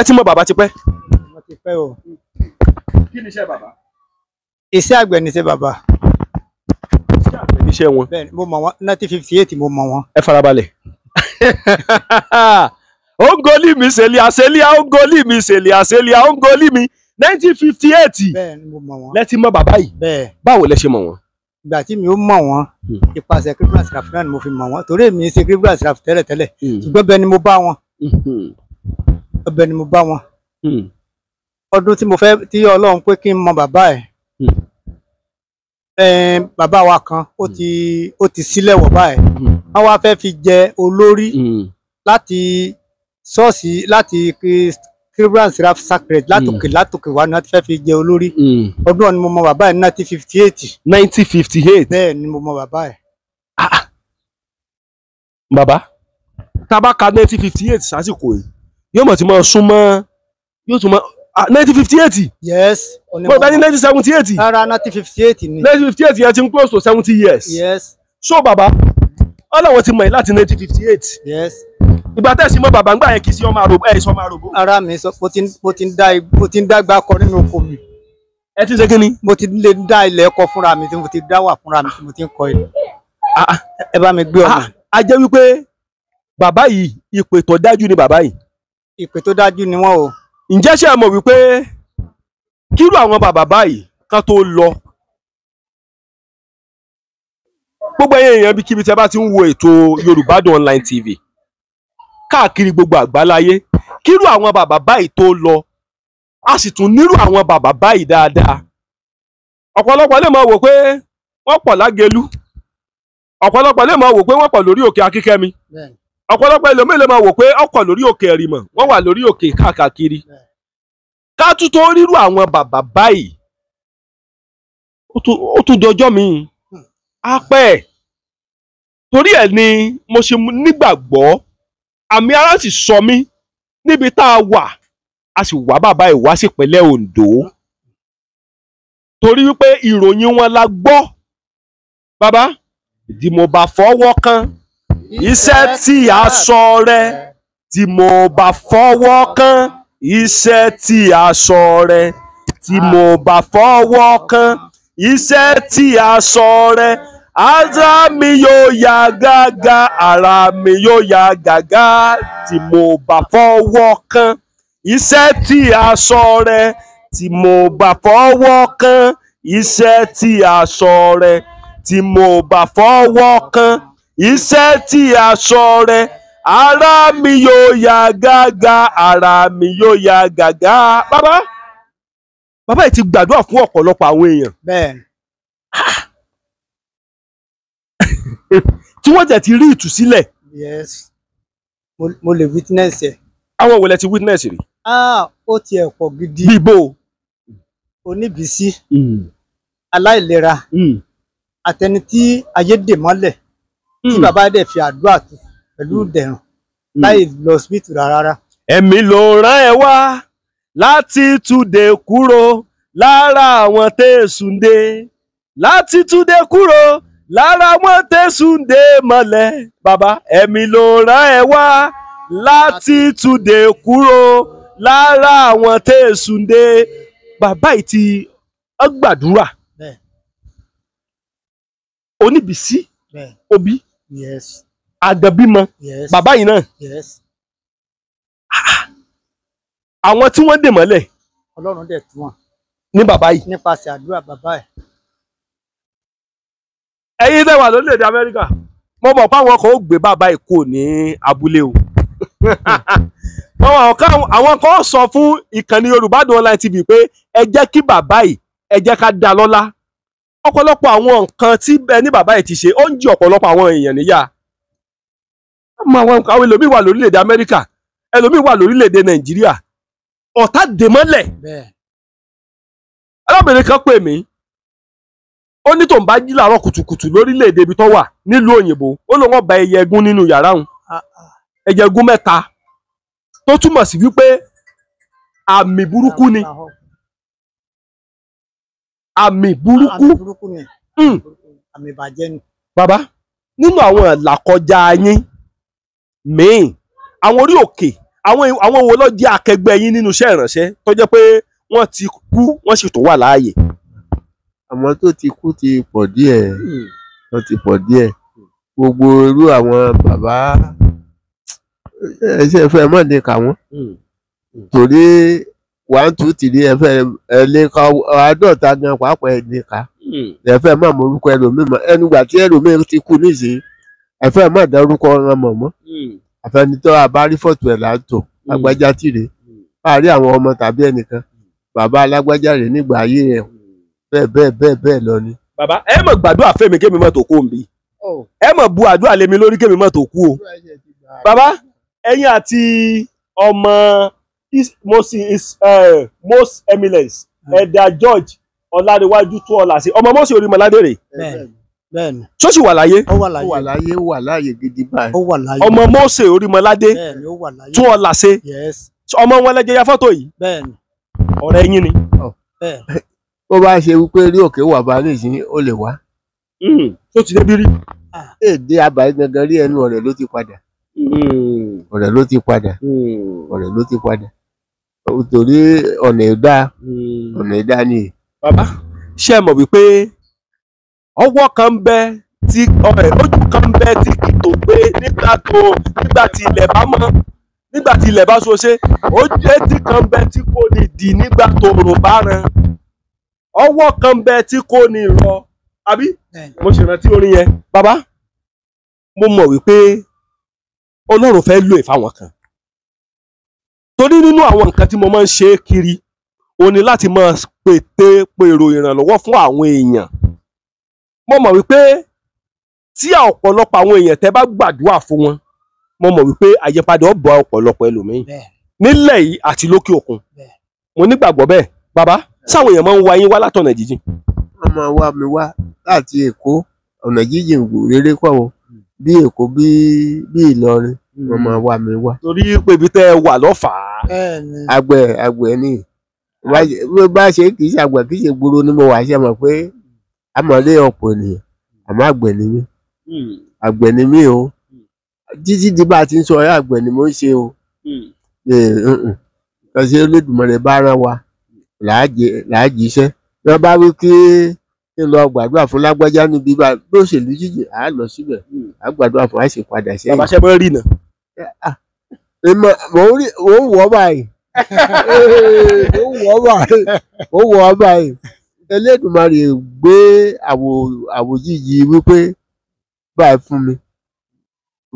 ẹ ti mọ bàbá tipẹ́. mo ti pẹ́ o. kí ni iṣẹ́ bàbá. iṣẹ́ àgbẹ̀ ni iṣẹ́ bàbá. iṣẹ́ àgbẹ̀ ni iṣẹ́ wọn. bẹ́ẹ̀ni mo mọ wọn nineteen fifty eight mo mọ wọn. ẹ farabalẹ̀. ongoli mi sèlè àsèlè ongoli mi sèlè àsèlè ongoli mi nineteen fifty eight. bẹ́ẹ̀ni mo mọ wọn. lẹ ti mọ bàbá yìí. bẹ́ẹ̀ báwo lẹ ṣe mọ wọn ìgbà tí mi ó mọ̀ wọ́n ìpasẹ̀ hmm. Credible Asraf náà ni mo fi mọ̀ wọ́n torí èmi ṣe Credible Asraf tẹ́lẹ̀tẹ́lẹ̀ hmm. ṣùgbọ́n bẹ́ẹ̀ ni mo bá wọn hmm ọbẹ̀ ni mo bá wọn hmm. ọdún tí mo fẹ́ tí Ọlọ́run pé kí n mọ bàbá ẹ̀ hmm. bàbá wa kan ó hmm. ti ó ti sílẹ̀ wọ̀ báyìí wọ́n wá fẹ́ fi jẹ olórí láti ṣọ́ọ̀ṣì láti Deliverance Seraph Sacred látòkè látòkè wa náà ti fẹ́ fi jẹ olórí ọdún ọ̀ni mo mọ bàbá ẹ̀ nineteen fifty eight. nineteen fifty eight. bẹ́ẹ̀ ni mo mọ bàbá ẹ̀. Ah, ah. bàbá tá nineteen fifty eight sásìkò yìí yóò mọ̀ tí mo sún mọ́ yóò tún mọ́ ah, nineteen fifty eight. yes onímọ̀ mo bá ní nineteen seventy eight. rárá nineteen fifty eight ni. nineteen fifty eight yẹn ti ń close to seventy years. yes. so Baba, ọlọ́wọ́ ti mọ̀ ẹ́ láti nineteen fifty eight. yes. ìgbà tẹ̀sí mọ́ bàbá ńgbà yẹn kì í sí ọmọ àròbó ẹ̀ sọ ọmọ àròbó. ara mi sọ mo ti ń dá igba kọ nínú oko mi ẹ ti ṣe kí ni. mo ti lè dá ilẹ̀ ẹ̀kọ́ fúnra mi tí mo ti dá wà fúnra mi tí mo ti ń kọ ilẹ̀. Ah, ah. ẹ bá mi gbé ọmọ. a jẹ́ wípé bàbá yìí ipò tó ni bàbá yìí ìpè tó dájú ni wọ́n o. ǹjẹ́ ṣé ẹ mọ̀ wípé kírú àwọn bàbá báyìí kan tó lọ gbogbo ẹ̀yin èèyàn bí kíbi tí ẹ bá ti ń wo ètò Yorùbá Dùn Online TV káàkiri gbogbo àgbáláyé kírú àwọn bàbá báyìí tó lọ a sì tún nírú àwọn bàbá báyìí dáadáa ọ̀pọ̀lọpọ̀ lè máa wò pé wọ́n pọ̀ lágẹ̀lú ọ̀pọ̀lọpọ̀ lè máa wò pé wọ́n pọ̀ lórí òkè akíkẹ́mi ọ̀pọ̀lọpọ̀ ẹlòmíì lè máa wò pé ọkọ̀ lórí òkè ẹ̀rìmọ̀ wọ́n wà lórí òkè káàkiri ká tún tó rírú àwọn bàbá báyìí ó tún dọjọ́ mi á hmm. pẹ́ torí ẹ̀ ni mo ṣe nígbàgbọ́ àmì ara sì sọ mí níbi tá a wà a sì wá bàbá ẹ̀ wá sí ìpínlẹ̀ Ondo torí wípé ìròyìn wọn la gbọ́ bàbá ìdìmọ̀ bá fọwọ́ kan iṣẹ́ tí aṣọ rẹ tí mo bá fọwọ́ kàn iṣẹ́ tí aṣọ rẹ tí mo bá fọwọ́ kàn iṣẹ́ tí aṣọ rẹ ara mi yóò yá gágá ara mi yóò yá gágá tí mo bá fọwọ́ kàn iṣẹ́ tí aṣọ rẹ tí mo bá fọwọ́ kàn iṣẹ́ tí aṣọ rẹ tí mo bá fọwọ́ kàn iṣẹ́ tí aṣọ rẹ ara mi yóò ya gágá ara mi yóò ya gàgá. bàbá bàbá yìí ti gbàdúrà fún ọ̀pọ̀lọpọ̀ àwọn èèyàn. bẹ́ẹ̀ tí wọ́n jẹ̀ ti rí ìtúsílẹ̀. yes mo lè witness ẹ. àwọn wòlẹ̀ ti witness rí. ah ó tiẹ̀ pọ̀ gidi. bíbó. oníbísí hmm. aláìlera hmm. àtẹni tí ayé dè mọ́lẹ̀ tí hmm. bàbá dẹ̀ fi àdúrà tó pẹ̀lú hmm. dẹ̀rùn hmm. láì lọ síbítù rárá. ẹ̀mí ló rán ẹ wá láti túde kúrò lára àwọn tẹ̀sùn dé láti túde kúrò lára wọn tẹ̀sùn dé mọ́lẹ̀ bàbá ẹ̀mí ló rán ẹ wá láti túde kúrò lára àwọn tẹ̀sùn dé bàbá yìí ti gbàdúrà oníbìsí òbí Yes. Àgànbímọ. Yes. Bàbá yìí náà. Yes. Àwọn tí wọ́n dè mọ́lẹ̀. Ọlọ́run dẹ̀ tú wọn. Ní bàbá yìí. Nípasẹ̀ àdúrà bàbá ẹ̀. Ẹ̀yin tẹ́ wà lórílẹ̀-èdè Amẹ́ríkà, mo mọ̀ pé àwọn kan ó gbé bàbá yìí kò ní abúlé o àwọn kan sọ fún ìkànnì Yorùbá Dùn Online TV pé ẹ jẹ́ kí bàbá yìí ẹ jẹ́ ká dá lọ́lá ọ̀pọ̀lọpọ̀ àwọn nǹkan tí ẹni bàbá yìí ti ṣe ó ń jí ọ̀pọ̀lọpọ̀ àwọn èèyàn níyà ọmọ àwọn nǹkan àwọn ẹlòmíì wà lórílẹ̀‐èdè Amẹ́ríkà ẹlòmíì wà lórílẹ̀‐èdè Nàìjíríà ọ̀tá dèmọ́lẹ̀ arábìnrin kan pè mí ó ní tòun bá jí làárọ̀ kùtùkùtù lórílẹ̀‐èdè ibi tó wà nílùú òyìnbó ó lóun ọba ẹyẹ ẹgún nínú yàrá òun ah, ah. ẹyẹ ẹgún mẹ́ta tó túmọ̀ sí wípé àmì burúkú ni. Ah, ah àmì burúkú hmm. àmì ìbàjẹ́ ni. bàbá nínú àwọn àlàkọjá yín míì àwọn orí òkè àwọn wo ló jẹ́ akẹgbẹ́ yín nínú iṣẹ́ ìrànṣẹ́ tó jẹ́ pé wọ́n ti kú wọ́n sì tó wà láàyè. àwọn tó ti kú ti pọ̀ díẹ̀ hmm. wọ́n ti pọ̀ díẹ̀ gbogbo irú àwọn bàbá ẹsẹ̀ fẹ́ mọ̀ọ́dẹ kà wọ́n hmm. torí one two three ẹ fẹ́ ẹ lè ka àádọ́ta gan pàápàá ẹ lè ka ẹ hmm. fẹ́ má mọ orúkọ ẹlòmíì mọ ẹnugbà tí ẹlòmíì ti kú nísìnyí ẹ fẹ́ má dá orúkọ ọ̀ràn mọ̀ mọ́ hmm. àfẹnitọ́ abárífọ̀tò ẹ̀ là ń tò hmm. lágbájá tìrẹ láàárín àwọn ọmọ tàbí ẹnìkan bàbá alágbájá rẹ̀ nígbà ayé rẹ̀ bẹ́ẹ̀ bẹ́ẹ̀ bẹ́ẹ̀ bẹ́ẹ̀ lọ ni. bàbá ẹ mọ̀ gbàdúrà fẹ́mi kémi mọ̀ tó kó mi oh. ẹ mọ̀ bu àdúrà lèmi lórí kémi mọ̀ tó kú o bàbá ẹ̀yin àti ọmọ his most his uh, most eminence ẹ̀dà george ọ̀làdéwájú tó ọ̀là sí ọmọ mọ́sí orímọ̀ládé rè bẹ́ẹ̀ni tó sì wà láyé ó wà láyé ó wà láyé gidi báyìí ó wà láyé ọmọ mọ́sí orímọ̀ládé tó ọ̀là sí ọmọ wọn lẹ́jẹ̀ ya fọ́tò yìí bẹ́ẹ̀ni ọ̀rẹ́ yín ni. Oh. ó bá ṣe wípé rí òkè wà bá lè yín ó lè wá. tó hmm. ti débi rí. Ah. èdè àbáyé gangan rí ẹnu ọ̀rẹ́ ló ti padà hmm. ọ̀rẹ́ ló ti padà hmm. ọ̀rẹ́ ló ti padà torí ọ̀nà ẹ̀dá hmm. ọ̀nà ẹ̀dá ni. bàbá ṣé ẹ mọ̀ wípé ọwọ́ kan bẹ tí ojú kan bẹ tí kì í tó gbé nígbà tó nígbà tí ilẹ̀ bá mọ́ nígbà tí ilẹ̀ bá so ṣe ojú etí kan bẹ tí kò ní dì nígbà tó rùn bá ran ọwọ́ kan bẹ tí kò ní rọ àbí mo ṣèrántí orin yẹn bàbá mo mọ̀ wípé ọlọ́run fẹ́ lò ìfáwọn kan torí nínú àwọn nǹkan tí mo máa ń ṣe kiri ó ní láti máa pète pèrò ìrànlọ́wọ́ fún àwọn èèyàn mo mọ̀ wípé tí ọ̀pọ̀lọpọ̀ àwọn èèyàn tẹ́ bá gbàdúrà fún wọn mo mọ̀ wípé àyípadà ó bá ọ̀pọ̀lọpọ̀ ẹlòmíín nílẹ̀ yìí àti lókè òkun mo nígbàgbọ́ bẹ́ẹ̀ bàbá sáwọn èèyàn máa ń wá yín wá látọ̀nà jíjìn. wọ́n máa wá mi wá láti èkó ọ̀nà jíjìn réré pọ̀ hmm. bí èkó bí Ìlọrin wọ́n mm. máa wá mi wá. torí pé ibi tẹ́ ẹ wà lọ́fàá. àgbẹ̀ àgbẹ̀ ni bá ṣe kì í ṣe àgbẹ̀ kì í ṣe gbòòrò ni mo wà ṣe mọ̀ pé amọ̀lé ọ̀pọ̀ ènìyàn àmọ́ àgbẹ̀ ni mí hmm. àgbẹ̀ ni mí o hmm. títí di bá a ti ń sọ ọ̀rẹ́ àgbẹ̀ ni mo ń ṣe o kàṣe hmm. Olódùmarè bá rán wa làájì iṣẹ́ bí wọ́n bá wí kí kí n lọ gbàdúrà fún lágbájá níbi bá lóṣèlú jíjìn àá lọ síbẹ̀ àá gbàdúrà fún àṣìpadà sẹ́yìn. bàbá ṣẹ́ bọ́ rí náà. Ah. èmi mò ń rí ò ń wọ́ báyìí ó wọ́ báyìí ó wọ́ báyìí Elédùmarè gbé àwò àwòyíyí wípé báyìí fún mi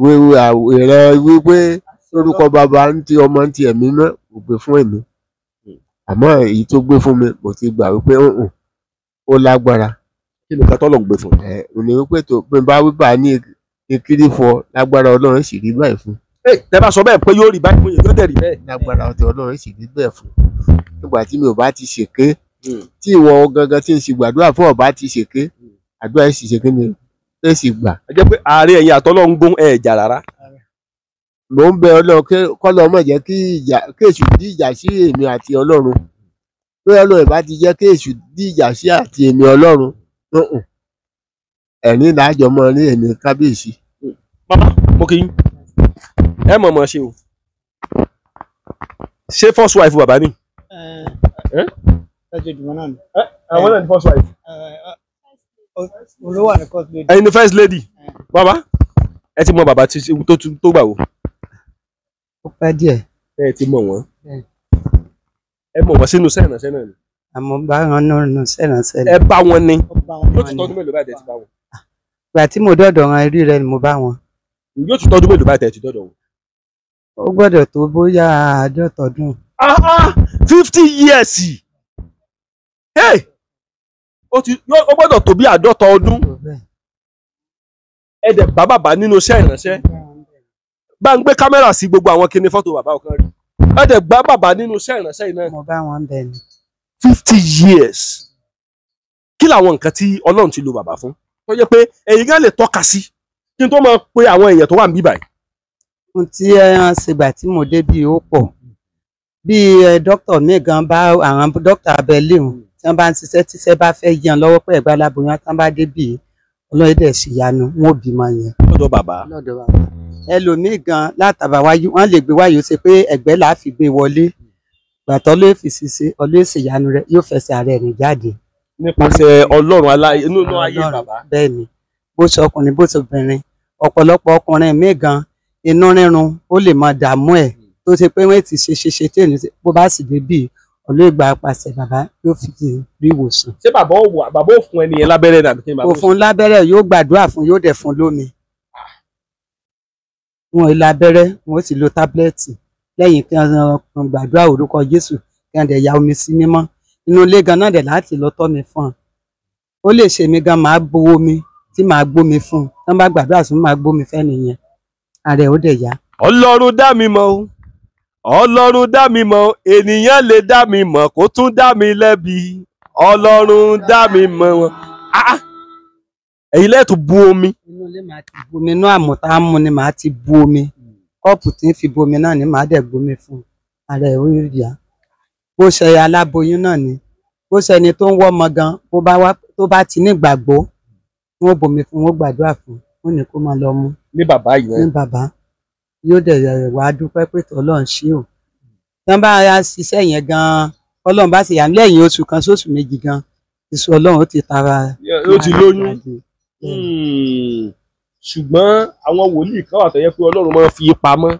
wíwí àwòrán wípé lórúkọ bàbá ń ti ọmọ ń ti ẹ̀mí mọ́ kò gbé fún èmi àmọ́ èyí tó gbé fún mi mo ti gbà wípé ó lágbára. kí ni kátó lọ́n gbé fún. ẹ ò ní wípé tó bí n bá wípé a ní ekiri fọ lágbára Ọlọ́run sì rí báyìí fún tẹ bá sọ bẹ́ẹ̀ pé yóò rí báyìí mo yẹ yóò dẹ̀ rí bẹ́ẹ̀. lágbára ọ̀tọ̀ ọlọ́run sì ní bẹ́ẹ̀ fún nígbà tí mi ò bá ti ṣèké hmm. tí ìwọ gangan tí n sì gbàdúrà fún ọba ti ṣèké àdúrà yìí sì ṣèké ni ẹ sì gbà. ẹ jẹ́ pé ààrẹ ẹ̀yin àtọ́lọ́ ń gún ẹ̀jà rárá. mò ń bẹ ọlọ́run kọ́lọ́ mọ̀ jẹ́ kí ìjà kéèsù dí ìjà sí èmi àti ọlọ́run pé ọlọ́run ìbá ti jẹ́ kéèsù dí ìjà sí àti èmi ọlọ́run ẹ̀rín làájọmọ́ ní èmi kábíyèsí. bàbá mo kì í ẹ mọ̀ mọ̀ ṣe o ṣé first wife bàbá mi. àwọn náà ni first wife. olówó àná first lady. ẹyin ni first lady bàbá ẹ ti mọ bàbá tó gbà wò. ó pẹ́ díẹ̀. ẹ ti mọ̀ wọ́n ẹ mọ̀ wọ́n sínú sẹ́nà sẹ́nà ni. àmọ́ bá wọn náà nù sẹ́nà sẹ́nà. ẹ bá wọn ni yóò ti tọ́dún mélòó báyìí tẹ̀ ti bá wọn. ìgbà tí mo dọ̀dọ̀ wọn rí rẹ ni mo bá wọn. yóò ti tọ́dún mélòó báyìí tẹ̀ ti dọ̀dọ̀ wọn ó gbọ́dọ̀ tó bóyá àádọ́ta ọdún. fifty years ó gbọ́dọ̀ tó bí àádọ́ta ọdún ẹ̀dẹ̀ bá bàbá nínú iṣẹ́ ìránṣẹ́ bá ń gbé kámẹ́rà sí gbogbo àwọn kinní fọ́tò bàbá ọ̀kan rí ẹ̀dẹ̀ bá bàbá nínú iṣẹ́ ìránṣẹ́ yìí náà. fifty years kí làwọn nǹkan tí ọlọ́run ti lo bàbá fún tó jẹ́ pé ẹ̀yin gan lè tọ́ka sí kí n tó máa pe àwọn èèyàn tó wà níbí báyìí ohun tí wọ́n ṣe gbà tí mo débi ó pọ̀ bí dókítà mi gan bá àwọn dókítà abẹ́lé wọn tí wọ́n bá ń ṣiṣẹ́ tíṣẹ́ bá fẹ́ yan lọ́wọ́ pẹ̀ gba aláboyún tí wọ́n bá débi ọlọ́yẹ dẹ̀ sì yanu wọn ò bímọ yẹn. lọ́dọ̀ bàbá lọ́dọ̀ bàbá ẹlòmíì gan látàbà wáyé wọ́n lè gbé wáyé ó ṣe pé ẹ̀gbẹ́ làá fi gbé wọlé gbàtọ́ ló fi ṣiṣẹ́ ọlọ́ọ̀ṣì yanu rẹ yóò fẹsẹ̀ ààrẹ rìn jáde. nípasẹ̀ ọlọ́run aláyé nínú ayé bàbá. bẹ́ẹ̀ ni bó ṣe ọkùnrin bó ṣe obìnrin ọ̀pọ̀lọpọ̀ ọkùnrin míì gan iná rírun ó lè máa dààmú ẹ̀ tó ṣe pé wọ́n ti ṣe ṣe ṣe tí ènìyàn bó bá sì débì olóògbà apàṣẹ bàbá yóò fi rí ìwòsàn. ṣé bàbá ò wà bàbá ò fún ẹni yẹn lábẹ́rẹ́ dàbí kí ni bàbá. kò fún lábẹ́rẹ́ yóò gbàdúrà fún yóò dẹ̀ fún lómi. wọn ò lábẹ́rẹ́ wọn ò sì lo tábìlẹ́ẹ̀tì lẹ́yìn kí wọ́n gbàdúrà orúkọ Jésù kí wọ́n dẹ̀ ya omi sí mímọ́ inú ilé gan náà dẹ̀ láti lọ tọ́ mi fún un. ó lè ṣe mi gan máa bo omi tí màá gbómi fún un tí wọ́n bá gbàdúrà sí mi máa gbómi fẹ́ nìyẹn ààrẹ ó dẹ̀ yá. ọlọ́run dá mi mọ̀ o ọlọ́run dá mi mọ̀ ènìyàn lè dá mi mọ̀ kó tún dá mi lẹ́bi ọlọ́run dá mi mọ̀ wọn. Ah, ah. ẹ̀yin lẹ́ẹ̀tún bu omi. inú ilé màá ti bu omi inú àmọ̀ tá a mú ni màá ti bu omi kọ́ọ̀pù tí ń fi bu omi náà ni màá dẹ̀ gbomi fún ààrẹ ó yá. bó ṣe aláboyún náà ni bó ṣẹni tó ń wọ́ ọmọ gan bó bá ti nígbàgbọ́ wọn ò bomi fún wọn ò gbàdúrà fún un wọ́n ní kó máa lọ mú. ní bàbá yìí rẹ ní bàbá yóò dẹ̀ wá dúpẹ́ pé Ọlọ́run ṣe o tán bá ara ṣiṣẹ́ yẹn gan-an Ọlọ́run bá ti yà ní lẹ́yìn oṣù kan sóṣù méjì gan èso Ọlọ́run ó ti tara. ó ti lóyún hmm. ṣùgbọ́n àwọn wòlíì kan wà tó yẹ pé Ọlọ́run máa fi pamọ́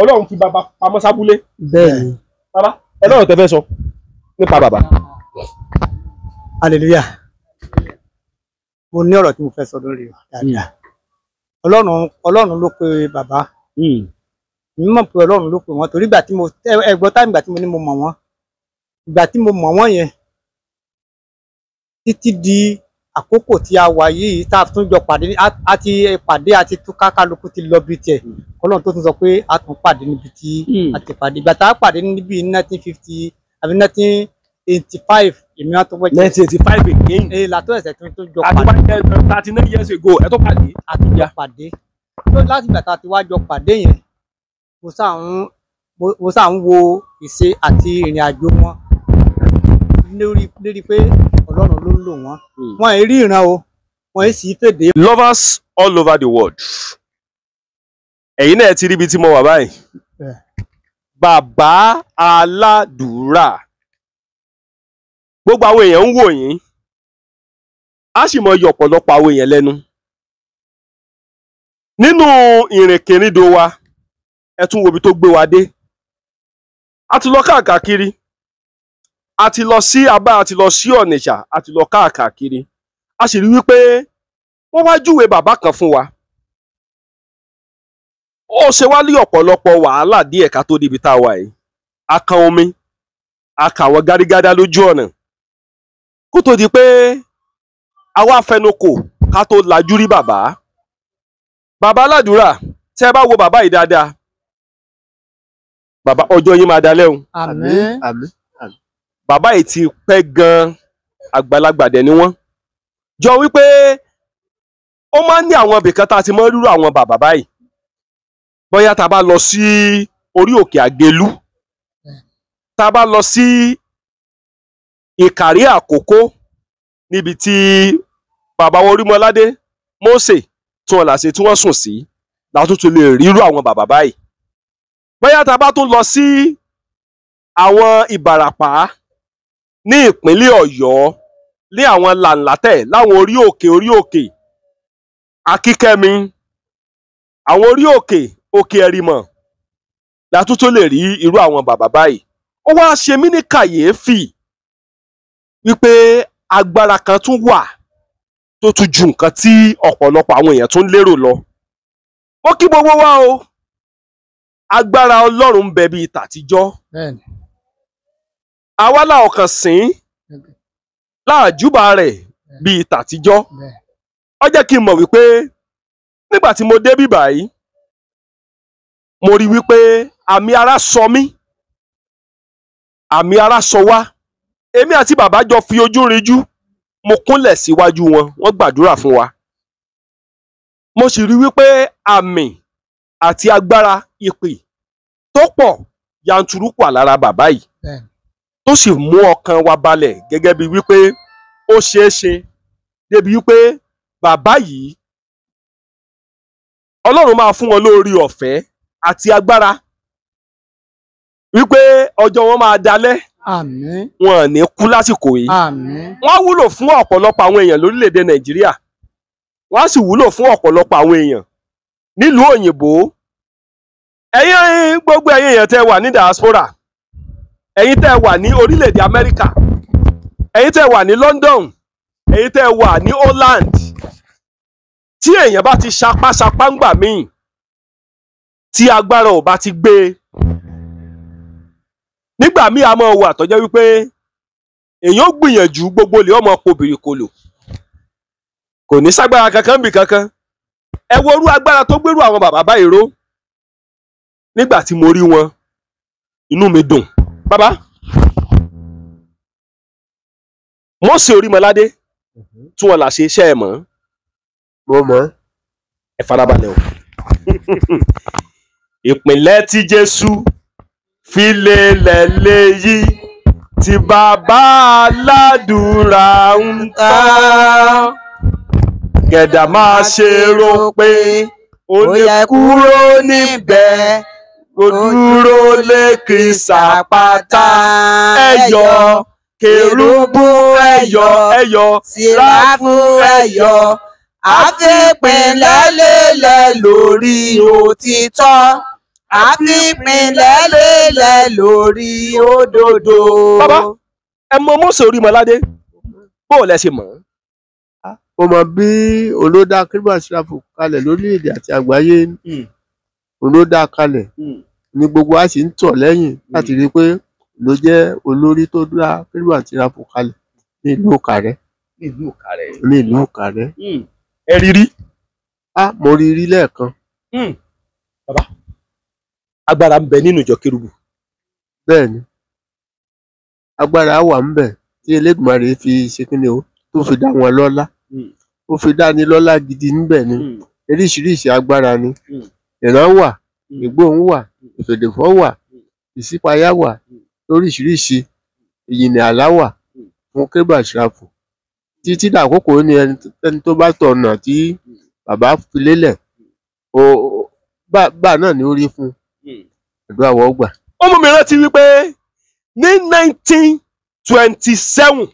Ọlọ́run fi bàbá pamọ́ sábúlé. bẹ́ẹ̀ni bàbá ẹ lọ́rọ̀ tẹ́ fẹ́ sọ nípa bàbá. hallelujah mo ní ọ̀rọ̀ tí mo fẹ́ sọ lórí rẹ̀ dáadáa ọlọ́run ọlọ́run ló pe bàbá hmm. mi mọ̀ pé ọlọ́run ló pe wọ́n torí ìgbà tí mo ẹgbọ́n táwọn ìgbà tí mo ní mo mọ̀ wọ́n ìgbà tí mo mọ̀ wọ́n yẹn títí di àkókò tí a wà yìí tá a tún jọ pàdé a ti pàdé a ti tún kákálukú ti lọ bí tiẹ̀ ọlọ́run tó tún sọ pé a tún pàdé níbi tí hmm. a ti pàdé ìgbà tá a pàdé níbi nineteen fifty àbí nineteen eighty five èmi wá tó wẹ̀ jẹ́ nineteen eighty five again. ee làtọ́ ẹ̀sẹ̀ tó tó jọ pàdé. àti nine years ago ẹ̀ tó pàdé. àtijọ́ pàdé láti ìgbà tá a ti wá jọ pàdé yẹn mo sáà ń mo sáà ń wo ìṣe àti ìrìn àjò wọn lórí lórí pé ọlọ́run ló ń lò wọ́n hmm. wọn èrí ìran o wọn èsì fèdè. lovers all over the world ẹ̀yin náà ti ríbi tí mo wà báyìí bàbá aládùúrà. gbogbo àwọn èèyàn ń wò yín á sì mọ yọ ọ̀pọ̀lọpọ̀ àwọn èèyàn lẹ́nu nínú ìrìnkèrindò wa ẹ tún wo ibi tó gbé wa dé a ti lọ káàkiri a ti lọ sí Aba a ti lọ sí Onitsha a ti lọ káàkiri a sì rí wípé wọ́n wá júwe bàbá kan fún wa ó ṣe wá lé ọ̀pọ̀lọpọ̀ wàhálà díẹ̀ ká tó débi tá a wà yìí a kan omi a kà wọ́n gárígádá lójú ọ̀nà kó tó di pé àwa fẹnukò ká tó lajú rí bàbá bàbá aládùúrà tí ẹ bá wo bàbá yìí dáadáa bàbá ọjọ́ yín máa dalẹ́ o bàbá yìí ti pẹ́ gan-an àgbàlagbà dẹ̀ ni wọ́n jọ wípé ó máa ń ní àwọn ibìkan tá a ti mọ rírú àwọn bàbá báyìí bóyá tá a bá lọ sí orí òkè àgélú tá a bá lọ sí ìkàrí àkókò níbi tí bàbá wọn Orímọládé Mósè tí wọn là ṣe tí wọn sùn sí látúntò lè rírú àwọn bàbá báyìí bóyá tá a bá tún lọ sí àwọn Ìbàràpá ní ìpínlẹ̀ Ọ̀yọ́ ní àwọn làǹlàtẹ̀ láwọn orí òkè orí òkè Akíkẹ́mi àwọn orí òkè òkè Ẹ̀rìmọ̀ látúntò lè rí irú àwọn bàbá báyìí ó wá ṣe mí ní kàyéfì wípé agbára kan tún wà tó tún ju nǹkan tí ọ̀pọ̀lọpọ̀ àwọn èèyàn tún lérò lọ ó kí gbogbo wa o agbára ọlọ́run ń bẹ bíi tàtijọ́ àwa la ọkàn sìn láàjúbà rẹ̀ bíi tàtijọ́ ó jẹ́ kí n mọ̀ wípé nígbà tí mo dé bí báyìí mo rí wípé àmì ara sọ mí àmì ara sọ wá èmi àti bàbá jọ fi ojú rinjú mo kúnlẹ̀ síwájú wọn wọ́n gbàdúrà fún wa mo sì rí wípé àmì àti agbára ìpè tó pọ̀ yanturu kù lára bàbá yìí tó sì mú ọkàn wa balẹ̀ gẹ́gẹ́ bí wípé ó ṣeé ṣe débi wípé bàbá yìí ọlọ́run máa fún wọn lórí ọ̀fẹ́ àti agbára wípé ọjọ́ wọn máa dalẹ́ àmín wọn ò ní kú lásìkò yìí àmín wọ́n wúlò fún ọ̀pọ̀lọpọ̀ àwọn èèyàn lórílẹ̀‐èdè nàìjíríà wọ́n sì wúlò fún ọ̀pọ̀lọpọ̀ àwọn èèyàn nílùú òyìnbó ẹ̀yin gbogbo ẹ̀yin èèyàn tẹ́ wà ní diaspora ẹ̀yin tẹ́ wà ní orílẹ̀‐èdè amẹ́ríkà ẹ̀yin wà ní London ẹ̀yin tẹ́ wà ní Holland tí èèyàn bá ti sapásapá ń gbà míì tí agbára ò bá ti gbé e nígbà míì a máa wà tó jẹ́ wípé èèyàn ó gbìyànjú gbogbo lè ọmọ pobìrì kòlò kò ní ságbára kankan bì kankan ẹ wo irú agbára tó gbérú àwọn bàbá báyìí ró nígbà tí mo rí wọn inú mi dùn bàbá Mósè Orímọládé tí wọn là ṣe iṣẹ́ ẹ mọ̀ mo mọ̀ ẹ farabalẹ̀ o ìpínlẹ̀ tí Jésù filẹ̀lẹ̀ lèyí tí bàbá aládùúrà ń ta gẹ̀dà máa ṣe rò pé ó lè kúrò níbẹ̀ kó dúró lékì sàpáta ẹ̀yọ kèrúbù ẹ̀yọ ẹ̀yọ síráfù ẹ̀yọ àfipínlẹ̀ lélẹ̀ lórí òtítọ́ àfipínlẹ̀ lélẹ̀ lórí òdodo. bàbá ẹ mọ mọ́sọ̀rí mọ́ládé bó o lẹ ṣe mọ̀. Ah, mo mọ bí olódà Christmas ṣàfù kalẹ̀ lórílẹ̀‐èdè àti àgbáyé hmm. olódà kalẹ̀ hmm. ni gbogbo a sì ń tọ̀ lẹ́yìn hmm. láti rí i pé ló jẹ́ olórí tó dá Christmas ṣàfù kalẹ̀ ní ìlú Ìkàrẹ́. ní ìlú Ìkàrẹ́. ẹ rí rí. a ah, mo rí rí lẹ́ẹ̀kan. bàbá agbára ń bẹ nínú ìjọ kérúbù. bẹ́ẹ̀ni agbára wà ń bẹ tí Elédùmarè fi ṣe kí ni o tó fi dá wọn lọ́lá hmm. ó fi dá ní lọ́lá gidi níbẹ̀ ni oríṣiríṣi hmm. agbára ni hmm. ìran wà ìgbóhùn wà ìfèdèfọ́ wà ìṣípayá wà lóríṣiríṣi ìyìnlẹ̀ àlá wà fún kébà ṣàfù títí dàkókò ní ẹni tó bá tọ̀nà tí bàbá fi lélẹ̀ bá náà ní ó rí fún un àdúrà wọ́n gbà. ọmọ mi rántí wípé ní nineteen twenty seven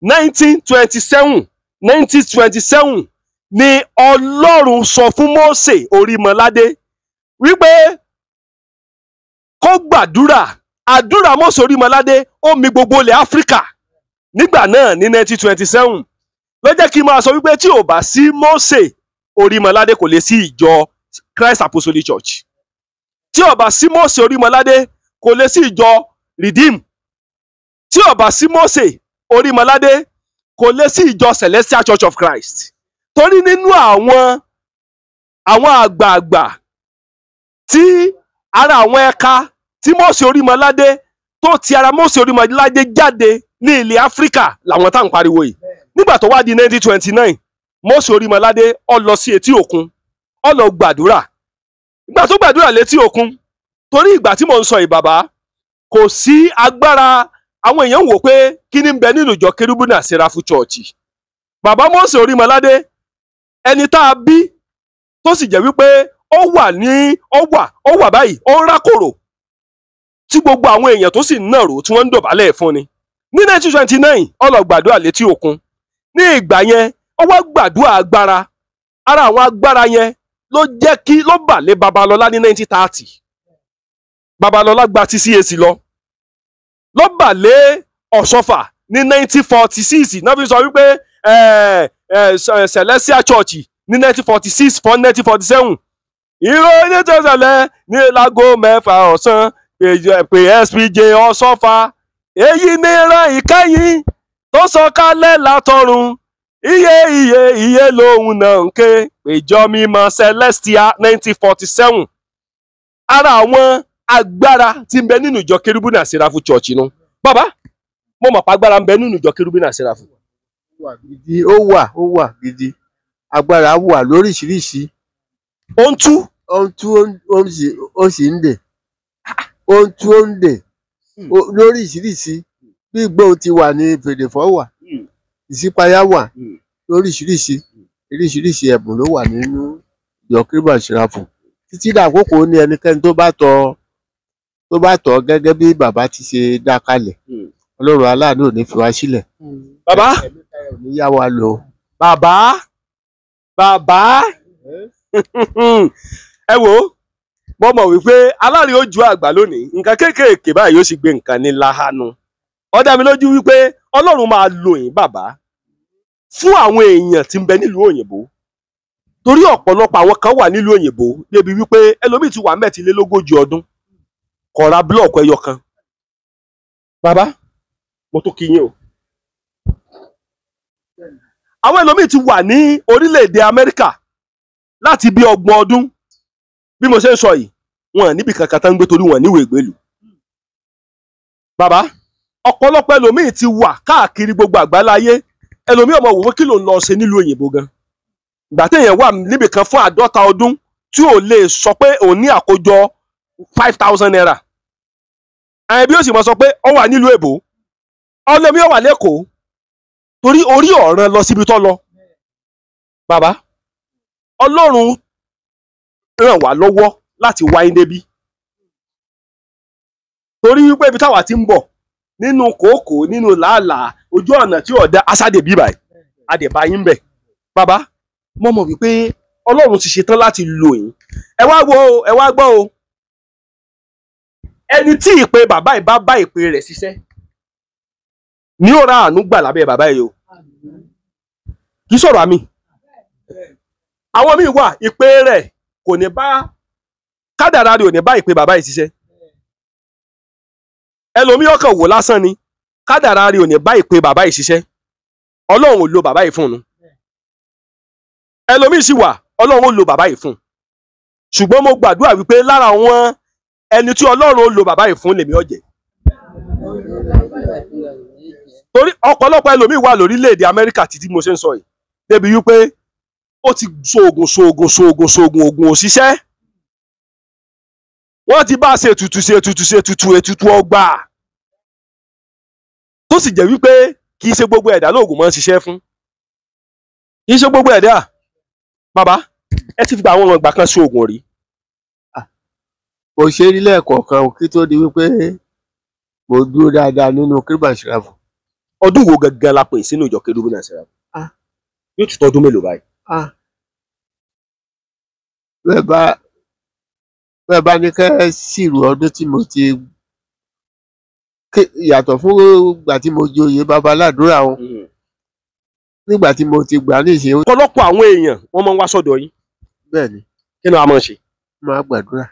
nineteen twenty seven nineteen twenty seven ni ọlọ́run sọ fún Mósè Orímọládé wípé kó gbàdúrà àdúrà Mósè Orímọládé ó mi gbogbo ilẹ̀ Áfíríkà nígbà náà ní nineteen twenty seven ló jẹ́ kí n máa sọ wípé tí ò bá sí Mósè Orímọládé kò lè sí ìjọ Christ Apostolic Church tí ó bá sí Mósè Orímọládé kò lè sí ìjọ Redeem tí ó bá sí Mósè Orímọládé kò lè sí ìjọ Celestial Church of Christ torí nínú àwọn àwọn àgbààgbà tí ara àwọn ẹ̀ka tí Mósè Orímọládé tó ti ara Mósè Orímọládé jáde ní ilẹ̀ Áfíríkà làwọn tá à ń pariwo yìí nígbà tó wá di 1929 Mósè Orímọládé ó lọ sí etí òkun ó lọ gbàdúrà ìgbà tó gbàdúrà létí òkun torí ìgbà tí mò ń sọ yìí bàbá kò sí agbára àwọn èèyàn wò pé kí ni ń bẹ nínú ìjọ kérúbù náà sẹ́ráfù chọ́ọ̀chì bàbá Mósè Orímọládé ẹni tá a bí tó sì jẹ́ wípé ó wà ní ó wà ó wà báyìí ó ń rákòrò tí gbogbo àwọn èèyàn tó sì ń nàró tí wọ́n ń dọ̀bálẹ̀ fún ni ní 1929 ó lọ gbàdúrà létí òkun ní ìgbà yẹn ó wá gbàdúrà agbára ara àwọn agbára yẹn ló jẹ́ kí ló bà lé Babalọ́lá ní 1930 Babalọ́lá gba ti CAC lọ ló bà lé Ọ̀ṣọ́fà ní 1946 náà fi sọ wípé Celestial Church ní 1946 fún 1947 ìró onítẹ̀sẹ̀lẹ̀ ní láago mẹ́fà ọ̀sán pé SPJ Ọ̀ṣọ́fà èyí ni ìran ìkẹyìn tó sọ kálẹ̀ látọ̀run iye Ihe Ihe lòun náà nke nke ìjọ mímọ́ Celestia 1947 ara àwọn agbara ti ń ninu nínú ìjọ kérúbù náà sẹ́ráfù church nu bàbá mo mọ̀ pé agbára ń bẹ nínú gidi agbara wà lori ó ń o ó tu tú ó sì ń dè ó ń tú ó ń dè hmm. ti wà ní fèdèfọ́ wà. ìṣípayá wà mm. lóríṣiríṣi mm. oríṣiríṣi ẹ̀bùn ló wà nínú ìjọ Kérúbù àti títí dàkókò ní ẹnikẹ́ni tó bá tọ́ tó bá tọ̀ gẹ́gẹ́ bí bàbá ti ṣe dá kalẹ̀ mm. Ọlọ́run aláàánú ò ní fi wá sílẹ̀. bàbá yá wa lò. bàbá bàbá ẹ wò ó mo mọ̀ wípé alárìí ojú àgbà lónìí nǹkan kéékèèké báyìí yóò sì gbé nǹkan ní láhánú ó mi lójú wípé ọlọ́run máa lo yín bàbá fún àwọn èèyàn tí ń bẹ nílùú òyìnbó torí ọ̀pọ̀lọpọ̀ àwọn kan wà nílùú òyìnbó débi wípé ẹlòmíì ti wà mẹ́tìlélógójì ọdún kò ra búlọ̀kù ẹyọ kan bàbá mo tó kí yín o àwọn ẹlòmíì ti wà ní orílẹ̀-èdè amẹ́ríkà láti bí ọgbọ̀n ọdún bí mo ṣe ń sọ yìí wọn níbi kankan tá ń gbé torí wọn níwèé gbèlú bàbá ọ̀pọ̀lọpọ̀ ẹlòmíì ti wà káàkiri gbogbo àgbáláyé ẹlòmíì ọmọ wò wọ́n kí ló ń lọ ṣe nílùú òyìnbó gan ìgbà téèyàn wà níbìkan fún àádọ́ta ọdún tí ò lè sọ pé òun ní àkójọ five thousand naira àwọn ẹbí ó sì mọ sọ pé ó wà nílùú èbó ọlọ́mí ó wà lẹ́kọ̀ọ́ torí orí ọ̀ràn lọ síbi tó lọ bàbá ọlọ́run ràn wá lọ́wọ́ láti wáyé débi torí wípé ibi táwa ti ń bọ̀ nínú kòókò nínú làálàá ojú ọ̀nà tí ọ̀dà asáde bíbà àdèbá yín bẹ̀ bàbá mo mọ̀ wípé ọlọ́run ti ṣetán láti lò yín ẹ wá wo ẹ wá gbọ́ o ẹni tí ìpè bàbá ìbá bá bá ìpè rẹ̀ ṣiṣẹ́ ní ó ra àánú gbà lábẹ́ bàbá yìí o kì í sọ̀rọ̀ àmì àwọn míì wà ìpè rẹ̀ kò ní bá kádàrá rẹ̀ ò ní bá ìpè bàbá yìí ṣiṣẹ́ ẹlòmíì ọkàn wò lásán ni kádàrá rí òní báyìí pé bàbá yìí ṣiṣẹ́ ọlọ́run ò lo bàbá yìí fún un ẹlòmíì sì wà ọlọ́run ò lo bàbá yìí fún un ṣùgbọ́n mo gbàdúrà wípé lára àwọn ẹni tí ọlọ́run ò lo bàbá yìí fún lèmi ọ̀jẹ̀ torí ọ̀pọ̀lọpọ̀ ẹlòmíì wà lórílẹ̀‐èdè amẹ́ríkà títí mo ṣe ń sọ yìí débi wípé ó ti ṣoògùn ṣoògùn ṣoògùn ṣoògùn ògùn òṣìṣẹ́ wọ́n ti bá ṣe tutu ṣe tutu ṣe ètùtù ètùtù ọgbà tó sì jẹ́ wípé kì í ṣe gbogbo ẹ̀dá lóògùn máa ń ṣiṣẹ́ fún kì í ṣe gbogbo ẹ̀dá bàbá ẹ ti fi gba àwọn ọmọ ìgbà kan sí oògùn rí. Ah, mo ṣe é nílẹ̀ kọ̀ọ̀kan kí tó di wípé mo dúró dáadáa nínú kírìbà ìṣirafù. ọdún wo gangan la pè sínú ìjọ kérúbù náà ṣirafù. Ah. yóò ti tọdún mélòó báyìí. Ah. bẹ́ẹ̀ bá ní kẹ́ sírù ọdún tí mo ti yàtọ̀ fún ìgbà tí mo joyè babaládùúrà wọn hmm. nígbà tí mo ti gbà níṣẹ́. ọ̀pọ̀lọpọ̀ àwọn èèyàn wọ́n máa ń wá sọ́dọ̀ yín. bẹ́ẹ̀ni. kí ni a máa ṣe. máa gbàdúrà.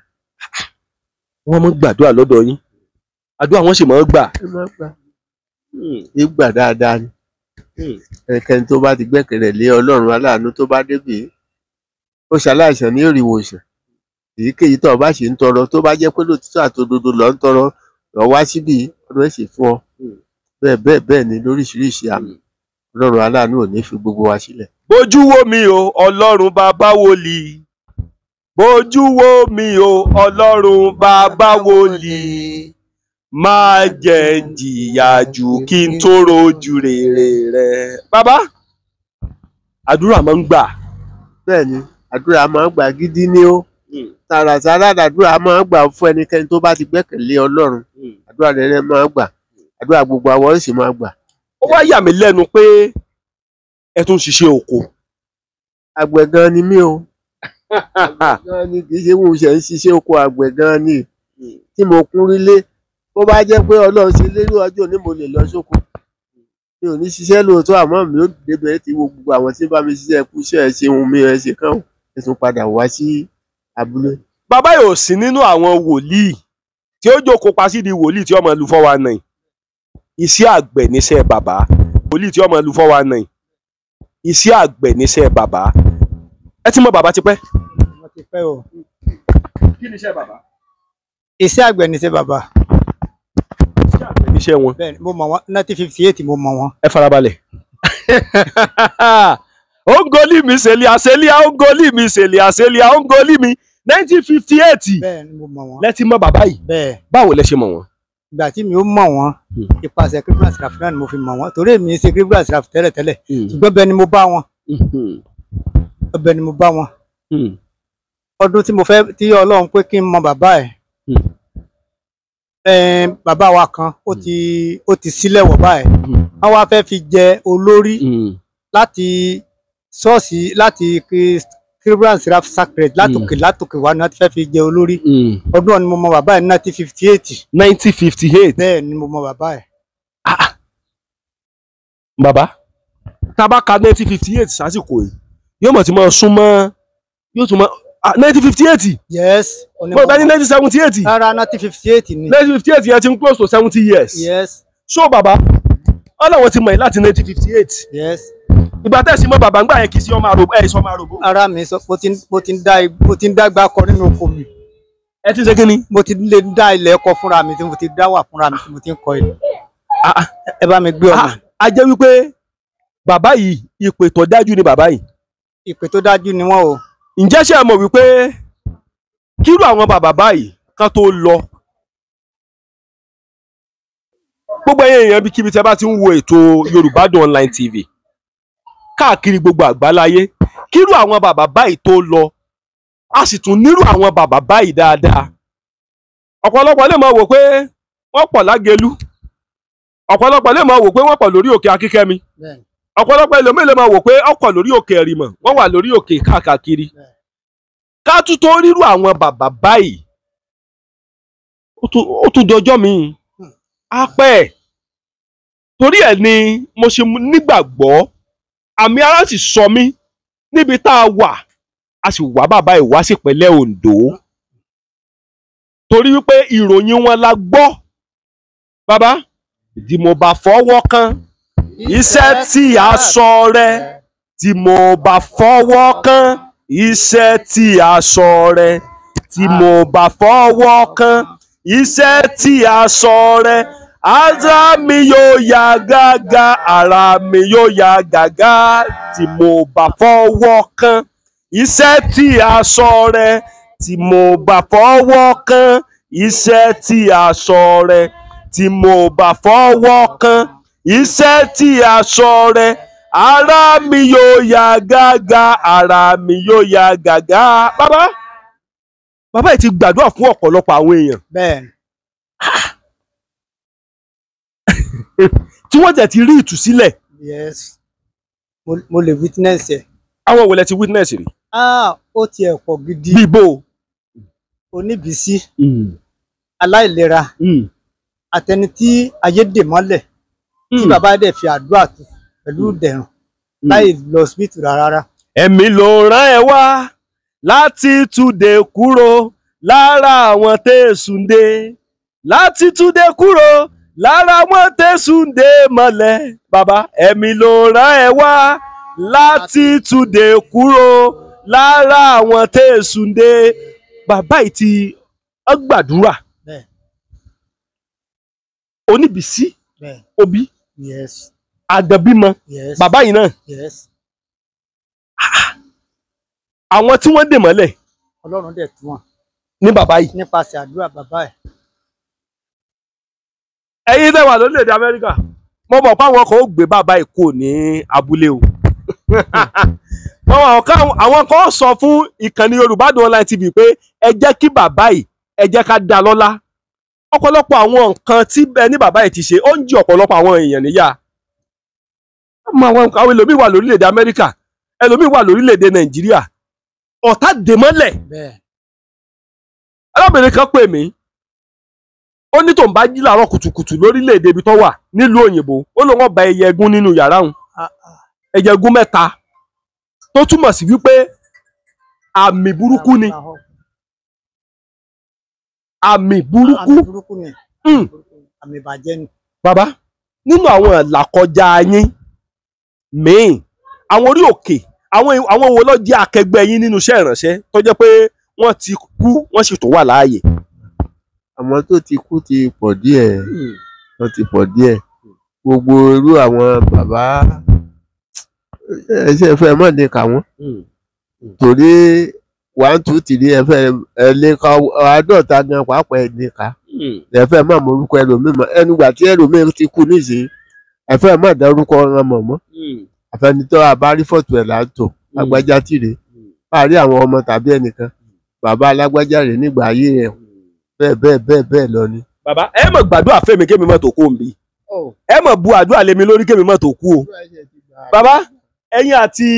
wọ́n máa ń gbàdúrà lọ́dọ̀ yín àdúrà wọ́n sì máa ń gbà. ìgbà hmm. dáadáa ni hmm. ẹnikẹ́ni tó bá ti gbẹ́kẹ̀lé lé ọlọ́run aláàánú tó bá débi ó ṣaláìsàn ní òrìwò èyíkéyìí tó o bá ṣe ń tọrọ tó bá jẹ́ pé lóòtítọ́ àtòdodo lọ ń tọrọ lọ wá síbí Ọlọ́run sì fún ọ hmm. bẹ́ẹ̀ bẹ́ẹ̀ bẹ́ẹ̀ ni lóríṣiríṣi àmì hmm. Ọlọ́run aláàánú ò ní fi gbogbo wa sílẹ̀. bójú wo mi o Ọlọ́run bàbá wòlíì bójú wo mi o Ọlọ́run bàbá wòlíì máa jẹ jìyà jù kí n tó rojú rere rẹ. bàbá àdúrà máa ń gbà. bẹ́ẹ̀ àdúrà máa ń gbà gidi ni ó. Hmm. tààràtààrà àdúrà máa gbà fún ẹnikẹ́ni tó bá ti gbẹ́kẹ̀lé ọlọ́run hmm. àdúrà rẹ̀ máa gbà àdúrà gbogbo àwọn sì máa gbà. ó wá yà mí lẹ́nu pé ẹ tún ṣiṣẹ́ oko. àgbẹ̀ gan ni mí o gan ni kì í ṣe mò ń ṣe ń ṣiṣẹ́ oko àgbẹ̀ gan ni hmm. tí mo kún rílé bó bá jẹ́ pé ọlọ́run ṣe lérí ọjọ́ òní mo lè lọ sóko mi ò ní ṣiṣẹ́ lóòótọ́ àmọ́ mi ò débẹ̀ ti wo gbogbo àwọn tí bá mi ṣiṣẹ́ kú iṣẹ́ ẹ ṣeun mi ẹ ṣe kán ẹ tún padà wá sí abúlé. bàbá yóò sí nínú àwọn wòlíì tí ó jókòó pa sí di wòlíì tí ọmọ lu four one nine iṣẹ́ àgbẹ̀ níṣẹ́ bàbá wòlíì tí ọmọ lu four one nine iṣẹ́ àgbẹ̀ níṣẹ́ bàbá ẹ ti mọ bàbá tipẹ́. wọ́n ti pẹ́ o. kí ni iṣẹ́ bàbá. iṣẹ́ àgbẹ̀ níṣẹ́ bàbá. iṣẹ́ àgbẹ̀ níṣẹ́ wọn. bẹ́ẹ̀ni mo mọ wọn nineteen fifty eight mo mọ wọn. ẹ farabalẹ̀. ó ń golí mi ṣèlè àṣẹlẹ̀ ó ń golí mi ṣèlè àṣẹlẹ̀ ó ń golí mi nineteen fifty eight lẹ́tí mọ bàbá yìí báwo lẹ ṣe mọ̀ wọ́n. ìgbà tí mi ò mọ̀ wọ́n ìpasẹ̀ hmm. Credible Asraf náà ni mo fi mọ̀ wọ́n torí èmi ṣe Credible Asraf tẹ́lẹ̀tẹ́lẹ̀ hmm. ṣùgbọ́n bẹ́ẹ̀ ni mo bá wọn ọbẹ̀ hmm. ni mo bá wọn ọdún tí mo fẹ́ tí Ọlọ́run pé kí n mọ bàbá ẹ̀ bàbá wa kan ó ti ó ti sílẹ̀ wọ̀ báyìí wọ́n wá fẹ́ fi jẹ olórí láti ṣọ́ọ̀ṣì láti Kilbrand Seraf Sacred látòkè mm. látòkè wa náà ti fẹ́ fi jẹ olórí mm. ọdún ọ̀ni mo mọ bàbá ẹ̀ nineteen fifty eight. nineteen fifty eight. bẹ́ẹ̀ ni mo mọ bàbá ẹ̀. Ah, ah. Baba, tábà ka nineteen fifty eight sásìkò yìí yóò mọ̀ tí mo sún mọ́ yóò tún mọ́ ah, nineteen fifty eight. yes onímọ̀ bọ́ọ̀ bá ní nineteen seventy eight. rárá nineteen fifty eight ni. nineteen fifty eight yẹn ti ń close to seventy years. yes. so bàbá ọlọ́wọ́ ti mọ̀ yìí láti nineteen fifty eight. yes ìgbà tẹ̀sí mọ́ bàbá ńgbà yẹn kì í sí ọmọ àròbó ẹ̀ sọ ọmọ àròbó. ara mi sọ mo ti ń dá mo ti ń dá gbá kọ nínú oko mi. ẹ ti ṣe kí ni. mo ti lè dá ilẹ̀ ẹ̀kọ́ fúnra mi tí mo ti dá wà fúnra mi tí mo ti ń kọ ilẹ̀. Ah, ah. ẹ bá mi gbé ọmọ. Ah, a jẹ́ wípé bàbá yìí ìpè tó dájú ni bàbá yìí. ìpè tó dájú ni wọ́n o. ǹjẹ́ ṣe é mọ̀ wípé kírú àwọn bàbá báyìí kan tó lọ gbogbo ẹ̀yin èèyàn Online TV káàkiri gbogbo àgbáláyé kírú àwọn bàbá báyìí tó lọ a sì tún nírú àwọn bàbá báyìí dáadáa ọ̀pọ̀lọpọ̀ lè máa wò pé wọ́n pọ̀ lágelu ọ̀pọ̀lọpọ̀ lè máa wò pé wọ́n pọ̀ lórí òkè akíkẹ́mi ọ̀pọ̀lọpọ̀ ẹlòmíì lè máa wò pé ọkọ̀ lórí òkè ẹ̀rìmọ̀ wọ́n wà lórí òkè káàkiri ká tún tó rírú àwọn bàbá báyìí ó tún dọjọ́ mi á hmm. pẹ́ torí ẹ̀ ni mo ṣe nígbàgbọ́ àmì ara sì sọ mí níbi tá a wà a sì wá bàbá ìwá sí ìpínlẹ̀ Ondo torí wípé ìròyìn wọn la gbọ́ bàbá tí mo bá fọwọ́ kan iṣẹ́ tí a sọ rẹ tí mo bá fọwọ́ kan iṣẹ́ tí a sọ rẹ tí mo bá fọwọ́ kan iṣẹ́ tí a sọ rẹ ara mi yóò yá gágá ara mi yóò yá gágá tí mo bá fọwọ́ kàn iṣẹ́ tí aṣọ rẹ tí mo bá fọwọ́ kàn iṣẹ́ tí aṣọ rẹ tí mo bá fọwọ́ kàn iṣẹ́ tí aṣọ rẹ ara mi yóò yá gágá ara mi yóò yá gágá. bàbá bàbá yìí ti gbàdúrà fún ọ̀pọ̀lọpọ̀ àwọn èèyàn. bẹ́ẹ̀ tí wọ́n tẹ̀ ti rí ìtúsílẹ̀. yes mo lè witness ẹ. àwọn òwòlẹ̀ ti witness rí. ah ó tiẹ̀ pọ̀ gidi. bíbó. oníbísí. Hmm. aláìlera. Hmm. àtẹni tí ayé dè mọ́lẹ̀. tí hmm. bàbá dẹ̀ fi àdúrà tó pẹ̀lú dẹ̀rùn láì lọ síbítù rárá. ẹ̀mí ló rán ẹ wá láti túde kúrò lára àwọn tẹ̀sùn dé láti túde kúrò lára wọn tẹ̀sùn sunde mọ́lẹ̀ baba ẹ̀mí ló rán ẹ wá láti túnde kúrò lára àwọn tẹ̀sùn dé bàbá yìí ti gbàdúrà oníbìsí òbí baba bàbá yìí náà àwọn tí wọ́n dè mọ́lẹ̀ ni baba tú wọn ní bàbá yìí nípasẹ̀ àdúrà bàbá yìí ẹ̀yin tẹ́ wà lórílẹ̀‐èdè amẹ́ríkà mo mọ̀ páwọn kan ó gbé bàbá èkó ní abúlé o mo mọ̀ àwọn kan sọ fún ìkànnì yorùbá dùn online tv pé ẹ jẹ́ kí bàbá yìí ẹ jẹ́ ká dá lọ́lá ọ̀pọ̀lọpọ̀ àwọn nǹkan tí ẹni bàbá yìí ti ṣe ó ń jí ọ̀pọ̀lọpọ̀ àwọn èèyàn níyà àwọn ẹlòmíì wà lórílẹ̀‐èdè amẹ́ríkà ẹlòmíì wà lórílẹ̀‐èdè nàìjíríà ọ̀tá dèmọ́lẹ̀ arábìnrin kan pè mí ó ní tòun bá jí làárọ̀ kùtùkùtù lórílẹ̀‐èdè ibi tó wà nílùú òyìnbó ó lọ wọn bá ẹyẹ ẹgún nínú yàrá òun ah, ah. ẹyẹ ẹgún mẹ́ta tó túmọ̀ sí wípé àmì burúkú ni ah, àmì burúkú hmm. àmì ìbàjẹ́ ni. bàbá nínú àwọn ìlàkọjá yín míì àwọn orí òkè àwọn wo ló jẹ́ akẹgbẹ́ yín nínú iṣẹ́ ìrànṣẹ́ tó jẹ́ pé wọ́n ti kú wọ́n sì tún wà láàyè àwọn tó ti kú ti pọ̀ díẹ̀ wọ́n hmm. ti pọ̀ díẹ̀ gbogbo irú àwọn bàbá ẹsẹ̀ fẹ́ mọ̀ ní kà wọ́n hmm. Hmm. torí one two three ẹ fẹ́ ẹ lè ka àádọ́ta gan pàápàá ẹ lè ka ẹ fẹ́ mọ̀ mọ orúkọ ẹlòmíì mọ ẹnugbà tí ẹlòmíì ti kú nísìnyí ẹ fẹ́ mọ̀ dá orúkọ ọ̀ràn mọ̀ mọ́ àfẹnitọ́ abárífọ̀tò ẹ̀ là ń tò lágbájá tìrẹ láàárín àwọn ọmọ tàbí ẹnìkan bàbá alágbájá rẹ̀ nígbà ayé rẹ̀ hù bẹ́ẹ̀ bẹ́ẹ̀ bẹ́ẹ̀ bẹ́ẹ̀ lọ ni. bàbá ẹ mọ̀ gbàdúrà fẹ́mi kémi mọ̀ tó kú mi oh. ẹ mọ̀ bu àdúrà lèmi lórí kémi mọ̀ tó kú o. bàbá ẹ̀yin àti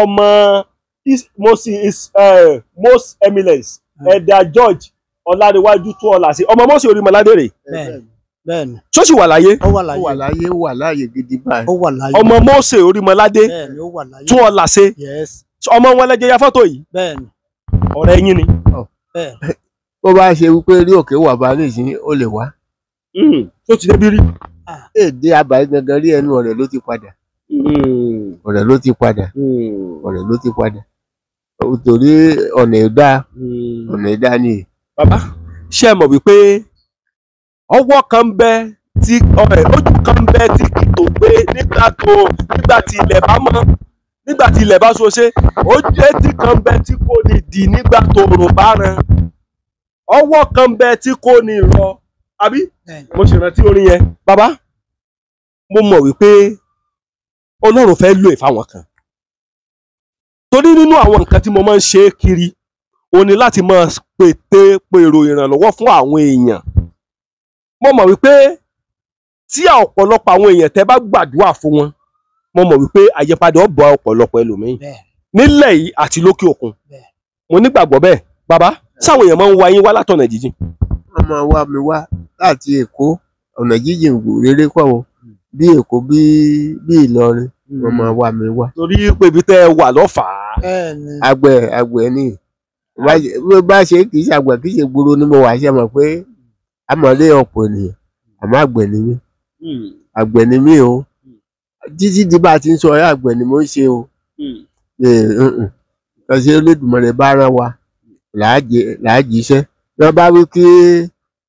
ọmọ most eminence ẹ̀dà George ọ̀làdéwájú tó ọ̀là sí ọmọ mọ́sí orímọ̀ládé rè bẹ́ẹ̀ni. ṣọ́ọ̀ṣì wà láyé. ó wà láyé ó wà láyé ó wà láyé gidi báyìí. ó wà láyé. ọmọ Mósè Orímọládé. bẹ́ẹ̀ni ó wà láyé. tún ọ làṣẹ. yes. ọmọ wọn lẹjẹ ya fọ́tò yìí. bẹ́ẹ̀ni. ọ̀rẹ́ yín ni. bẹ́ẹ̀ni bó bá ṣe wípé rí òkè wà bá lè ṣe ó lè wá. Hmm. tó ti débi rí. Ah. èdè àbáyé gangan rí ẹnu ọ̀rẹ́ ló ti padà. Hmm. ọ̀rẹ́ ló ti padà. Hmm. ọ̀rẹ́ ló ti padà. torí ọ̀nà ìdá ọ̀nà ìdá ni. bàbá ṣé ẹ mọ̀ wípé ọwọ́ kan bẹ tí ọ̀rẹ́ ojú kan bẹ tí kì í tó gbé nígbà tó nígbà tí ilẹ̀ bá mọ́ nígbà tí ilẹ̀ bá so ṣe ojú etí kan bẹ tí kò lè dì nígbà tó rùn bá rán ọwọ́ kan bẹ tí kò ní rọ àbí mo ṣèrántí orin yẹn bàbá mo mọ̀ wípé ọlọ́run fẹ́ lò ìfáwọn kan torí nínú àwọn nǹkan tí mo máa ń ṣe kiri o ní láti máa pète pèrò ìrànlọ́wọ́ fún àwọn èèyàn mo mọ̀ wípé tí ọ̀pọ̀lọpọ̀ àwọn èèyàn tẹ́ bá gbàdúrà fún wọn mo mọ̀ wípé àyípadà ó ọ̀pọ̀lọpọ̀ ẹlòmíín nílẹ̀ yìí àti lókè òkun mo nígbàgbọ́ bẹ́ẹ̀ bàbá sáwọn èèyàn máa ń wa yín wá látọ̀nà jíjìn. wọ́n máa wá mi wá láti èkó ọ̀nà jíjìn rere kọ́ wọn bí èkó bí bí ìlọrin wọ́n máa wá mi wá. torí pé ibi tẹ́ ẹ wà lọ́fàá. àgbẹ̀ àgbẹ̀ ni bá ṣe kì í ṣe àgbẹ̀ kì í ṣe gbòòrò ni mo wà ṣe mọ̀ pé a mọ̀ lé ọ̀pọ̀ ènìyàn àmọ́ àgbẹ̀ ni mí hmm. àgbẹ̀ ni mí o títí di bá a ti ń sọ ọ̀rẹ́ àgbẹ̀ ni mo ń ṣe o kàn hmm. Olódùmarè bá rán wa làá jíṣẹ́ bí wọ́n bá wí kí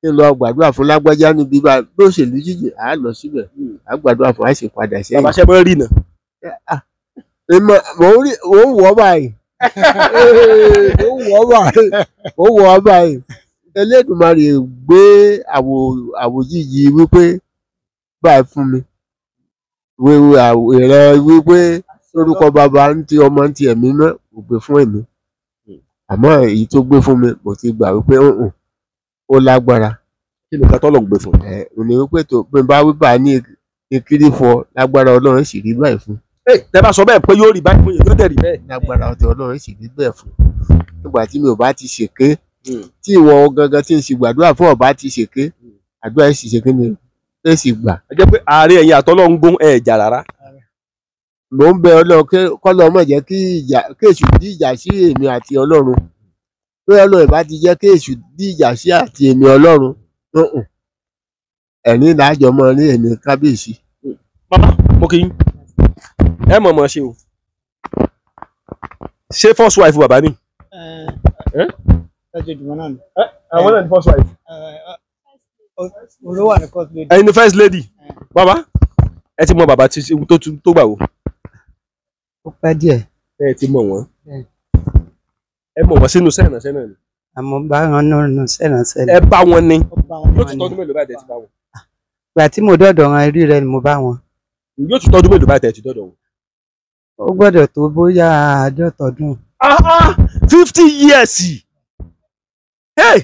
kí n lọ gbàdúrà fún lágbájá níbi bá bí òṣèlú jíjìn àá lọ síbẹ̀ àá gbàdúrà fún àìsè padà sẹ́yìn. bàbá sẹ́mọ́ rì nà. èmi mò ń rí mò ń wọ́ báyìí mò ń wọ́ báyìí mò ń wọ́ báyìí Elédùmarè gbé àwò àwòjíjì wípé báyìí fún mi wíwí àwòrán wípé lórúkọ bàbá ń ti ọmọ ń ti ẹ̀mí mọ́ ògbé fún ẹ̀mí àmọ́ èyí tó gbé fún mi mo ti gbà wípé hùn ó lágbára kí ni kátó lọ́n gbé fún. ẹ ò ní wípé tó bí n bá wí bá a ní ekiri fọ lágbára ọlọ́run sì rí báyìí fún. ẹ tẹ bá sọ bẹ́ẹ̀ pé yóò rí báyìí fún yẹn yóò dẹ rí bẹ́ẹ̀. lágbára ọtọ ọlọ́run sì rí bẹ́ẹ̀ fún nígbà tí mi ò bá ti ṣèké hmm. tí ìwọ gangan tí n sì gbàdúrà fún ọba ti ṣèké àdúrà ẹ sì ṣèké ni ẹ sì gbà. ẹ jẹ́ pé ààrẹ ẹ̀yìn àtọ́lọ́ ń gún ẹ̀ jà rárá mò ń bẹ ọlọ́run kọ́lọ́ má jẹ́ kí ìjà kí èṣù dí ìjà sí èmi àti ọlọ́run pé ọlọ́run ìbá ti jẹ́ kí èṣù dí ìjà sí àti èmi ọlọ́run ẹ̀rín ìdájọ́ mọ́ ní èmi kábíyèsí. bàbá mo kì í ẹ mọ̀ mọ̀ ṣe o ṣé first wife bàbá mi. àwọn náà ni first wife. olówó àná first lady. ẹyin ni first lady bàbá ẹ ti mọ bàbá tó gbà wò ó pẹ́ díẹ̀. ẹ ti mọ̀ wọ́n ẹ mọ̀ wọ́n sínú sẹ́ẹ̀nàṣẹ́ náà ni. àmọ́ bá wọn náà nù sẹ́ẹ̀nàṣẹ́ ni. ẹ bá wọn ni yóò ti tọ́dún mélòó báyìí tẹ̀ ti bá wọn. ìgbà tí mo dọ̀dọ̀ wọn rí rẹ ni mo bá wọn. yóò ti tọ́dún mélòó báyìí tẹ̀ ti dọ̀dọ̀ wọn. ó gbọ́dọ̀ tó bóyá àádọ́tọ̀dún. fifty years Hey,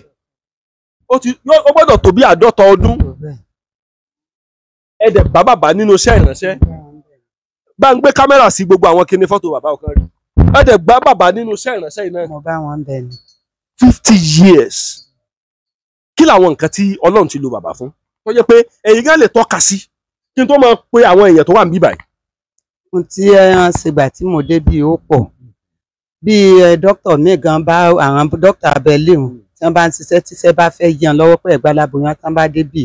o gbọ́dọ̀ tó bí àádọ́ta ọdún ẹ dẹ̀ bá bàbá nínú iṣẹ́ ìránṣẹ́ bá ń gbé kámẹ́rà sí gbogbo àwọn kinní fọ́tò bàbá ọ̀kan rí ẹ dẹ̀ gbá bàbá nínú iṣẹ́ ìránṣẹ́ yìí mo bá wọn bẹ̀ ni. fifty years kí làwọn nǹkan tí ọlọ́run ti lo bàbá fún tó jẹ́ pé ẹ̀yin gan lè tọ́ka sí kí n tó máa pe àwọn èèyàn tó wà níbí báyìí. ohun tí ẹ ń ṣègbà tí mo débi ó pọ̀ bí dókítà mi gan bá àwọn dókítà abẹ́lé wọn tí wọ́n bá ń ṣiṣẹ́ tíṣẹ́ bá fẹ́ yan lọ́wọ́ pẹ̀ gbalaboyan tí wọ́n bá débi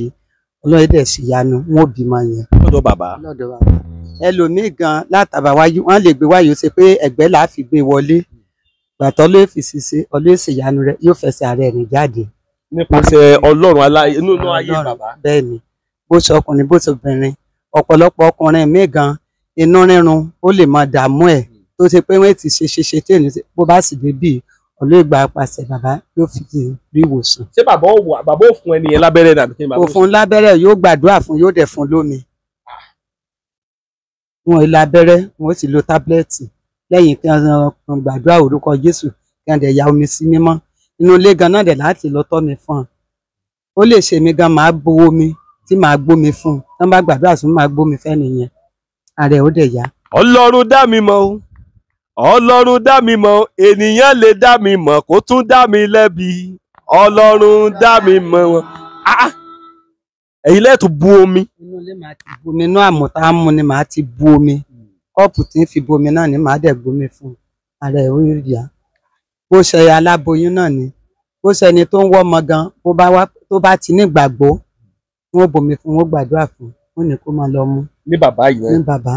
ọlọ́run ẹ̀dẹ̀ ṣìyanu wọn ò bímọ yẹn. lọ́dọ̀ bàbá lọ́dọ̀ bàbá ẹlòmíì gan látàbà wáyú wọn lè gbé wáyú ṣe pé ẹ̀gbẹ́ là á fi gbé wọlé gbàtọ́ ló fi ṣiṣẹ́ ọlọ́ọ̀sì ìyanu rẹ yóò fẹsẹ̀ ààrẹ rìn jáde. nípasẹ̀ ọlọ́run aláyé inú inú ayé bàbá. bẹ́ẹ̀ ni bó ṣe ọkùnrin bó ṣe obìnrin ọ̀pọ̀lọpọ̀ ọkùnrin míì gan inú rírun ó lè máa dààmú ẹ̀ tó ṣe pé wọ́n ti ṣe ṣe ṣe tí ènìyàn bó bá sì débì olóògbà apàṣẹ bàbá yóò fi rí ìwòsàn. ṣé bàbá ò fún ẹni yẹn lábẹ́rẹ́ dàbí kí ni bàbá ò fún lábẹ́rẹ́ yóò gbàdúrà fún yóò dẹ̀ fún lómi wọn ìlà abẹ́rẹ́ wọn sì lo tábìlẹ́ẹ̀tì lẹ́yìn kí wọ́n gbàdúrà orúkọ Jésù kí wọ́n dẹ̀ ya omi sí mímọ́ inú ilé gan náà dẹ̀ láti lọ tọ́ mi fún un ó lè ṣe mí gan máa bo omi tí màá gbómi fún un tí wọ́n bá gbàdúrà sí máa gbómi fẹ́ nìyẹn ààrẹ ó dẹ̀ yá. Ọlọ́run dá mi mọ̀ Ọlọ́run dá mi mọ̀ ènìyàn lè dá mi mọ̀ kó tún dá mi lẹ́bi Ọlọ́run dá mi mọ̀ ah. ah ẹ̀yin lẹ́ẹ̀tún bu omi. inú ilé màá ti bu omi inú àmọ̀ tá a mú ni màá ti bu omi kọ́ọ̀pù tí ń fi bu omi náà ni màá dẹ̀ gbomi fún ara ẹ̀ orí ìyá bó ṣe aláboyún náà ni bó ṣe ẹni tó ń wọ́ ọmọ gan tó bá ti ní ìgbàgbọ́ wọn bomi fún wọn gbàdúrà fún wọn ní kó máa lọ mú. ní bàbá yìí rẹ ní bàbá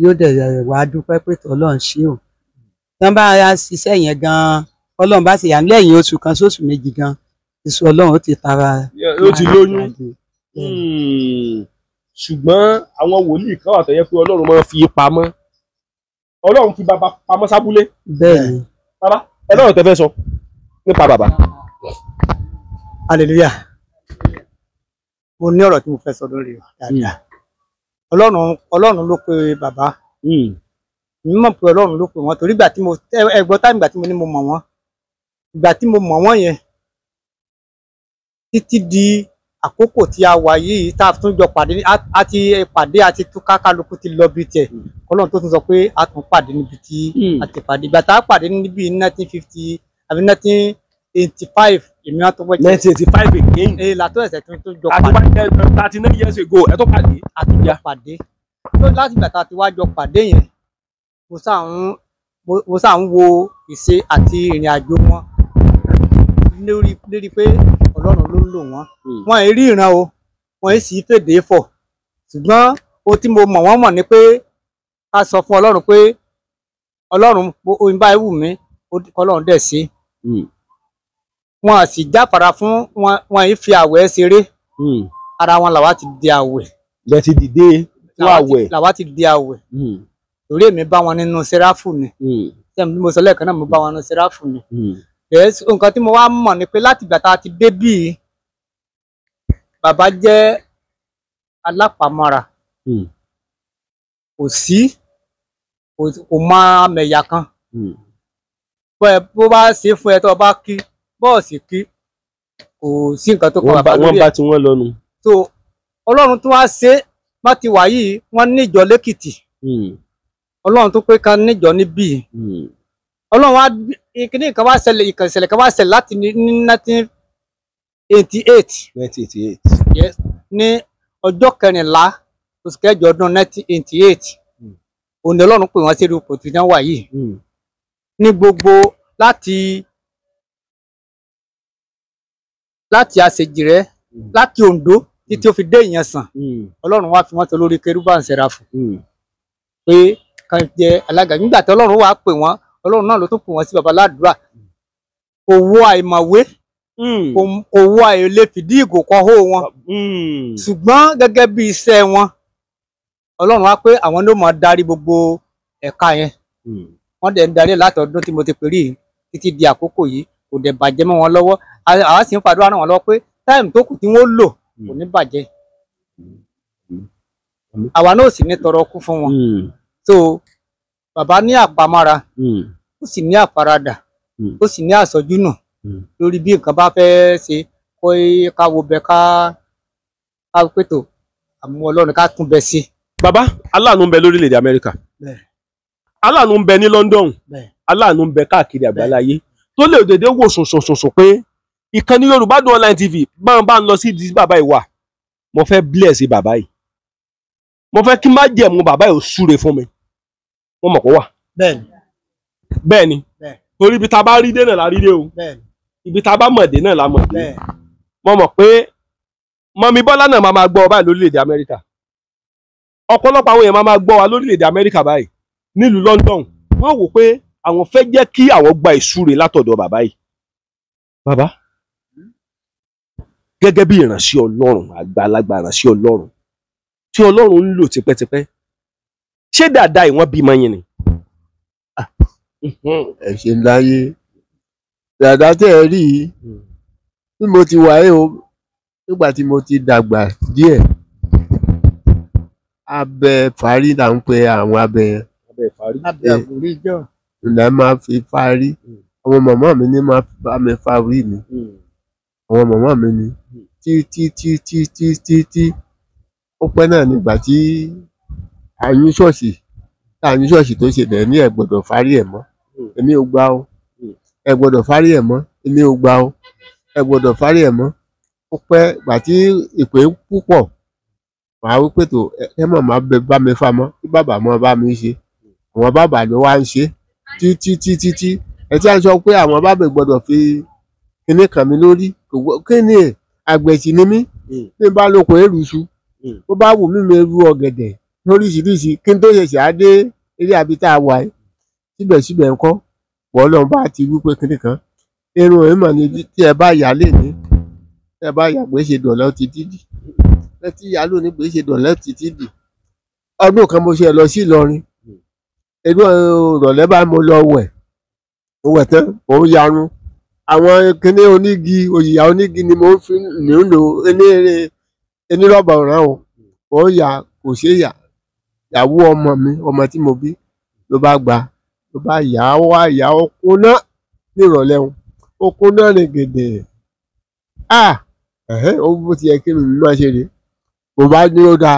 yóò dẹ̀ wá dúpẹ́ pé Ọlọ́run ṣé o tí wọ́n bá ṣiṣẹ́ yẹn gan-an Ọlọ́run bá ti yà lẹ́yìn oṣù kan sóṣù méjì gan-an ìṣù Ọlọ́run ó ti tara. ó ti lóyún. Hmm. ṣùgbọ́n àwọn wòlíì kan wà tó yẹ pé ọlọ́run máa ń fi pamọ́ ọlọ́run fi bàbá pamọ́ sábúlé. bẹ́ẹ̀ni. bàbá ẹ lọ́rọ̀ tẹ́ fẹ́ sọ nípa bàbá. hallelujah mo ní ọ̀rọ̀ tí mo fẹ́ sọ lórí rẹ̀ dáadáa hmm. ọlọ́run ọlọ́run ló pe bàbá hmm. mi mọ̀ pé ọlọ́run ló pè wọ́n torí ìgbà tí mo ẹgbọ́n táìmù ìgbà tí mo ní mo mọ̀ wọ́n ìgbà tí mo mọ̀ wọ́n yẹn títí di àkókò tí a wà yìí tá a tún jọ pàdé a ti pàdé a ti túká kálukú ti lọ bí tiẹ̀ hmm. kọ́lọ́n tó tún sọ pé a tún pàdé níbi tí hmm. a ti pàdé ìgbà tá a pàdé níbi nineteen fifty àbí nineteen eighty five èmi wá tó wẹ̀ jẹ́ nineteen eighty five again ee làtọ́ ẹ̀sẹ̀ tó tó jọ pàdé àti wáyé thirty nine years ago ẹ̀ tó pàdé àti jọ pàdé tó láti ìgbà tá a jọ pàdé yẹn mo sáà ń mo sáà ń wo ìṣe àti ìrìn àjò wọn lórí pé lò wọ́n hmm. wọn èrí ìran o wọn èsì fèdè fọ̀ ṣùgbọ́n o tí mo mọ̀ wọ́n mọ̀ ni pé ká sọ fún ọlọ́run pé ọlọ́run oyin báyìí wù mí ọlọ́run dẹ̀ ṣe hmm. wọn sì jáfara fún wọn yìí fi àwẹ̀ ṣeré hmm. ara wọn làwa ti di àwẹ̀. lẹ ti dìde fún àwẹ̀ làwa ti di àwẹ̀ torí èmi bá wọn nínú sẹ́ráfù ni sẹ́mi bí mo sọ lẹ́ẹ̀kan náà mo bá wọn nínú sẹ́ráfù ni nǹkan tí mo wá mọ̀ ni pé láti ìgbà tá a ti dé bíi bàbá jẹ́ alápàmọ́ra hmm. kò sí kò mọ amẹ̀yà kan hmm. bó bá ṣe fún ẹ tó bá kí bọ́ọ̀sì kí kò sí nǹkan tó kọ bàbá lórí ẹ wọ́n bá ti wọ́n lọ́nu. so ọlọ́run tó wá ṣe má ti wà yìí wọ́n níjọ lẹ́kìtì hmm. ọlọ́run tó pé kan níjọ níbí ọlọ́run wá kíní kan wá ṣẹlẹ̀ ìkànṣẹ̀lẹ̀ kan wá ṣẹlẹ̀ láti ní nineteen eighty eight. nineteen eighty eight yes ní ọjọ́ kẹrìnlá oṣù kẹjọ ọdún nineteen eighty eight hmm. òní ọlọ́run pè wọ́n sí irú pòtù tí wọ́n wà yìí hmm. ní gbogbo láti láti àṣejìrẹ́ hmm. láti Oǹdó títí ó fi dé Ìyànsàn ọlọ́run wá fi wọ́n tó lórí kérúbà ń ṣẹra fún pé kan jẹ alága nígbà tí ọlọ́run wàá pè wọ́n ọlọ́run náà ló tún pè wọ́n sí babaláàdúrà òwò àìmọ̀wé Hmm. kò wọ àyè lè fìdí ìgò kan hó wọn hmm. ṣùgbọ́n gẹ́gẹ́ bí iṣẹ́ wọn Ọlọ́run wá pé àwọn ló máa darí gbogbo ẹ̀ka yẹn hmm. wọ́n dẹ̀ ń darí láti ọdún tí mo ti pè rí títí di àkókò yìí kò dẹ̀ bàjẹ́ mọ́ wọn lọ́wọ́ àwa sì ń fàdúrà ràn wọ́n lọ́wọ́ pé táìmù tó kù tí wọ́n lò kò ní bàjẹ́ àwa náà sì ní tọrọ kú fún wọn so bàbá ní àpamọ́ra ó sì ní àfaradà ó sì ní àsọjúnù lórí bí nǹkan bá fẹ́ ṣe kó ká wo bẹ ká ká pètò àmú ọlọ́run ká tún bẹ sí. bàbá aláàánú ń bẹ lórílẹ̀‐èdè amẹ́ríkà aláàánú ń bẹ ní london aláàánú ń bẹ káàkiri àgbáláyé tó lè dédé wò sòsòsòsò pé ìkànnì yorùbá dùn online tv máa bá ń lọ sí ìdí bàbá ìwà mo fẹ́ bless bàbá yìí mo fẹ́ kí n má jẹ̀mú bàbá yìí ó súre fún mi mo mọ̀ kó wà. bẹ́ẹ̀ni bẹ́ẹ̀ni torí bí ta bá rí dé la rí dé o. bẹ́ẹ̀ni ibi tá a bá mọ̀dé náà la mọ̀dé mo mọ̀ pé mọ̀mí bọ́lá náà máa máa gbọ́ ọ báyìí lórílẹ̀‐èdè amẹ́ríkà ọ̀pọ̀lọpọ̀ àwọn èèyàn máa máa gbọ́ wa lórílẹ̀‐èdè amẹ́ríkà báyìí nílùú london wọ́n wò pé àwọn fẹ́ jẹ́ kí àwọn gba ìsúre látọ̀dọ̀ bàbá yìí bàbá gẹ́gẹ́ bí ìránṣẹ́ ọlọ́run àgbàlagbà ìránṣẹ́ ọlọ́run tí ọlọ́run ń lò tipẹ́tipẹ́ ṣé dáadáa ìwọ́n bímọ yín ni. ẹ ṣe láyé dàda tẹ́ ẹ rí i hmm. bí mo ti wáyé o nígbà tí mo ti dàgbà díẹ̀ abẹ fárí là ń pe àwọn abẹ yẹn abẹ fárí abẹ àkùrí jọ ìlà máa fi fárí hmm. àwọn màmá mi ní máa bá mi fárí mi hmm. àwọn màmá mi ní tí tí tí tí tí tí tí ó pẹ́ náà nígbà tí àyún ṣọ́ọ̀ṣì àyún ṣọ́ọ̀ṣì tó ṣe bẹ̀rẹ̀ ní ẹ̀ gbọ́dọ̀ fárí ẹ̀ mọ́ èmi ò gbà o ẹ gbọ́dọ̀ fárí ẹ̀ mọ́ ilé ò gbà o ẹ gbọ́dọ̀ fárí ẹ̀ mọ́ ó pẹ́ ìgbà tí ìpè púpọ̀ màá wí pé tó ẹ mọ̀ máa bá mi fa mọ́ kí bàbá mọ́ bá mi ṣe àwọn bàbá ni wá ń ṣe títí títí tí ẹ tí a sọ pé àwọn bàbá gbọ́dọ̀ fi kíní kan mi lórí kí ni àgbẹ̀sì ni mí hmm. bí n bá lóko èrú su hmm. bó bá wù mí mi ru ọ̀gẹ̀dẹ̀ lóríṣiríṣi kí n tó ṣẹ̀ṣẹ̀ á dé eré àbí tá a wà yìí síbẹ̀síbẹ̀ ńkọ́ wọ́n lọ́n bá ti wípé kíní kan irun ẹ̀ mà ní tí ẹ bá yà lè ní tí ẹ bá yà gbé ṣe dọ̀lẹ́ ti dídì ẹ ti yà lónìí gbé ṣe dọ̀lẹ́ ti dídì ọdún kan mo ṣe lọ sí Ìlọrin inú ìrọ̀lẹ́ bá mo lọ wẹ̀ mo wẹ̀ tán mo ń yarun àwọn kíní onígi òyìyà onígi ni mo fi nílò enírọ̀bà ọ̀ràn o mo ń yà kò ṣe yà yàwó ọmọ mi ọmọ tí mo bí ló bá gbà á tó bá yà á wá yà ó kóná nírọ̀lẹ́ wọn ó kóná ní gèdè à ó bó ti yẹ kí mi máa ṣe rè mo bá dúró da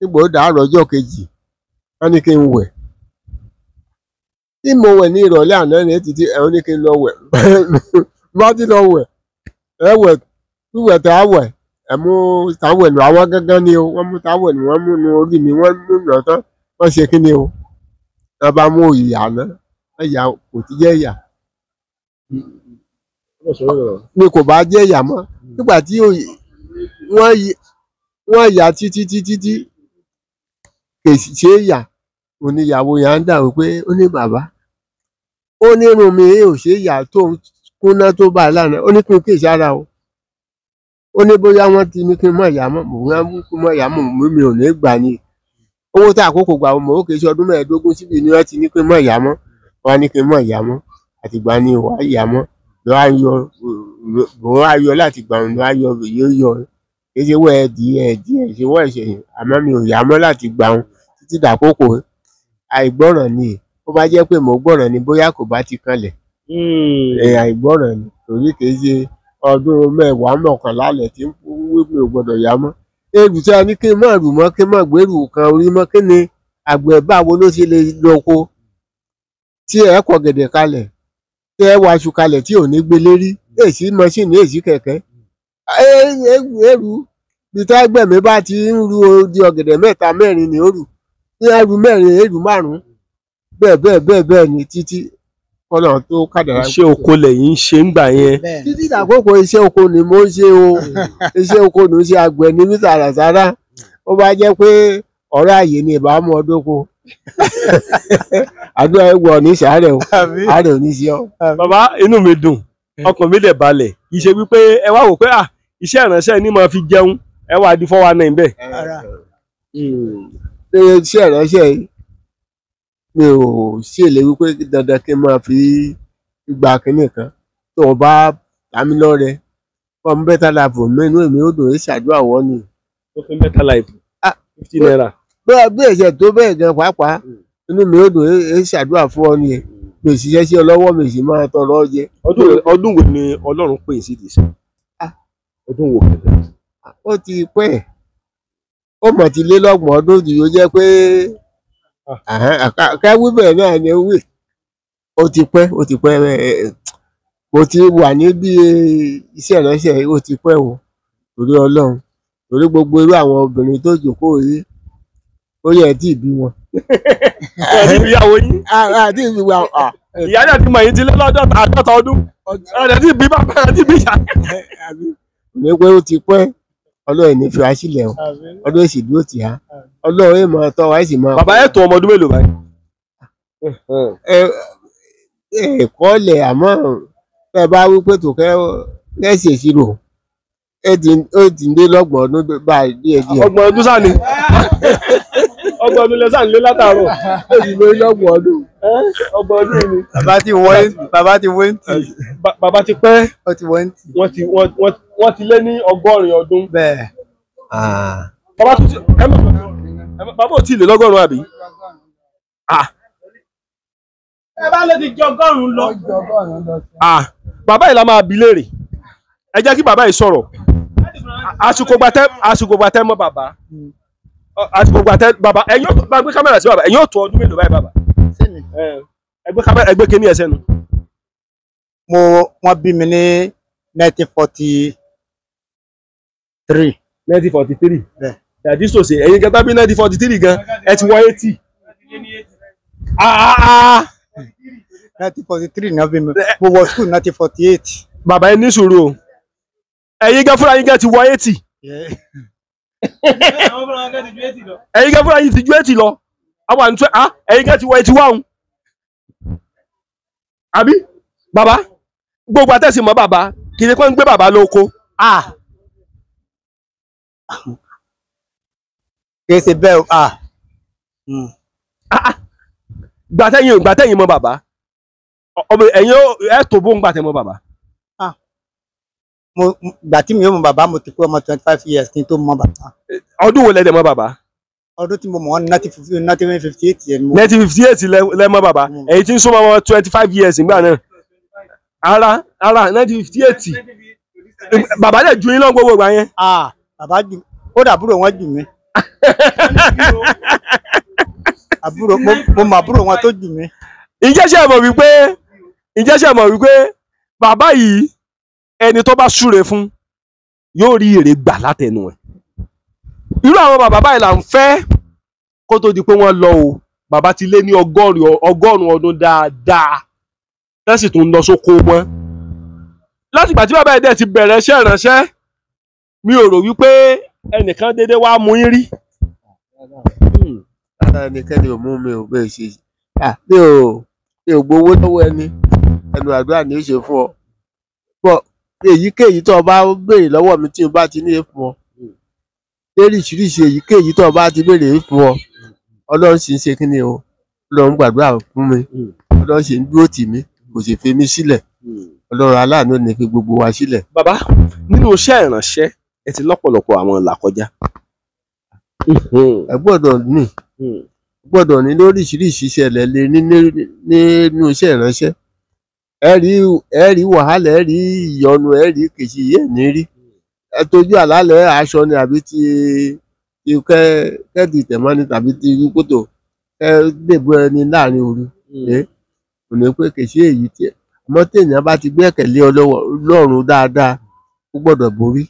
nígbà ó dàárọ̀ ọjọ́ kejì wọ́n ní kí n wẹ̀ tí mo wẹ̀ ní ìrọ̀lẹ́ àná ní títí ẹ̀hún ní kí n lọ wẹ̀ bá ti lọ wẹ̀ ẹ wẹ̀ tí wẹ̀ tá a wẹ̀ ẹ mú táwẹ̀lù àwọn gángan ni o wọ́n mú táwẹ̀lù wọ́n mú nu orí mi wọ́n mú nà tán wọ́n ṣe kí ni o wọ́n bá mú ìyá náà ìyá kò ti jẹ́ ìyá ni kò bá jẹ́ ìyá mọ́ nígbà tí wọ́n yà títí títí tí kè ṣe ìyá oníyàwó yà ń dàrú pé ó ní bàbá ó ní irun mi ò ṣe ìyá tó kúnná tó bá lánàá ó ní kí n kì í sára o ó ní bóyá wọ́n ti ní kí n mọ̀ ìyá mọ̀ mò ń mú kí n mọ̀ ìyá mọ̀ mi ò ní gbà ni owó tá àkókò gbà ọmọ ó kèé ṣe ọdún mẹ́ẹ̀ẹ́dógún síbi ni wọ́n ti ní pé mọ̀ ìyá mọ́ wọ́n á ní pé mọ̀ ìyá mọ́ àtìgbà ni wà á yà mọ́ lọ́ á yọ lọ́ á yọ láti gbà lọ́ á yọ yọ kéṣe wọ́ ẹ̀dì ẹ̀dì ẹ̀ṣẹ̀ wọ́ ẹ̀ṣẹ̀ yìí mi ò yà mọ́ láti gbà títí dàkókò àìgbọ́ràn ni ó bá jẹ́ pé mò ń gbọ́ràn ni bóyá kò bá ti kanlẹ̀ hmm. àìgbọ́ràn ni torí kéṣe ọdún mẹ́wàá mọ̀kànlá lẹ̀ tí ń wí pé ò gbọ́dọ̀ yà mọ́ ẹrù tí a ní kí n má rù mọ́ kí n má gbèrú kan orí mọ́ kí ni àgbẹ̀ báwo ló ṣe lè lóko tí ẹ kọ gẹ̀dẹ̀ kalẹ̀ tí ẹ wọ aṣọ kalẹ̀ tí ò ní gbé lérí èsì mọ́ṣíìnì èsì kẹ̀kẹ́ ẹrù bí tá gbẹ̀mí bá ti ń ru odi ọ̀gẹ̀dẹ̀ mẹ́ta mẹ́rin ni ó rù ní ẹrù mẹ́rin ẹrù márùn-ún bẹ́ẹ̀ bẹ́ẹ̀ bẹ́ẹ̀ bẹ́ẹ̀ ni títí kọ́nà tó kádàrá. iṣẹ́ oko lẹ́yìn ṣe ń gbà yẹn. títí dàkókò iṣẹ́ oko ni mo ń ṣe o iṣẹ́ oko ni ó ṣe àgbẹ̀ ní mítà àràsárá ó bá jẹ́ pé ọ̀rẹ́ àyè ni ìbámu ọdọ́kọ àdúrà ẹgbẹ́ ọ̀ní sàárẹ̀ o àárẹ̀ ò ní sí ọ. bàbá inú mi dùn ọkàn mi dẹ̀ balẹ̀ kì í ṣe wípé ẹ wá wò pé à iṣẹ́ ìránṣẹ́ ni màá fi jẹun ẹ wá di fọwọ́ náà ń bẹ̀. ṣé yìí mi ò sí pé dandan kí n máa fi gba kinní kan tó o bá ta mí lọ́rẹ fún ọmọ better life mi èmi ò dùn ṣàdúrà wọ́n ni. ó fi better life ah, fifty naira. bí ẹ̀sẹ̀ tó bẹ́ẹ̀ gan pàápàá hmm. inú mi ò dùn ṣàdúrà fún ọ ni mi ò ṣiṣẹ́ sí ọ mi sì máa tọrọ ọ ọdún wo ni ọlọ́run pè sí ìdí ah. ọdún wo kẹ̀kẹ́. Ah, ó ti pẹ́ ó mọ̀ ti lé lọ́gbọ̀n ọdún yìí ó jẹ́ pé ká wí náà ni wí ó ti pẹ́ ó ti pẹ́ mo ti wà níbi iṣẹ́ ìránṣẹ́ ó ti pẹ́ o torí ọlọ́run torí gbogbo irú àwọn obìnrin tó jókòó yìí ó yẹ tí ì bí wọn. ìyàwó yín. àti ìwà ìyá náà ti mọ̀ yín ti lé lọ́jọ́ àádọ́ta ọdún ọ̀dẹ̀ tí ì bí bàbá rẹ̀ ti bí ìyá. ní pé ó ti pẹ́ ọlọ́run ní fi àṣìlẹ̀ o ọlọ́run èsì dúró tì á ọlọ́run èèmọ tọ́ wa èsì máa. bàbá ẹ̀ tó ọmọ ọdún mélòó báyìí. ẹ̀kọ́ lẹ̀ àmọ́ tẹ́ bá wí pé tó kẹ́ lẹ́sì ìṣirò ó ti ń dé lọ́gbọ̀n ọdún báyìí díẹ̀díẹ̀. ọgbọ̀n ọdún sáà ni. ọgbọ̀n ọdún lẹ́sà ń lé látàárọ̀. èyí ló yọ̀gbọ̀n ọdún. ọgbọ̀n ọdún ni. bàbá ti wọ́n bàbá ti wọ́n tì. bàbá ti pẹ́. wọ́n ti wọ́n tì. wọ́n ti wọ́n ti lé ní ọgọ́rin ọdún. bẹ́ẹ̀. bàbá tó ti ẹ mọ̀ bàbá ò tí ì lé lọ́gọ́rùn-ún àbí. ẹ bá lè ti jẹ ọgọ́rùn-ún lọ. bàbá yìí la máa bi léèrè ẹ jẹ́ kí bàbá yìí sọ̀rọ̀ àsìkò gbàtẹ́ mọ́ bàbá. Hmm àti gbogbo àtẹ bàbá ẹ̀yin bá gbé kámẹ́rà sí bàbá ẹ̀yin yóò tó ọdún mélòó báyìí bàbá. sẹ́mi. ẹgbẹ́ kámẹ́rà ẹgbẹ́ kínní ẹ sẹ́nu. mo wọ́n bí mi ní nineteen forty three. nineteen forty three. dàdí sòsè ẹ̀yin gẹ́gẹ́ bí nineteen forty three gan ẹ ti wọ eighty. Ah, ah, ah, nineteen forty three ni wọ́n bí mi mo wọ school nineteen forty eight. bàbá ẹ ní sùúrù o ẹ̀yin gẹ́gẹ́ fúnra yín gẹ́gẹ́ ti wọ eighty ẹ̀yin kan fúnra yín ti ju eighty lọ àwọn àǹtí ah ẹ̀yin kan ti wọ eighty one àbí bàbá gbogbo àtẹ̀sí mọ́ bàbá kì í ṣe pé ń gbé bàbá lóko. Ah. kì í ṣe bẹ́ẹ̀ o. Ah. Hmm. Ah, gbàtẹ́yìn gbàtẹ́yìn mọ́ bàbá ẹ̀yin ẹ̀ tó bó ń gbàtẹ́ mọ́ Baba mo gbà tí mi ò mọ bàbá mo ti pé ọmọ twenty years kí n tó mọ bàbá. ọdún wo lẹ́dẹ̀ mọ bàbá. ọdún tí mo mọ̀ ọ́ ní nineteen fifty eight yẹn. nineteen fifty eight lẹ mọ bàbá èyí mm. tí ń years ìgbà náà ara ara 1958 fifty eight bàbá lè ju yín lọ gbogbo ìgbà yẹn. bàbá ju ó dàbúrò wọn jù mí àbúrò mo mọ àbúrò wọn tó jù mí. ǹjẹ́ ṣe mọ̀ wípé ǹjẹ́ ṣe mọ̀ wípé bàbá yìí ẹni tó bá súre fún yóò rí èrè gbà látẹnu ẹ̀ irú àwọn bàbá báyìí là ń fẹ́ kó tó di pé wọ́n lọ o bàbá ti lé ní ọgọ́rùn ọdún dáadáa tẹ́sì tó ń lọ sóko wọn látìgbà tí bàbá ẹ̀dẹ̀ ti bẹ̀rẹ̀ iṣẹ́ ìránṣẹ́ mi ò rò wípé ẹnìkan dédé wá mú yín rí. ẹnikẹ́ni ò mú mi ò bẹ́ẹ̀ ṣe mi ò gbowó lọ́wọ́ ẹni ẹnu àdúrà ni ó ṣe fún ọ èyíkéyìí tó o bá béèrè lọ́wọ́ mi tí o bá ti ní e fún ọ lóríṣiríṣi èyíkéyìí tó o bá ti béèrè e fún ọ ọlọ́run sì ń ṣe kíni o ọlọ́run gbàdúrà fún mi ọlọ́run sì ń dúró tì mí kò sì fi mí sílẹ̀ ọlọ́run aláàánú ni fi gbogbo wa sílẹ̀. bàbá nínú iṣẹ́ ìránṣẹ́ ẹ ti lọ́pọ̀lọpọ̀ àwọn ìlà kọjá. ẹ gbọ́dọ̀ ní gbọ́dọ̀ ní lóríṣiríṣi ìṣẹ̀lẹ̀ lè nínú iṣẹ́ ìránṣẹ́. ẹ rí wàhálà ẹ ìyọnu ẹ rí kìsì yé ní rí ẹ àlálẹ aṣọ ni àbí ti kẹ kẹdì ni tàbí ti irú kótó ẹ dèbò ẹni láàrin òru hmm. ẹ kò ní pé kìsì èyí tiẹ àmọ́ téèyàn bá ti gbẹ́kẹ̀lé Ọlọ́run dáadáa ó gbọ́dọ̀ borí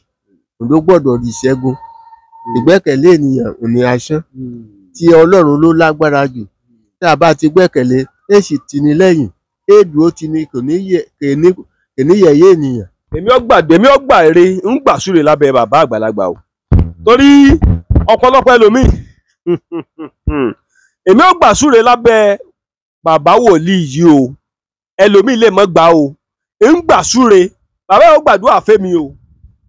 òun gbọdọ gbọ́dọ̀ rí ìṣẹ́gun hmm. ìgbẹ́kẹ̀lé ènìyàn ò ní hmm. ti Ọlọ́run ló lágbára jù tá a bá ti gbẹ́kẹ̀lé èsì tì ní lẹ́yìn èèdùó ti ni kò ní yẹ̀yẹ́ ènìyàn. èmi ọgbà èmi ọgbà èrè ń gbà súre lábẹ́ bàbá àgbàlagbà o torí ọ̀pọ̀lọpọ̀ ẹlòmíì èmi ọgbà súre lábẹ́ bàbá wòlíì yìí o ẹlòmíì lè mọ́ gbà o ń gbà súre bàbá yóò gbàdúrà fẹ́mi o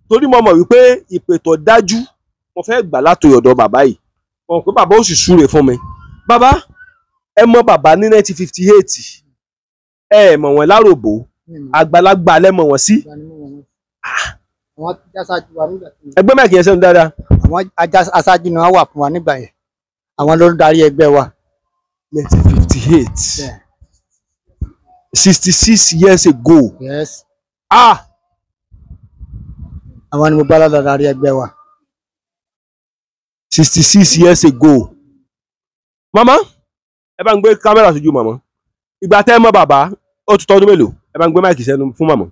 torí mo mọ̀ wípé ìpè tó dájú mo fẹ́ gbà látòyè ọ̀dọ̀ bàbá yìí mo mọ̀ pé bàbá ó sì súre fún mi bàbá ẹ mọ bàbá ní nineteen fifty eight ẹ ẹ mọ̀ wọ́n láròbó hmm. àgbàlagbà lẹ mọ̀ wọ́n sí. ẹgbẹ́ mẹ́kì yẹn sẹ́nu dáadáa. àwọn aṣáájú ni wọ́n wà fún wa nígbà yẹn àwọn ló ń darí ẹgbẹ́ wa. nineteen fifty eight sixty six years ago. Yes. ah àwọn ni mo bá lọ́dọ̀ darí ẹgbẹ́ wa. sixty six years ago. mama ẹ bá ń gbé kámẹ́rà sójú mama ìgbà tẹ́ mọ́ bàbá ó ti tọ́dún mélòó ẹ bá ń gbé máìkì sẹ́nu fún màmá.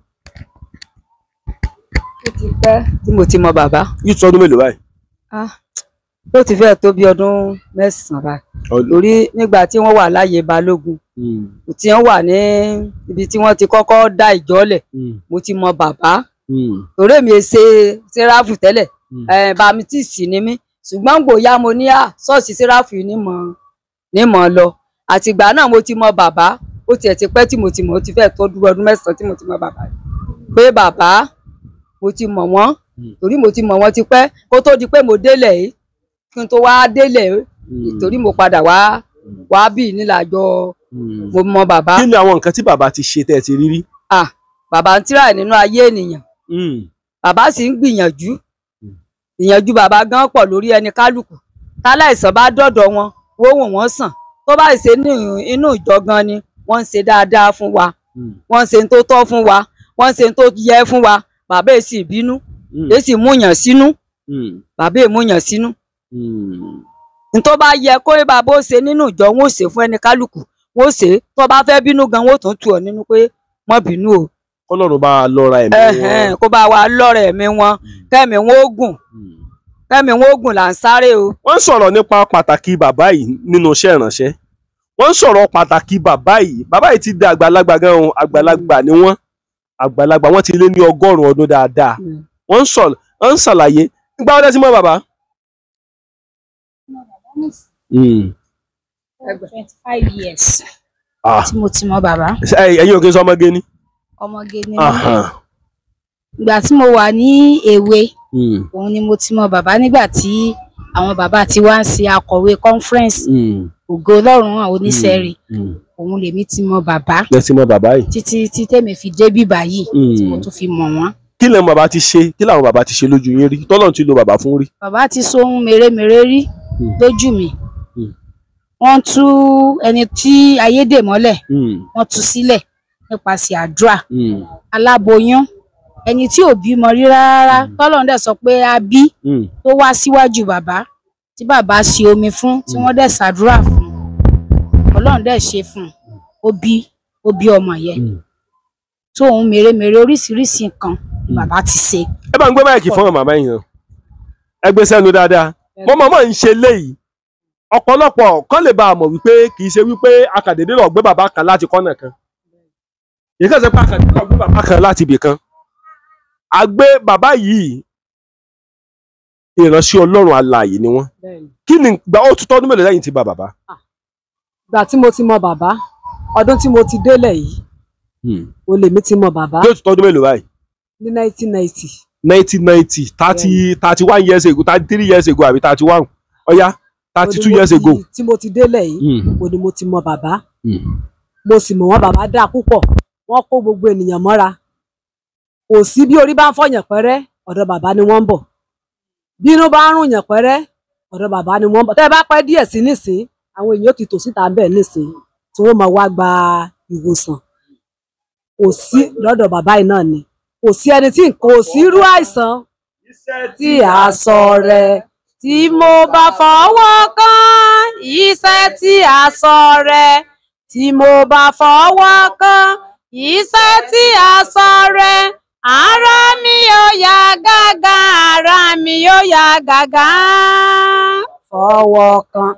ó ti pẹ́ tí mo ti mọ bàbá. yóò ti tọ́dún mélòó báyìí. Ah, ó ti fẹ́ẹ̀ tó bí ọdún mẹ́sàn-án báyìí lórí nígbà tí wọ́n wà láyé balógun mo hmm. ti wà ní ibi tí wọ́n ti kọ́kọ́ dá ìjọ́lẹ̀ hmm. mo ti mọ bàbá hmm. torí mi e ṣe sẹ́ráfù tẹ́lẹ̀ eh, bàmítìsì ni mí ṣùgbọ́n gbòóyá mo ní à ah, ṣọ́ọ̀ṣì sẹ́ráfù ni mo lọ àtìgbà náà mo ti mọ bàbá ó tiẹ̀ ti pẹ́ tí mo ti mọ̀ ó ti fẹ́ tó dúró ọdún mẹ́sàn-án tí mo ti mọ bàbá pé bàbá mo ti mọ̀ wọ́n hmm. torí mo ti mọ̀ wọ́n ti pẹ́ kó tó di pé mo délẹ̀ yìí kí n tó wá délẹ̀ yìí hmm. torí mo padà wá hmm. wá bí nílàjọ mo mọ bàbá. kí ni àwọn nǹkan tí bàbá ti ṣe tẹ́ ẹ ti rí rí. ah bàbá ń tíráì nínú ayé ènìyàn bàbá sì ń gbìyànjú ìyànjú bàbá gan pọ̀ lórí ẹni kálukú táláìsàn bá dọ̀dọ̀ wọn wọ́n wò wọ́n sàn tó bá ṣe inú ìjọgan ni wọ́n ń ṣe dáadáa fún wa hmm. wọ́n ń ṣe tó tọ́ fún wa wọ́n ń ṣe tó yẹ fún wa bàbá èsì hmm. èsì múyàn sínú hmm. bàbá èmúyàn sínú yẹ kó bá bó ṣe nínú ìjọ wọn ò fún ẹni kálukú wọn ò ṣe bá fẹ́ bínú gan wọn ò tún tù nínú pé bínú o. bá ẹmí wọn. kó bá wa wọn wọn ó gùn wọn ó gùn là ń sáré o. wọ́n wọ́n ń sọ̀rọ̀ pàtàkì bàbá yìí bàbá yìí ti da àgbàlagbà gan o àgbàlagbà ni wọ́n àgbàlagbà wọ́n ti lé ní ọgọ́rùn-ún ọdún dáadáa hmm. wọ́n ń sọ wọ́n ń ṣàlàyé nígbà wọ́n dẹ́ ti mọ̀ bàbá. Hmm. twenty ah. ò kí n sọ ọmọge ni. ọmọge ni mo ìgbà tí mo wà ní èwe hmm. òun ni mo ti mọ̀ bàbá nígbà tí àwọn bàbá ti wá ń ṣe akọ̀wé conference. Mm ògo ọlọ́run àwọn oníṣẹ́rí mm, mm. òun lèmi ti mọ bàbá lẹ́sìn mọ bàbá yìí títí tí tèmi fi dé bíbá yìí mm. tí mo tún fi mọ̀ wọ́n. kí lẹ́nu bàbá ti ṣe kí làwọn bàbá ti ṣe lójú yín rí tọ́lọ́run ti lo bàbá fún rí. bàbá ti so ohun mèremère rí lójú mi wọ́n tú ẹni tí ayé dè mọ́lẹ̀ wọ́n tú sílẹ̀ nípasẹ̀ àdúrà aláboyún ẹni tí ò bímọ rí rárá tọ́lọ́run dẹ̀ sọ pé a bí tó wá síwájú bàbá tí bàbá ṣe omi fún tí wọ́n dẹ̀ ṣàdúrà fún Ọlọ́run dẹ̀ ṣe fún un ó bí ó bí ọmọ yẹn tó hmm. òun mèremère oríṣiríṣi nǹkan ni bàbá ti ṣe. ẹ bá ń gbé báyìí kì í fọ́nrán màmá yìí hàn ẹ gbé sẹ́nu dáadáa mo mọ̀ mọ̀ ń ṣe léyìí ọ̀pọ̀lọpọ̀ kan lè ba àmọ̀ wípé kì í ṣe wípé akàdédé lọ gbé bàbá kan láti kọ́nà kan ìkà ṣe pé akàdédé lọ gbé bàbá kan láti ibì kan a gbé bàbá yìí ìránṣẹ́ Ọlọ́run alààyè ni wọ́n kí ni gba ó tutọ́ ọdún mélòó lẹ́yìn tí ba bàbá. Ah gbà tí mo ti mọ bàbá ọdún tí mo ti délẹ̀ yìí hmm. o lè mi ti mọ bàbá. yóò ti mélòó báyìí. ní nineteen ninety. nineteen ninety thirty thirty one years ago thirty three years ago àbí thirty one ọ̀ya thirty two years ago. tí mo ti délẹ̀ yìí hmm. o ni mo ti mọ bàbá hmm. mo sì mọ̀ wọ́n bàbá dáa púpọ̀ wọ́n kó gbogbo ènìyàn mọ́ra kò sí bí orí bá ń fọyàn pẹ́rẹ́ ọ̀dọ̀ bàbá ni wọ́n ń bọ̀ bínú bá ń rùn yàn pẹ́rẹ́ ọ̀dọ̀ bàbá ni wọ́n ń bọ̀ tẹ́ ẹ bá pẹ́ díẹ̀ sí nísìn àwọn èèyàn ti tò síta bẹ́ẹ̀ nísìnyí tí wọ́n máa wá gba ìwòsàn kò sí lọ́dọ̀ bàbá yìí náà ni kò sí ẹni tí kò sí irú àìsàn tí a sọ rẹ tí mo bá fọwọ́ kàn iṣẹ́ tí a sọ rẹ tí mo bá fọwọ́ kàn iṣẹ́ tí a sọ rẹ ara mi yóò yá gágá ara mi yóò yá gágá fọwọ́ kàn.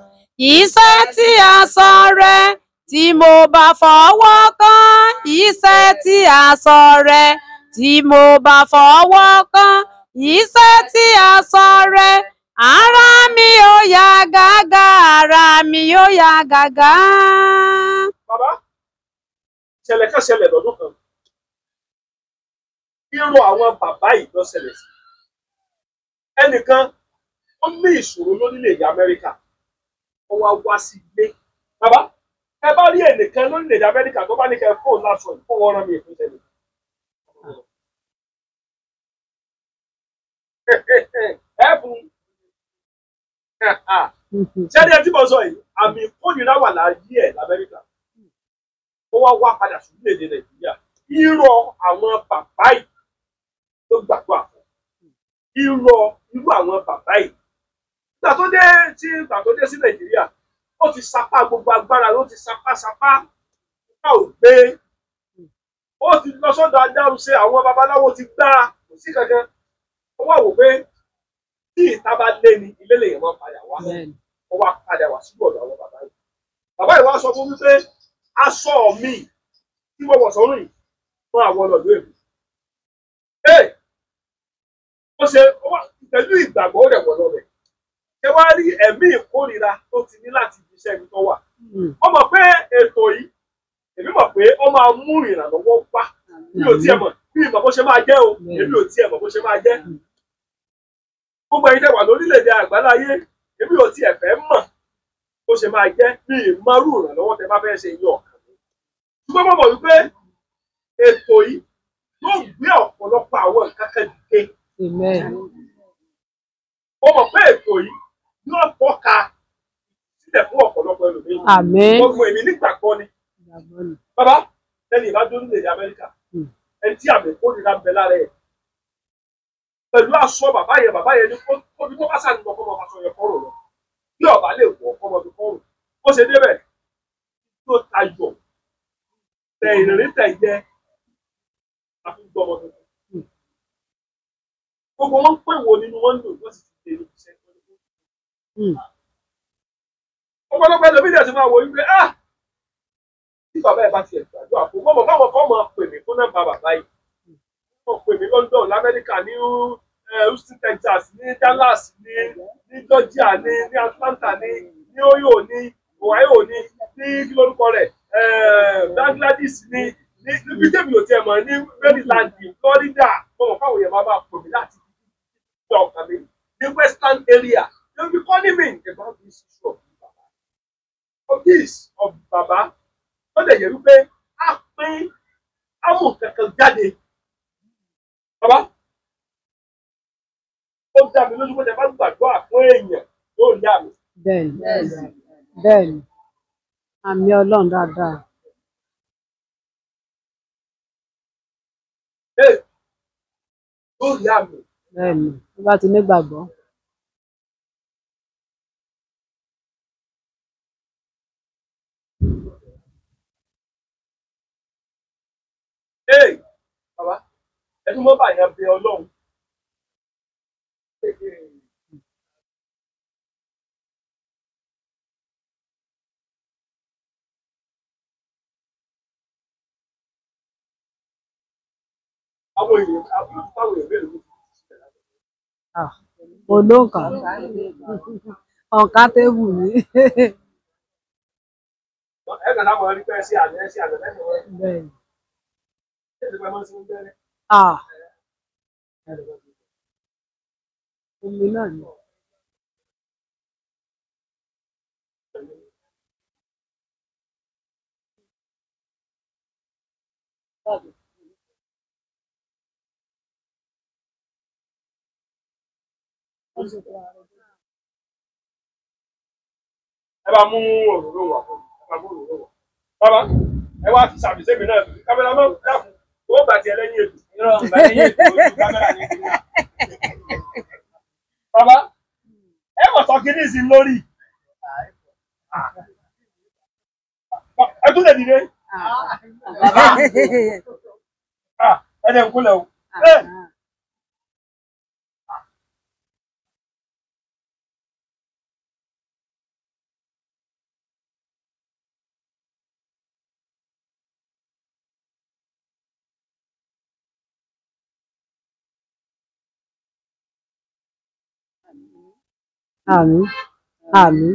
Iṣẹ́ tí a sọ rẹ̀ tí mo bá fọwọ́ kàn. Iṣẹ́ tí a sọ rẹ̀ tí mo bá fọwọ́ kàn. Iṣẹ́ tí a sọ rẹ̀ ara mi ó yá gágá ara mi ó yá gágá. Bàbá ṣẹlẹ̀ kan ṣẹlẹ̀ lọ́dún kan irú àwọn bàbá ìjọ ṣẹlẹ̀ sí ẹnìkan ó ní ìṣòro lórílẹ̀-èdè Amẹ́ríkà ó wá wá sí ilé bàbá ẹ bá rí ẹnìkan lórílẹ̀‐èdè amẹ́ríkà tó bá ní kẹ fóònù láṣọ ìfowórán mi ètò ìtẹ̀lẹ̀ ẹ fún ṣẹ́ni ẹtí mọ̀ sọ yìí àmì ìkórìíra wà láyé ẹ̀ lamẹ́ríkà ó wá wá padà sórílẹ̀‐èdè nàìjíríà irọ́ àwọn bàbá yìí ló gbàgbọ́ àfọ̀ irọ́ irú àwọn bàbá yìí gbà tó dé tí gbà tó dé sí nàìjíríà ó ti sapá gbogbo agbára ló ti sapá sapá nípa ò gbé ó ti lọ sọ́dọ̀ adáhùnṣe àwọn babaláwo ti gbá kò sí kankan ó wà wò pé tí ìta bá lé ni ilé lè yẹn wọn padà wá ó wá padà wá sí gbọ́dọ̀ àwọn bàbá yìí bàbá yìí wá sọ fún mi pé aṣọ mi tí mo wọ̀ sọ́rùn yìí fún àwọn ọlọ́dún èmi ó ṣe ìtẹ́jú ìgbàgbọ́ rẹ̀ wọ̀ lọ́rẹ̀ ṣé wá rí ẹ̀mí ìkórira tó ti ní láti fi iṣẹ́ ibi tó wà hmm. ó mọ̀ pé ètò yìí èmi mọ̀ pé ó máa mú ìrànlọ́wọ́ wá mi ò tiẹ̀ mọ̀ bí ìmọ̀ bó ṣe máa jẹ́ o hmm. èmi ò tiẹ̀ mọ̀ bó ṣe máa jẹ́ hmm. gbogbo ẹ̀yin tẹ́ wà lórílẹ̀‐èdè àgbáláyé èmi ò tiẹ̀ fẹ́ mọ̀ bó ṣe máa jẹ́ mi ìmọ̀rú ìrànlọ́wọ́ tẹ́ bá fẹ́ ṣe yín ọ̀kan ṣùgbọ́n mo mọ̀ wípé ètò yìí yóò gbé ọ̀pọ̀lọpọ̀ àwọn nǹkan kan yóò tọ́ka sílẹ̀ fún ọ̀pọ̀lọpọ̀ ẹlòmíràn. àmín. gbogbo èmi nígbàgbọ́ ni. bàbá ẹni ìbájọ́ nílẹ̀ ní amẹ́ríkà hmm. ẹni tí àmì kórìíra ń bẹ lára ẹ̀ pẹ̀lú aṣọ bàbá yẹn bàbá yẹn ni omi tó bá sàn ní ọkọ̀ ọmọ aṣọ yẹn kọ́rọ̀ lọ bí ọ̀bá lè wọ ọkọ̀ ọmọ mi kọ́rọ̀ ó ṣe débẹ̀ tó tayọ̀ tẹ ìrírí tẹ yẹ àfi gbọmọ tuntun hmm. gbogbo wọn pè wọ nínú wọn lò wọn sì ti dé níbi iṣẹ́ Hmm. ọ̀pọ̀lọpọ̀ ẹlòmídìí ẹ̀sìn máa wò yín ah tí bàbá ẹ̀ bá tiẹ̀ gbàdúrà fún mọ́mọ́ káwọn kan máa pè mí fún nọ́mbà bàbá yìí wọ́n pè mí London lamẹ́ríkà ní eh, Houston Texas ní Dallas ní ní Georgia ní ní Atlanta ní ní Ohio ní Ohio ní ní kí lórúkọ rẹ̀ eh, Bangladesh ní ní ibi tẹ́mi ò tiẹ̀ ní Maryland Florida mọ́mọ́ káwọn yẹn máa bá pè mí láti ìjọ ọ̀kà mi ní Western area. They will be calling me about this issue of Baba. Of this of Baba, wọ́n lè yẹ wípé a pín ámù kankan to Bàbá ó dá mi lójú pé ẹ bá gbàdúrà fún èèyàn yóò rí àmì. Bẹ́ẹ̀ni bẹ́ẹ̀ni àmì Ọlọ́run dáadáa. Yóò rí àmì. Bẹ́ẹ̀ni, bí wọ́n bá ee bàbá ẹnu mọ́ bàyàn bẹ ọlọ́run. àwọn èèyàn táwọn èèyàn mélòó olóǹkà ọ̀ǹkà tébù ni. ẹ kàn láwọn ẹni pé ẹ ṣe àná ẹ ṣe àná lẹ́nu rẹ omi náà ni. ẹ bá mú òróró wá ẹ bá mú òróró wá bàbá ẹ wá fi sàbìsẹ́mi náà kámẹ́rà máa ń gbà tiẹ̀ lẹ́yìn ètò irọ́ ọ̀gbà lẹ́yìn ètò ojú kámẹ́rà ní ìpínlẹ̀. bàbá ẹ wọ̀ sọ lórí ẹ tún lè dìde. Ah, ẹ dẹ̀ ń kúlẹ̀ o. Ah. Àmín. Àmín.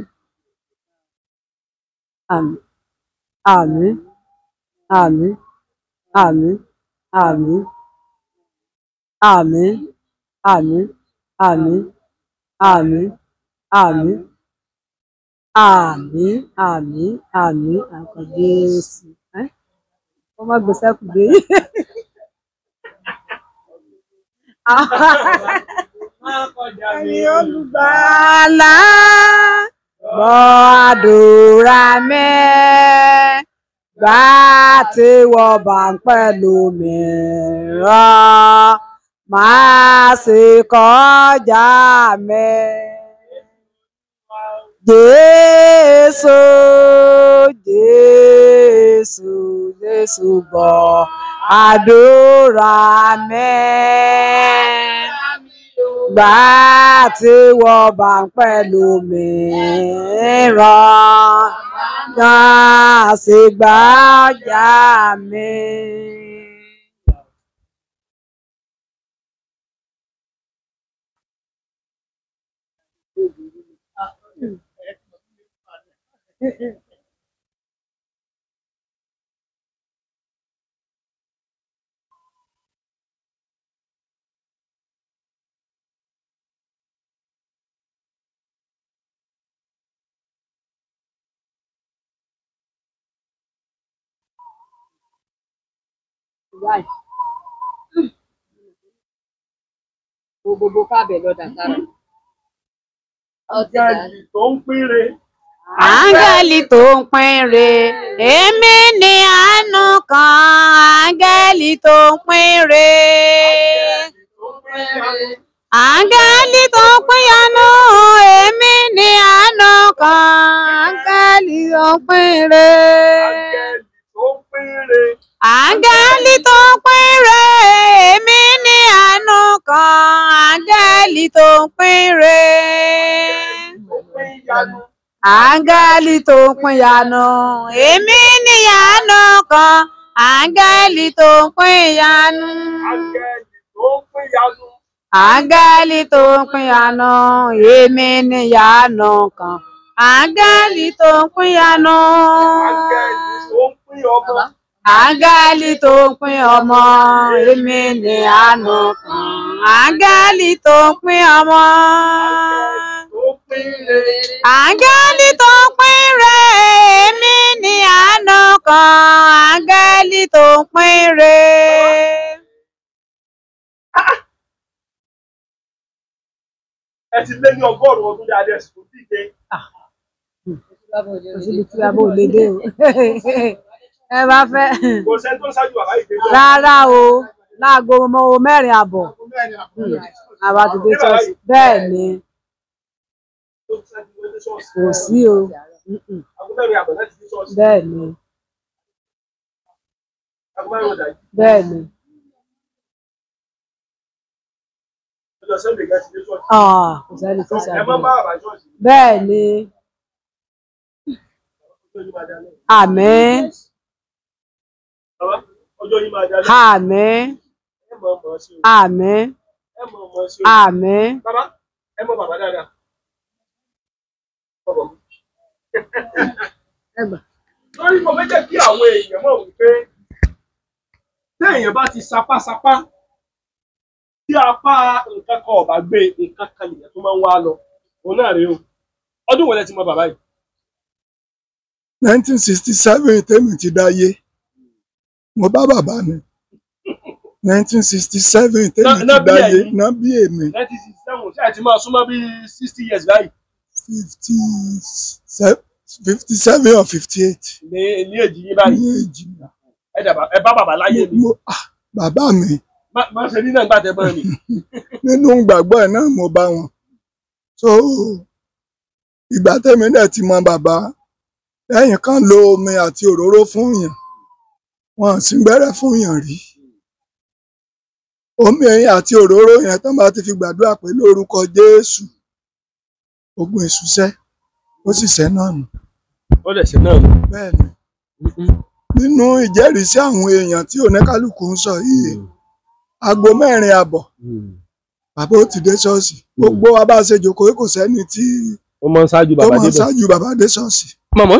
Àmín. Àmín. Àmín. Àmín. Àmín. Àmín. Àmín. Àmín. Àmín. Àmín. Àmín. Àmín. Àmín. Àkọ Jésù. Kọ́ má gbèsè kù dé ẹ̀yin olùgbàlà gbọ́ àdúrà mẹ́ gbà tí wọ́n bá ń pẹ̀lú mi rán máa ṣe kọjá mẹ́. Jésù, Jésù, Jésù gbọ́ àdúrà mẹ́ gbà á tí wọ́n bá ń pẹ̀lú mìíràn náà sì gbà ọjà mi. Mm-mm. báyìí wo hmm. gbogbo káàbẹ̀ lọ́dà sára. Áńgẹ́lì tó ń pínre. Áńgẹ́lì tó ń pínre, èmi ni àánú kan, áńgẹ́lì tó ń pínre. Áńgẹ́lì tó ń pínyanu, èmi ni àánú kan, áńgẹ́lì tó ń pínre. Áńgẹ́lì tó ń pínre. Áńgẹ́lì tó pínre èmi ní àánú kan áńgẹ́lì tó pínre. Áńgẹ́lì tó pínyanu èmi ní àánú kan áńgẹ́lì tó pínyanu. Áńgẹ́lì tó pínyanu. Áńgẹ́lì tó pínyanu èmi ní àánú kan áńgẹ́lì tó pínyanu. Áńgẹ́lì tó pínyanu. Áńgẹ́lì tó ń pín ọmọ, èmi ni àánú kan. Áńgẹ́lì tó ń pín ọmọ. Áńgẹ́lì tó ń pín re, èmi ni àánú kan. Áńgẹ́lì tó ń pín re. Ẹ ti lé ní ọgọ́rùn-ún ọdún dáadé ẹ̀sùn tó dìde. Òṣèlú ah, hmm. tí a bò lédè o. ẹ bá fẹ́. kò sẹ́ni tó ṣáájú bàbá rárá o láago mọ́wọ́ mẹ́rin àbọ̀ àwa hmm, ti dé ṣọ́ọ̀ṣì bẹ́ẹ̀ ni kò sí o bẹ́ẹ̀ ni bẹ́ẹ̀ ni. Ah, kò sẹ́ni tó ṣáájú bẹ́ẹ̀ àmín àmín àmín. ẹ lórí mo fẹ́ jẹ́ kí àwọn èèyàn mọ̀ wípé téèyàn bá ti sapásapá tí apá nǹkan kan ọ̀bà gbé nǹkan kan nìyẹn tó máa ń wá lọ òun náà rèé o ọdún wo lẹ ti mọ bàbá yìí. nineteen sixty seven tèmi ti mo bá bàbá mi nineteen sixty seven tèmi ti dáyé ná bí èmi. nineteen sixty seven ṣáà ti máa súnmọ́ bí sixty years báyìí. fifty seven fifty seven or fifty eight. ní ní èjì yín báyìí. ní èjì yín. ẹ bá bàbá láyé mi. Ah, bàbá mi. má ṣe nínú ìgbà tẹ bọ́ọ̀ mi. nínú gbàgbọ́ ẹ̀ náà mo bá wọn. so ìgbà tẹ̀mí náà ti mọ bàbá lẹ́yìn kan lo omi àti òróró fún yàn wọn ò sí gbẹ́rẹ́ fún yàn rí omi ẹyin àti òróró yẹn tán bá ti fi gbàdúrà pé lórúkọ Jésù ogun ìṣúṣẹ ó sì ṣẹ náà nù. ó lè ṣe náà nù. bẹ́ẹ̀ni mm-hmm. nínú ìjẹ́rìísí àwọn èèyàn tí oníkálukú ń sọ yìí mm. aago mẹ́rin àbọ̀ mm. bàbá ó ti dé ṣọ́ọ̀ṣì gbogbo wa bá ṣe jòkó kò sẹ́ni tí ó máa ń ṣáájú bàbá dé ṣọ́ọ̀ṣì. mọ̀mọ́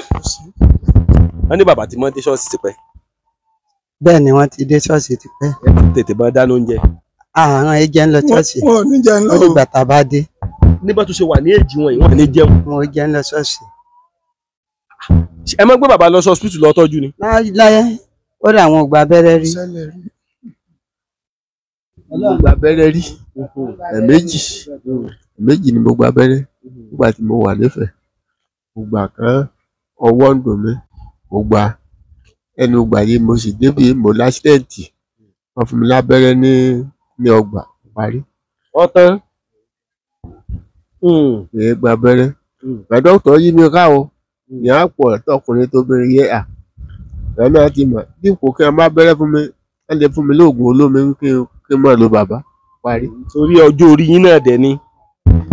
wọ́n ní bàbá ti mọ́ dé ṣọ́ọ̀ṣì tipẹ́ bẹ́ẹ̀ ni wọ́n ti dé ṣọ́ọ̀ṣì ti pẹ́. ẹ tètè bá dáná oúnjẹ. àwọn ẹjẹ ń lọ ṣọ́ọ̀ṣì wọn ò ní jẹun lọ. ó dìgbà tá a bá dé. nígbà tó ṣe wà ní èjì wọn yìí wọn ò ní jẹun. wọn ò jẹ ń lọ ṣọ́ọ̀ṣì. ẹ má gbé bàbá lọ sọ hospital lọ tọ́jú ni. láyé ó rà àwọn ògbà abẹ́rẹ́ rí. ògbà abẹ́rẹ́ rí ẹ̀ẹ̀mejì ẹ̀ẹ̀mejì ni mo gba abẹ́rẹ́ nígbà tí mo wà nífẹ̀ẹ́ mo gbà ọwọ́ ń dùn mí mo ẹnu ọgbà yìí mo sì débi mo lásìdẹǹtì wọn fún mi lábẹ́rẹ́ ní ní ọgbà parí. ọtán. èé hmm. gba abẹ́rẹ́ hmm. gba dókítà yí mi ká o hmm. ìyá pọ̀ tọkùnrin tóbìnrin yẹ à ìyá náà ti mọ̀ dípò kí wọn bá bẹ́rẹ́ fún mi ẹ lè fún mi lóògùn olómi kí n mọ̀ lo bàbá parí. torí ọjọ́ orí yín náà dẹ̀ ni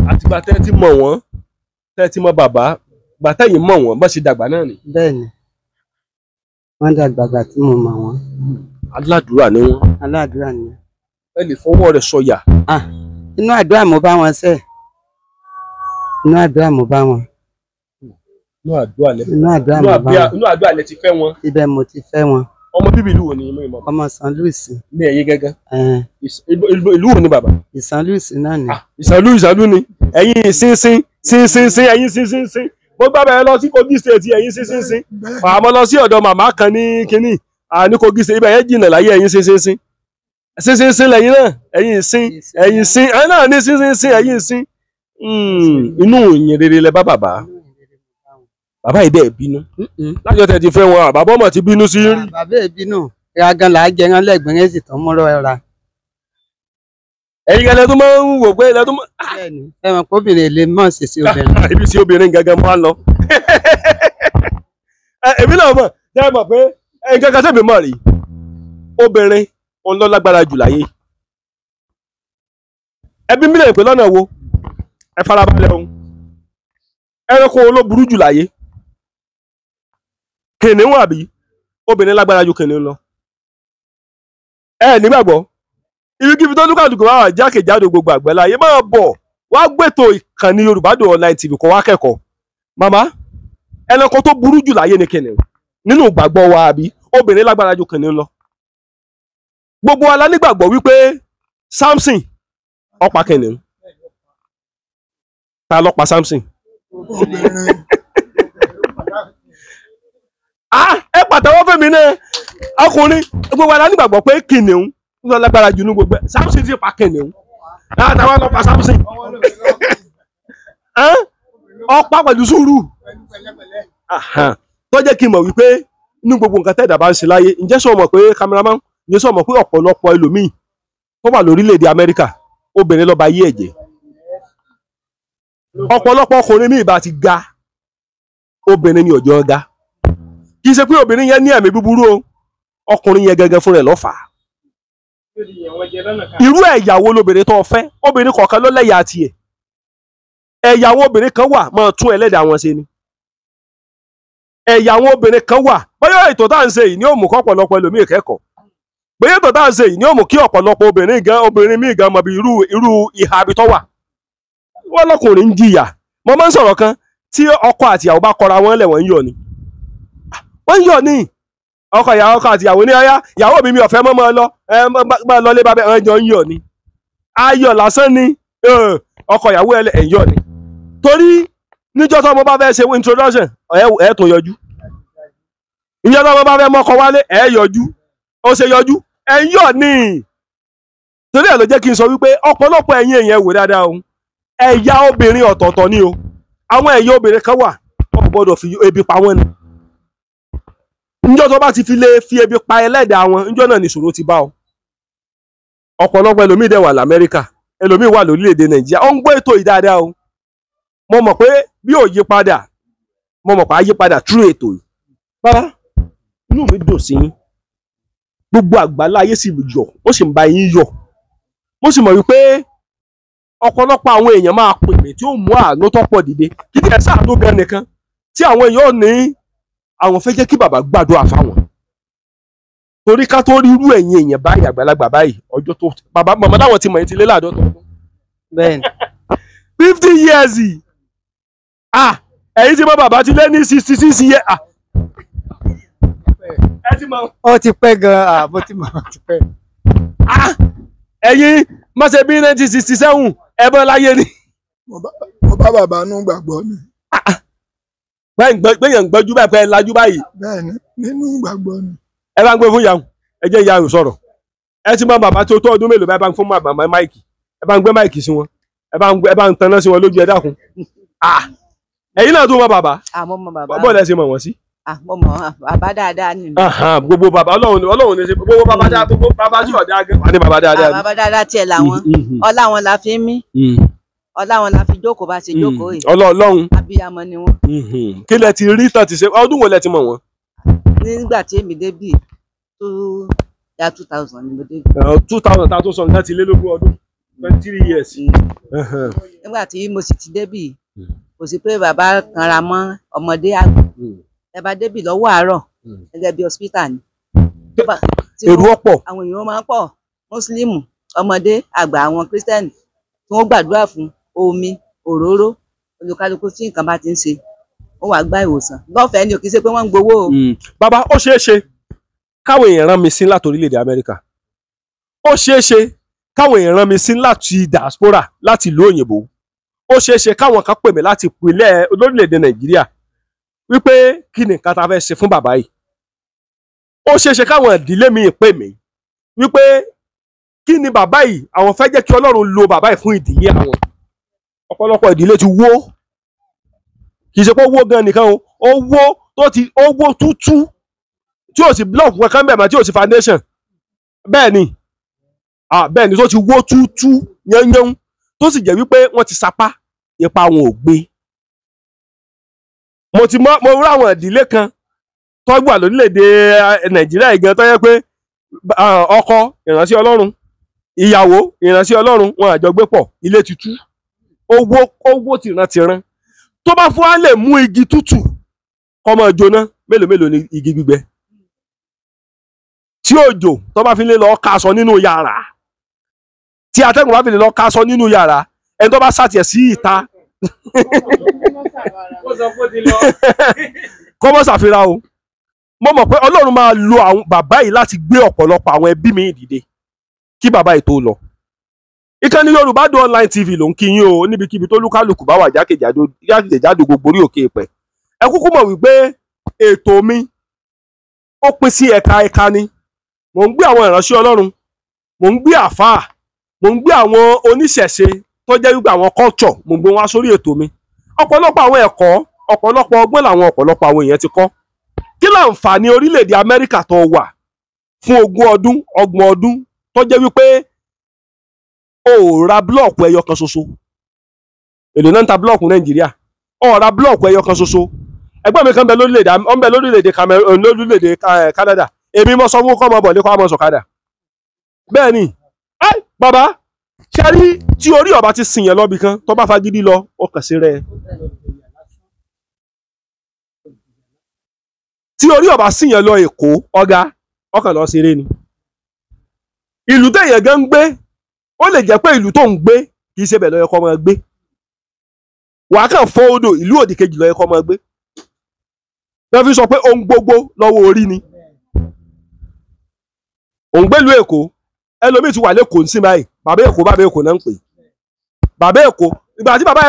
àtìgbà tẹ́ mọ̀ wọ́n tẹ́ mọ̀ bàbá gbàtẹ́yìn mọ̀ wọ́n bá ṣe dàgbà náà ni. bẹ́ẹ̀ wọ́n dàgbàgbà tí mo mọ̀ wọ́n. aládùúrà ni wọ́n. aládùúrà ni. ẹ lè fọwọ́ rẹ sọyà. inú àdúrà mo bá wọn ṣe inú àdúrà mo bá wọn. inú àdúrà lẹ inú àdúrà mo bá wọn. inú àdúrà lẹ ti fẹ́ wọn. ibẹ̀ mo ti fẹ́ wọn. ọmọ bíbí wo ni mo ìmọ̀. ọmọ San Louis. ní ẹ̀yin gángan. ìlú wo ni bàbá. San Louis náà ni. San Louis San Louis ni ẹ̀yin sínsín sínsín ẹ̀yin sínsín sínsín ó gbábẹ̀ lọ sí Kogi state ẹ̀yìn sísínsín àmọ́ lọ sí ọ̀dọ̀ màmá kan ní kínní ní Kogi state ibẹ̀ yẹn jìnnà láyé ẹ̀yìn sísínsín sísínsín lẹ́yìn náà ẹ̀yìn sín ẹ̀yìn sín ẹ̀yìn náà ní sísínsín ẹ̀yìn sín hmm, inú ìyìn rere lẹ bá bàbá bàbá yìí dẹ̀ bínú lájọ tẹ̀ ti fẹ́ wọn àbábọ́mọ̀ ti bínú sí rí. bàbá yìí bínú ìyá gan là á jẹ ẹran lẹ́gbẹ̀rẹ́ sì tán mọ́rọ́ ẹ ra ẹ̀yin kan lẹ tó máa ń wò pé lẹ tó máa. Ah! ẹ mọ̀ pé obìnrin lè mọ̀ sí sí obìnrin. ibi sí obìnrin gangan máa ń lọ. èmi náà mọ̀ jẹ́ mọ̀ pé nǹkan kan sẹ́mi mọ̀ rí obìnrin òun ló lágbára jù láyé. ẹbí mi lè pè lọ́nà wo ẹ farabalẹ̀ òun ẹranko ló jù láyé kìnìún àbí obìnrin lágbára ju kìnìún lọ. ẹ nígbàgbọ́ ibikíbi tó lúkàlùkù wà jákèjádò gbogbo àgbẹ̀láyé máa bọ̀ wá gbẹ̀tọ̀ ìkànnì Yorùbá Dùn online tv kó wá kẹ́kọ̀ọ́ màmá ẹranko tó burú jù láyé ni kìnìún nínú ìgbàgbọ́ wa àbí obìnrin lágbára ju kìnìún lọ gbogbo wa la nígbàgbọ́ wípé Samson ó pa kìnìún ta ló pa Samson ah ẹ pàtàwọ́ fẹ́mi náà ọkùnrin gbogbo wa la nígbàgbọ́ pé kìnìún ló lágbára jù ní gbogbo ẹ Samson ti pa kẹ̀nìún látàwọn lọ pa Samson ọ̀pá pẹ̀lú sùúrù tó jẹ́ kí n mọ̀ wípé ní gbogbo nǹkan tẹ́ẹ̀dá bá ń ṣe láyé ǹjẹ́ sọ mọ̀ pé cameraman ǹjẹ́ sọ mọ̀ pé ọ̀pọ̀lọpọ̀ ẹlòmíì tó wà lórílẹ̀‐èdè Amẹ́ríkà obìnrin lọ́ba ayé ẹ̀jẹ̀ ọ̀pọ̀lọpọ̀ ọkùnrin míì bá ti ga obìnrin ni ọ̀jọ́ ga kì í ṣe pé obìnrin yẹn ní ẹ̀mí búburú o ọkùnrin yẹn gẹ́gẹ́ fúnra ẹ̀ lọ́fàá irú ẹ̀yàwó lóbìnrin tó fẹ́ obìnrin kọ̀ọ̀kan ló lẹ́yà tiẹ̀ ẹ̀yàwó obìnrin kan wà máa tún ẹlẹ́dàá wọn ṣe ni ẹ̀yàwó obìnrin kan wà bóyá ètò tá à ń ṣe yìí ni ó mú kọ́ ọ̀pọ̀lọpọ̀ ẹlòmíì kẹ́kọ̀ọ́ bóyá ètò tá à ń ni ó mú kí ọ̀pọ̀lọpọ̀ obìnrin gan obìnrin míì gan mọ̀bi irú irú ìhà àbí tó wà wọ́n mo máa ń sọ̀rọ̀ kan tí ọkọ àtìyàwó ọkọ ìyàwó ọkọ àti ìyàwó ní ọyá ìyàwó mi mi ọ̀fẹ́ mọ́ mọ́ lọ ẹ máa lọ lé babẹ́ ẹ̀ jọ ń yọ̀ ni ayọ̀ lásán ni ọkọ ìyàwó ẹ̀ ń yọ̀ ni torí níjọ́ tó mo bá fẹ́ ṣe introduction ẹ̀ tó yọjú ìjọ́ tó mo bá fẹ́ mọ́kọ wálé ẹ̀ yọjú ó ṣe yọjú ẹ̀ ń yọ̀ ni torí ẹ̀ ló jẹ́ kí n sọ wípé ọ̀pọ̀lọpọ̀ ẹ̀yin èèyàn wò dáadáa o ẹ̀yà obìnrin ọ̀tọ̀ọ̀tọ̀ ni o àwọn ẹ̀yà obìnrin kan wà wọn kò gbọdọ̀ fi ebi pa wọ́n ni níjọ́ tó bá ti fi lè fi ebi pa ẹlẹ́dàá wọn níjọ́ náà nìṣòro ti bá ọ ọ̀pọ̀lọpọ̀ ẹlòmíì dẹ̀ wà lamẹ́ríkà ẹlòmíì wà lórílẹ̀‐èdè nàìjíríà ó ń gbọ́ ètò yìí dáadáa o mo mọ̀ pé bí ò yí padà mo mọ̀ pé á padà through ètò yìí bàbá inú mi dùn sí yín gbogbo àgbàlá ayé sì yọ̀ ó sì ń bá yín yọ̀ mo sì mọ̀ wípé ọ̀pọ̀lọpọ̀ àwọn èèyàn máa pè mí tí ó mú àánú tọ́pọ̀ dìde kí tiẹ̀ sáà tó gan nìkan tí àwọn èèyàn ò ní àwọn fẹ́ jẹ́ kí bàbá gbàdúrà fáwọn torí ká tó rí irú ẹ̀yin èèyàn báyìí àgbàlagbà báyìí ọjọ́ tó bàbá màmá dáwọn ti mọ̀ ẹ́ ti lé láàdọ́tọ̀ ọdún. fifty years ah ẹ̀yin ti mọ̀ bàbá ti lé ní sixty six years ah. ẹ ti mọ̀. ó ti pẹ́ gan-an àbó ti mọ̀ ó ti pẹ́. ah ẹ̀yin má ṣe bí nineteen sixty seven ẹ bọ́ láyé ni. mo bá bàbá nù gbàgbọ́ ni gbẹ̀yàn gbọ́jú báyìí pé ẹ lajú báyìí. bẹ́ẹ̀ni nínú ìgbàgbọ́ ni. ẹ bá ń gbé fún yahoo ẹ jẹ́ ìyá rò sọ̀rọ̀ ẹ ti bá bàbá tó tó ọdún mélòó bá ń fún bàbá máìkì ẹ bá ń gbé máìkì sí wọn ẹ bá ń taná sí wọn lójú ẹ dákun. ẹ̀yin náà tó mọ bàbá. àmọ́ mọ bàbá bọ́ọ̀lù ẹ ṣe mọ̀ wọ́n sí. àmọ́ mọ bàbá dáadáa ni. gbogbo bàbá ọlọ́run ọlọ́run ni gbogbo bàbá dáadáa gbogbo bàbá tí ọ̀dà ọláwọn la fi jókòó bá ṣe hmm. jókòó yìí ọlọ́ọ̀lọ́hún abiyamọ ni wọn. Hmm. kí lẹ ti rí tán ti ṣe ọdún wo lẹ ti mọ̀ wọ́n. nígbà tí èmi débì tó ya two thousand ni mo débì. two thousand ta tó sọ nǹkan ti lé lógún ọdún twenty three hmm. years. nígbà tí mo sì ti débì kò sí pé bàbá kanra mọ́ ọmọdé àgbà ẹ bá débì lọ́wọ́ àárọ̀ gẹ́gẹ́ bí hospital ni. èrò ọ̀pọ̀ àwọn èèyàn máa ń pọ̀ mùsùlùmí ọmọdé àgbà àwọn kírísítẹ́nì tí wọ́n gbàdúrà fún omi òróró olùkálukú tí nǹkan bá ti ń ṣe ó wàá gba ìwòsàn lọ́fẹ̀ẹ́ ni ò kì í ṣe pé wọ́n ń gbowó o. Hmm. bàbá ó ṣeé ṣe káwọn èèyàn rán mi sí láti orílẹ̀-èdè amẹ́ríkà ó ṣeé ṣe káwọn èèyàn rán mi sí láti diaspora láti ìlú òyìnbó ó ṣeé ṣe káwọn kan pè mí láti ìpínlẹ̀ olórílẹ̀-èdè nàìjíríà wípé kí ni nǹkan ta fẹ́ ṣe fún bàbá yìí ó ṣeé ṣe káwọn ìdílé mi pè mí wípé kí ni bàbá yìí àwọn fẹ́ jẹ́ kí ọlọ́run lo bàbá yìí fún ìdílé àwọn ọ̀pọ̀lọpọ̀ ìdílé ti wó kì í wó gan nìkan o ó tó ti ó tútú tí ò sí block kankan bẹ́ẹ̀ mọ́ tí ò sí foundation bẹ́ẹ̀ ni bẹ́ẹ̀ ni tó ti wó tútú yányán tó sì jẹ́ wípé wọ́n ti sapá ipa wọn ò gbé mo ti mọ mo àwọn ìdílé kan tó gbà lórílẹ̀‐èdè eh, nàìjíríà ìgbẹ́ tó yẹ pé ọkọ ìránṣẹ́ ọlọ́run ìyàwó ìránṣẹ́ ọlọ́run wọn àjọgbépọ̀ ilé ti owó owó tìrantìran tó bá fún wa lè mú igi tútù kọmọ jóná mélòó mélòó ni igi gbígbẹ tí òjò tó bá fi lè lọ kaṣọ nínú yàrá tí atẹ́gùn bá fi lè lọ kaṣọ nínú yàrá ẹni tó bá ṣàtìẹ̀ sí ìta kọ́mọ́ ṣàfihàn o mo mọ̀ pé ọlọ́run máa lo àwọn bàbá yìí láti gbé ọ̀pọ̀lọpọ̀ àwọn ẹbí mi dìde kí bàbá yìí tó lọ. ìkànnì yorùbá do online tv ló ń kí yín o níbikíbi tó lúkálùkù bá wà jákèjádò gbogbo orí òkè ìpẹ ẹ kúkú mọ̀ wípé ètò mi ó pín sí ẹ̀ka ẹ̀ka ni mò ń gbé àwọn ìránṣẹ́ ọlọ́run mò ń gbé àfáà mò ń gbé àwọn oníṣẹ̀ṣe tó jẹ́ wípé àwọn culture mò ń gbé wọn sórí ètò mi ọpọlọpọ àwọn ẹ̀kọ́ ọ̀pọ̀lọpọ̀ ọgbọ́n làwọn ọ̀pọ̀lọpọ̀ àwọn èèyàn ti kọ kí láǹfààní orílẹ̀-èdè amẹ́ríkà tó wà fún ogún ọdún ọgbọ̀n ọdún tó jẹ́ wípé o ò ra búlọ̀kù ẹyọ kan ṣoṣo èlò náà ń ta búlọ̀kù nàìjíríà o ò ra búlọ̀kù ẹyọ kan ṣoṣo ẹgbẹ́ mi kan bẹ lórílẹ̀-èdè ọ̀n bẹ lórílẹ̀-èdè Cameroon lórílẹ̀-èdè eh, Canada èmi mo sọ fún kọ́ ọmọ bọ̀ lẹ́kọ́ ọmọ sọ̀kadà bẹ́ẹ̀ ni ẹ bàbá ṣẹ́rí tí orí ọba ti sìn yẹn lọ́bì kan tó bá fagídí lọ ó kàn sí rẹ̀ tí orí ọba sìn yẹn lọ Èkó ọ̀gá ọkàn lọ sí eré ni ìlú téèyàn gan ń gbé ó lè jẹ́ pé ìlú tó ń gbé kì í ṣe bẹ̀ lọ́yẹ kọ́ máa gbé wàá kàn fọ́ odò ìlú òdì kejì lọ́yẹ kọ́ máa gbé wọ́n fi sọ pé ohun gbogbo lọ́wọ́ orí ni òun gbélu èkó ẹlòmíì ti wà lẹ́kọ̀ọ́ ní sinmi báyìí bàbá èkó bàbá èkó náà ń pè bàbá èkó ìgbà tí bàbá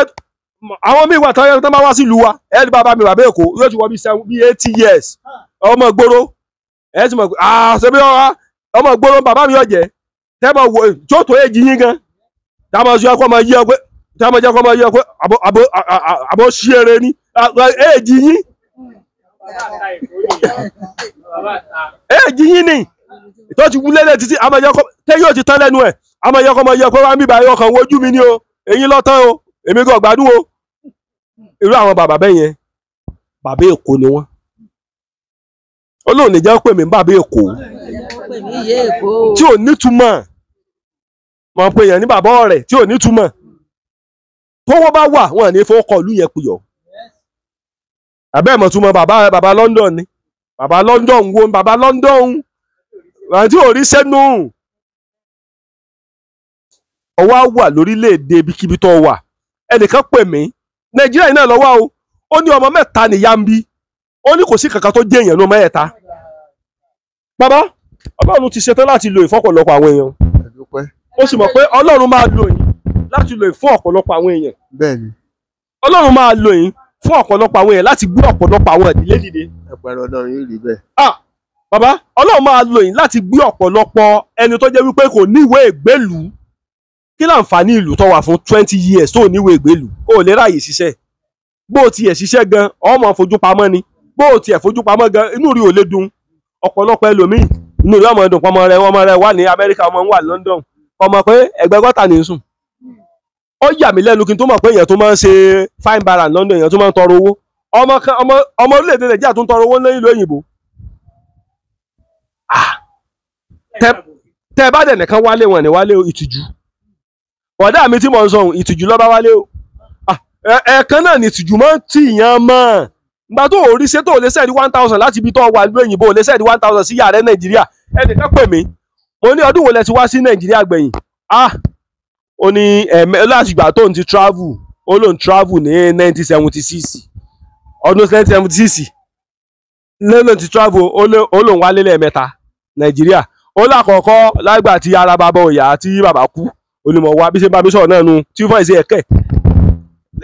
àwọn míì wà tán yẹn tó máa wá sílùú wa ẹ ní bàbá mi bàbá èkó yóò ti wọ bí eighty years ọmọ gbóró ẹ ti mọ̀ pé àṣẹ bí ọmọ gbóró bàbá mi yóò jẹ́ tẹ́bà wọ tó tó èjì yín gan tàbá sí yí ọgbẹ́ tàbá jẹ́ ọkọ ma yí ọgbẹ́ àbọ̀ ní èjì yín èjì yín ni ti wúlé tẹ́ yóò ti tán lẹ́nu ẹ̀ àmọ́ yọkọ máa yí yọ wojú mi ni o èyí o èmi gan gbádùn o irú àwọn bẹ́ẹ̀ yẹn bàbá èkó ni wọ́n olóòní jẹ́ bàbá èkó. tí ò nítumọ̀ mọ̀ pé èèyàn ní bàbá rẹ̀ tí ò nítumọ̀ tówó bá wà wọn ní fowó kọlu yẹn kuyọ̀ àbẹ́ẹ̀ mọ̀ túmọ̀ bàbá bàbá London ni bàbá London wo bàbá London àti òrí sẹ́nu ọwọ́ wà lórílẹ̀‐èdè ibikíbi tó wà ẹnìkan pè mí Nàìjíríà yìí náà lọ́wọ́ o ó ní ọmọ mẹ́ta nìyá ń bí ó ní kò sí kankan tó jẹ́ èèyàn ní ọmọ ẹ̀ta bàbá ọlọ́run ti ṣetán láti lo ìfọ́pọ̀lọpọ̀ àwọn èèyàn ó sì mọ̀ pé ọlọ́run máa lo yín láti lo ìfún ọ̀pọ̀lọpọ̀ àwọn èèyàn ọlọ́run máa lo yín fún ọ̀pọ̀lọpọ̀ àwọn èèyàn láti gbé ọ̀pọ̀lọpọ̀ àwọn ìdílé dìde. Ah, bàbá ọlọ́run máa lo yín láti gbé ọ̀pọ̀lọpọ̀ ẹni tó jẹ́ wípé kò níwèé ìgbélú kí láǹfààní ìlú tó wà fún twenty years tó níwèé ìgbélú kó o lè ráàyè ṣiṣẹ́ bó o tiẹ̀ ṣiṣẹ́ gan ọmọ fojú pamọ́ ni bó o tiẹ̀ fojú pamọ́ gan inú rí ò lè dùn ọ̀pọ̀lọpọ̀ ẹlòmíì inú rẹ̀ ọmọ ẹ̀dùn pọ́mọ rẹ̀ ọmọ rẹ̀ wà ní Amẹ́ríkà ọmọ ń wà London ọmọ pé ẹgbẹ́ gọ́tà ní sùn ó yà mí lẹ́nu kí n tó mọ̀ pé èèyàn tó máa ń ṣe fine bar and London èèyàn tó máa ń tọrọ owó ọmọ ọmọ orílẹ̀-èdè Nàìjíríà tó ń tọrọ owó lẹ́yìn ìlú òyìnbó ah! tẹ bá dẹ̀ nìkan wálé wọn ni wálé ìtìjú ọ̀dà mi tí mo ń sọ ohun ìtìjú lọ́ba wálé o ah! ẹ̀ẹ̀kan náà ni ìtìjú máa ń tì yàn mọ́ nígbà tó ò rí ṣé tó ò lè sẹ́ẹ̀dí one thousand láti ibi tó wà lóyìnbó ò lè sẹ́ẹ̀dí one thousand sí yàrá Nàìjíríà ẹnìkan pè mí mo ní ọdún wo lẹ ti wá sí nàìjíríà gbẹ̀yìn ah ó ní ẹ̀mẹ́ láti ìgbà tóun ti travel ó lóun travel ní nineteen seventy six ọdún nineteen seventy six lóun ti travel ó lóun wálé lẹ́ẹ̀mẹ́ta nàìjíríà ó lákọ̀ọ́kọ́ lágbà tí ara bàbá òyà tí bàbá kú onímọ̀ wa bí ṣe bá mi sọ̀rọ̀ náà nu tí fọ́n ìṣe ẹ̀kẹ́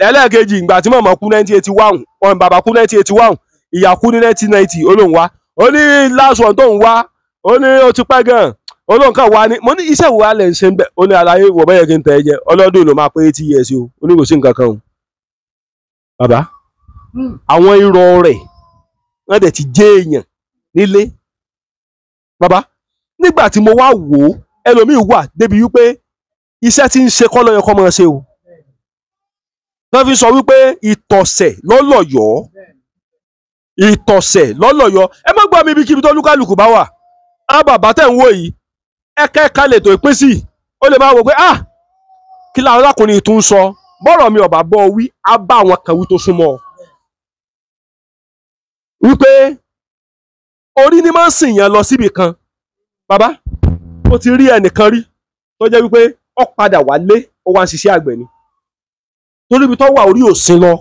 ẹlẹ́ẹ̀kejì ìgbà tí mọ̀mọ́ kú nineteen eighty one wọn bàbá kú nineteen eighty one ìyá kú ní nineteen ninety ó lóun wá ó ní last one tóun wá ó ní ó ti pẹ́ gan olóhùn kan wá ní mo ní iṣẹ́ ìwà lẹ̀ ń ṣe ń bẹ̀ ó ní àlàyé wọ̀ bẹ́yẹ̀ kí n tẹ̀ ẹ jẹ ọlọ́dún ló máa pé eighty years o ó ní kò sí nǹkan kan o bàbá hmm. àwọn irọ́ rẹ̀ wọ́n dẹ̀ ti jẹ́ èèyàn nílé bàbá nígbà tí mo wá wò ó ẹlòmíì wà débi wípé iṣẹ́ tí ń ṣe kọ́ lọ́yọ̀ kọ́ máa ṣe o wọ́n fi sọ wípé ìtọ̀sẹ̀ lọ́lọ́yọ̀ọ́ ìtọ̀sẹ̀ lọ́lọ́yọ̀ọ́ ẹ má gbọ́ mi ibikíbi tó lúkálùkù bá wà á bàbá tẹ̀ ń wò yìí ẹ̀kẹ́ ẹ̀ka lè tó ìpín sí ó lè máa wò pé ah kí làwọn alákùnrin tún sọ bọ́rọ̀ mi ọ̀bà bọ́ wí á bá àwọn kan wí tó súnmọ́ ọ wípé orí ni máa ń sìn yàn lọ síbì kan bàbá ó ti rí ẹnìkan rí tó jẹ́ wípé ó padà wálé ó wá ń ṣiṣẹ́ àgbẹ̀ ni torí ibi tó wà orí òsín lọ.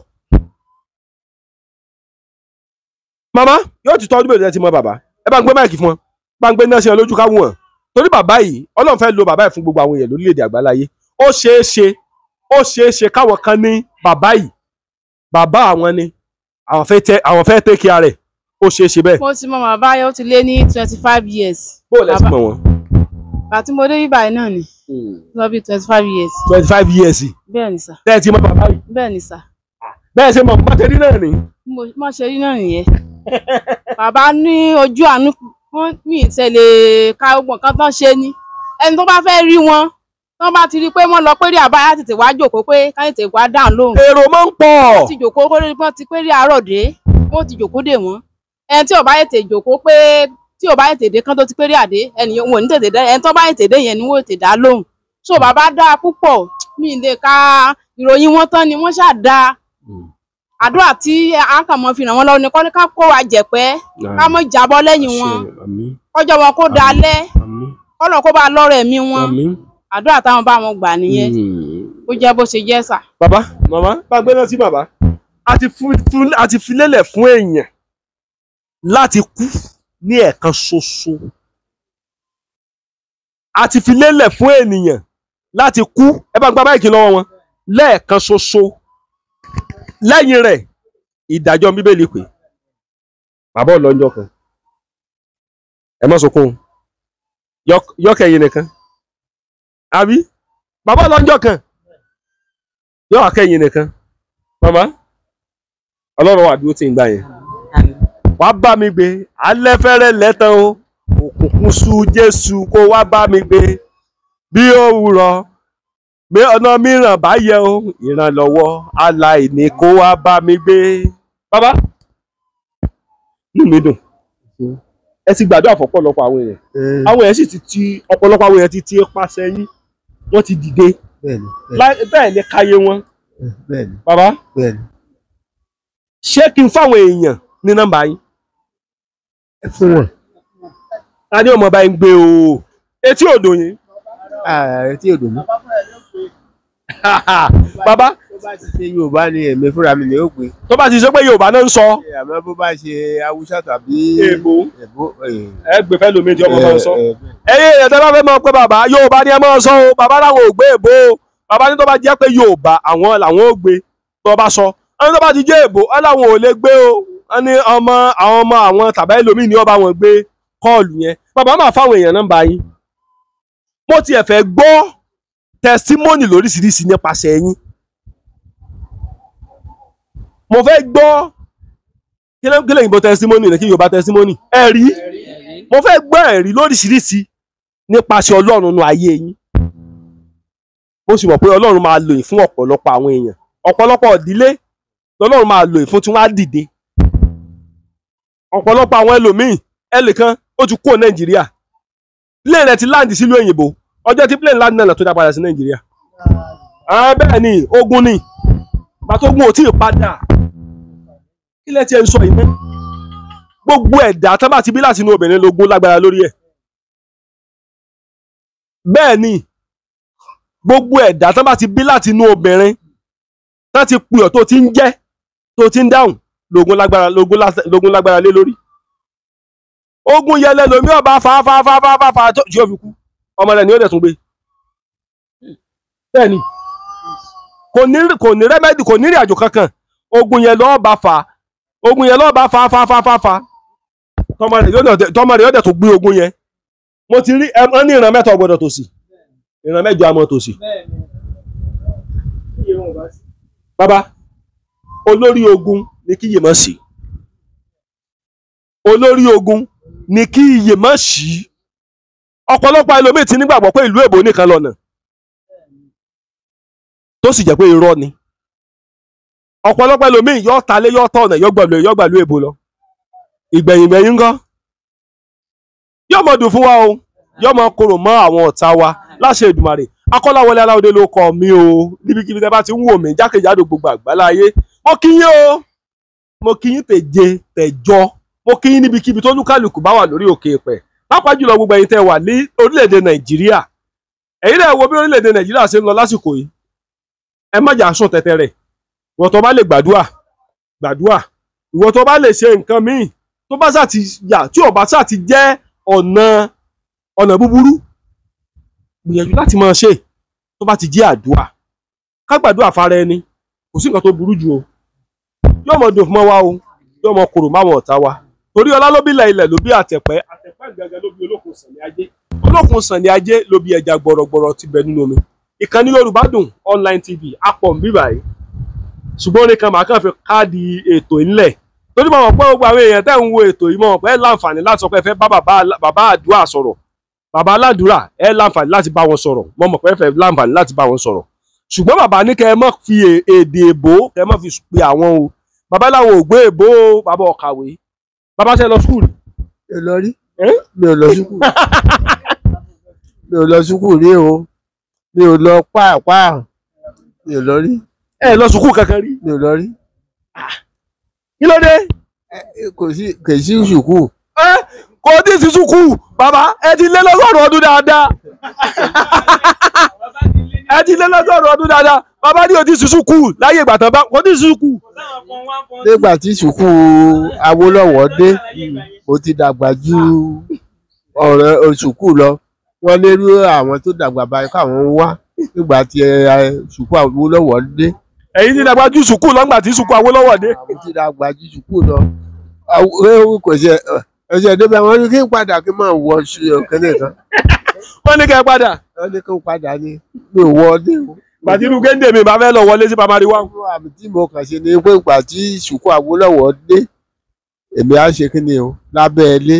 màmá yóò ti tọ́jú bèrè ẹ ti mọ bàbá ẹ bá ń gbé máìkì fún wọn gbangbe náà ṣe hàn lójú káwọn hàn torí bàbá yìí ọlọ́run fẹ́ lo bàbá yìí fún gbogbo àwọn èèyàn lórílẹ̀‐èdè àgbáláyé ó ṣeé ṣe ó ṣeé ṣe káwọn kan ní bàbá yìí bàbá àwọn ni àwọn fẹ́ tẹ́ kí a rẹ̀ ó ṣeé ṣe bẹ́ẹ̀. mo ti mọ bàbá yẹn ó ti lé ní twenty five years. bó o mọ wọn. bàtí mo dé bíbá yìí náà ni hmm. lọ bí twenty five years. twenty five years. bẹ́ẹ̀ ni sà. bẹ́ẹ̀ ti mọ bàbá yìí. bẹ́ẹ̀ ni sà. bẹ́ẹ̀ ṣe mọ̀ bá náà ni. mo náà nìyẹn. bàbá ní ojú àánú wọn mi ìtẹ̀lé e, ka ogun kan tán ṣe ni ẹni tó bá fẹ́ rí wọn tán bá ti rí pé wọ́n lọ péré àbáyá tètè wá jókòó pé ká tètè wá dáhùn lóhùn. èrò máa ń pọ̀. wọ́n ti jókòó pé wọ́n ti péré àárọ̀ dé wọ́n ti jókòó dè wọ́n ẹni tí ò bá tètè jókòó pé tí ò bá tètè dé kán tó ti péré àdé ẹni wọn ò ní tètè dé ẹni tó bá tètè yẹn ni wọ́n tètè dá lóhùn so bàbá dáa púpọ̀ mi lè ka ìròyìn wọn tán ni wọ́n ṣáà dáa hmm àdúrà tí à ń kàn mọ́ fi ràn wọ́n lọ́wọ́ ni kọ́ ní ká kó wa jẹ̀pẹ́ ká mọ́ jábọ́ lẹ́yìn wọn kọjọ́ wọn kó dalẹ́ kọ́nà kó bá lọ́rọ̀ ẹ̀mí wọn àdúrà táwọn bá wọn gbà nìyẹn hmm. ó jẹ́ bó ṣe jẹ́ sà. bàbá màmá bá gbé náà sí bàbá a ti fi lélẹ̀ fún èèyàn láti kú ní ẹ̀ẹ̀kan ṣoṣo a ti fi lélẹ̀ fún ènìyàn láti kú ẹ bá gba báyìí kí lọ́wọ́ wọn lẹ́ẹ̀kan ṣoṣo lẹ́yìn rẹ̀ ìdájọ́ bíbélì pé. bàbá ọlọ́njọ́ kan ẹ má sunkún yọkẹyìn nìkan àbí bàbá ọlọ́njọ́ kan yọkẹyìn nìkan mama ọlọ́run wà dúró tí ń gbà yẹn wá bá mi gbé alẹ́ fẹ́rẹ́ lẹ́tàn òkùnkùn su jésù kó wá bá mi gbé bí ó wúrọ̀ pé ọ̀nà mìíràn bá yẹ o ìrànlọ́wọ́ aláìní kó wá bá mi gbé. bàbá inú mi dùn ẹ ti gbàdúrà fọ́pọ̀lọpọ̀ àwọn èèyàn àwọn èèyàn sì ti ti ọ̀pọ̀lọpọ̀ àwọn èèyàn ti ti pa sẹ́yìn wọ́n ti dìde bẹ́ẹ̀ ni káyé wọn bàbá ṣé kí n fáwọn èèyàn ní nọ́mbà yín. ẹ fún wọn. ta ni ọmọ bá ń gbé o etí odò yín. Ah, etí odò yín. Baba. tó bá ti ṣe yorùbá ni ó gbé. tó bá ti ṣe pé yorùbá náà ń sọ. àmọ́ bó bá ṣe haúsá tàbí. èbó ẹ fẹ́ lómi tí ọmọ máa sọ. ẹyẹ èèyàn tẹ́ bá fẹ́ mọ̀ pé bàbá yorùbá ni ẹ máa sọ o bàbá làwọn ò gbé èbó o bàbá ní tó bá jẹ́ pé yorùbá àwọn làwọn ò gbé tó bá sọ àwọn tó bá ti jẹ́ èbó ẹ làwọn ò lè gbé o wọ́n ní ọmọ àwọn ọmọ àwọn tàbí ẹlòmíì ni ọba wọn gbé kọ́ọ̀lù yẹn bàbá máa fáwọn èèyàn náà bá mo tiẹ̀ fẹ́ gbọ́ testimony lóríṣiríṣi nípasẹ̀ yín mo fẹ́ gbọ́ kílẹ̀ òyìnbó testimony ní kí Yorùbá testimony ẹ̀rí mo fẹ́ gbọ́ ẹ̀rí lóríṣiríṣi nípasẹ̀ Ọlọ́run nu ayé yín mo sì mọ̀ pé Ọlọ́run máa lò yín fún ọ̀pọ̀lọpọ̀ àwọn èèyàn ọ̀pọ̀lọpọ̀ ìdílé lọ́lọ́run máa lò yín fún tí wọ́n á dìde ọ̀pọ̀lọpọ̀ àwọn ẹlòmíì ẹnìkan ó ti kúrò Nàìjíríà ilé rẹ̀ ti láǹdì sílùú òyìnbó ọjọ́ tí plane land náà tó dá padà sí nàìjíríà bẹ́ẹ̀ ni ogun ni gbàtógun ò tí ì padà kílẹ̀ tí ẹ ń sọ yìí mọ́ gbogbo ẹ̀dá tábà ti bí láti inú obìnrin lógún lágbára lórí ẹ̀ bẹ́ẹ̀ ni gbogbo ẹ̀dá tábà ti bí láti inú obìnrin tá ti pè ọ́ tó ti ń jẹ́ tó ti ń dáhùn lógún lágbára lógún lágbára lé lórí ogun yẹlẹ lomi ọba fàáfàáfàáfàá tí yóò fi kú ọmọ rẹ̀ ni ó dẹ̀ tún gbé bẹ́ẹ̀ ni kò ní kò ní rẹ́mẹ́dì kò ní ìrìn àjò kankan ogun yẹn lọ́ọ́ bá fa ogun yẹn lọ́ọ́ bá fa fa fa fa fa tọmọ rẹ̀ yóò dẹ̀ tún gbé ogun yẹn mo ti rí ẹ ní ìran mẹ́ta ọgbọ́dọ̀ tòsí ìran mẹ́jọ àmọ́ tòsí. bàbá olórí ogun ni kí yèmọ̀ sí olórí ogun ni kí yèmọ̀ sí ọ̀pọ̀lọpọ̀ ẹlòmíì ti nígbàgbọ́ pé ìlú èbó nìkan lọ́nà tó sì jẹ́ pé irọ́ ni ọ̀pọ̀lọpọ̀ ẹlòmíì yọ talé yọ tọ̀nà yọ gbàlú yọ gbàlú èbó lọ ìgbẹ̀yìn gbẹ̀yìn ńgọ́ yóò mọ̀ dùn fún wa o yóò mọ̀ korò mọ́ àwọn ọ̀tá wa láṣẹ Èdùmàrè Akọ́láwọlé Aláwọ̀dé ló kọ mi o níbikíbi tẹ́ bá ti ń wò mí jákèjádò gbogbo àgbáláyé mo kí yín o mo kí yín tẹ̀je tẹ̀jọ mo kí yín níbikíbi tó lúkàlùkù bá wà lórí òkè pẹ̀ pàápàá jùlọ gbogbo ẹ̀yin tẹ́ wà ní orílẹ̀-èdè nàìjíríà ẹ̀yin náà wo bí orílẹ̀-èdè nàìjíríà ṣe ń lọ lásìkò yìí ẹ má jà sùn tẹ́tẹ́ rẹ̀ ìwọ tó bá lè gbàdúà gbàdúà ìwọ tó bá lè ṣe nǹkan míì tó bá sà ti yà tí ò bá sà ti jẹ́ ọ̀nà ọ̀nà búburú gbìyànjú láti máa ṣe tó bá ti jẹ́ àdúà ká gbàdúà fara ẹni kò sí nǹkan tó burú jù o yóò mọ dùn fún wa o yóò mọ kòrò máwọn ọ̀tá wa torí ọlá ló bí ilẹ̀ ló bí àtẹ̀pẹ́ àtẹ̀pẹ́ gẹ́gẹ́ ló bí olókun sànni ajé olókun sànni ajé ló bí ẹja gbọ̀rọ̀gbọ̀rọ̀ ti bẹ nínú omi ìkànnì Yorùbá Dùn online tv apọ̀ ń bíbà yìí ṣùgbọ́n orin kan màá kàn fi káàdì ètò ńlẹ̀ torí mo mọ̀ pé gbogbo àwọn èèyàn tẹ́ ń wo ètò yìí mo mọ̀ pé ẹ láǹfààní láti sọ pé ẹ fẹ́ bá bàbá àdúrà sọ̀rọ̀ bàbá aládùúrà ẹ láǹfààní láti bá wọn sọ̀rọ̀ mo mọ̀ pé ẹ fẹ́ láǹfààní láti bá wọn sọ̀rọ̀ ṣùgbọ́n bàbá ní kẹ́ ẹ má fi èdè èbó kẹ́ ẹ má fi pe àwọn o bàbá láwọn ò gbé èbó o bàbá ọ̀kàwé Baba, ṣe lọ school. mi ò lọ rí mi ò lọ skul mi ò lọ skul rí o mi ò lọ pàápàá mi ò lọ rí. ẹ lọ skul kankan rí. mi ò lọ rí. Ah. kí ló dé. kò sí kò sí skul. kò dín sí skul bàbá ẹ ti lé lọ́gọ́rùn-ún ọdún dáadáa. ẹ ti lé lọ́gọ́rùn ọdún dáadáa bàbá ní òtí ṣùṣù kù láyé ìgbà tán bá òtí ṣùṣù kù. nígbà tí ṣùkú Awólọ́wọ̀ dé ó ti dàgbà ju ọ̀rẹ́ ṣùkú lọ wọ́n lérú àwọn tó dàgbà báyìí káwọn ń wá nígbà tí ṣùkú Awólọ́wọ̀ dé. ẹ̀yin ti dàgbà ju ṣùkú lọ nígbà tí ṣùkú Awólọ́wọ̀ dé. àwọn ti dàgbà ju ṣùkú lọ kò ṣe ẹ̀ṣẹ̀ débẹ̀ wọ́n ní kí n padà kí n máa wọ ṣe òkèlè kan wọ́n ní kẹ́ padà. wọ́n ní kẹ́ padà ni mi ò wọlé o. gbàtí irú géńdé mi bá fẹ́ lọ wọlé sí pamari wa. àmì tí mo kàn ṣe ni pé ìgbà tí ṣùkú Awólọ́wọ̀ dé èmi á ṣe kíni o lábẹ́ ilé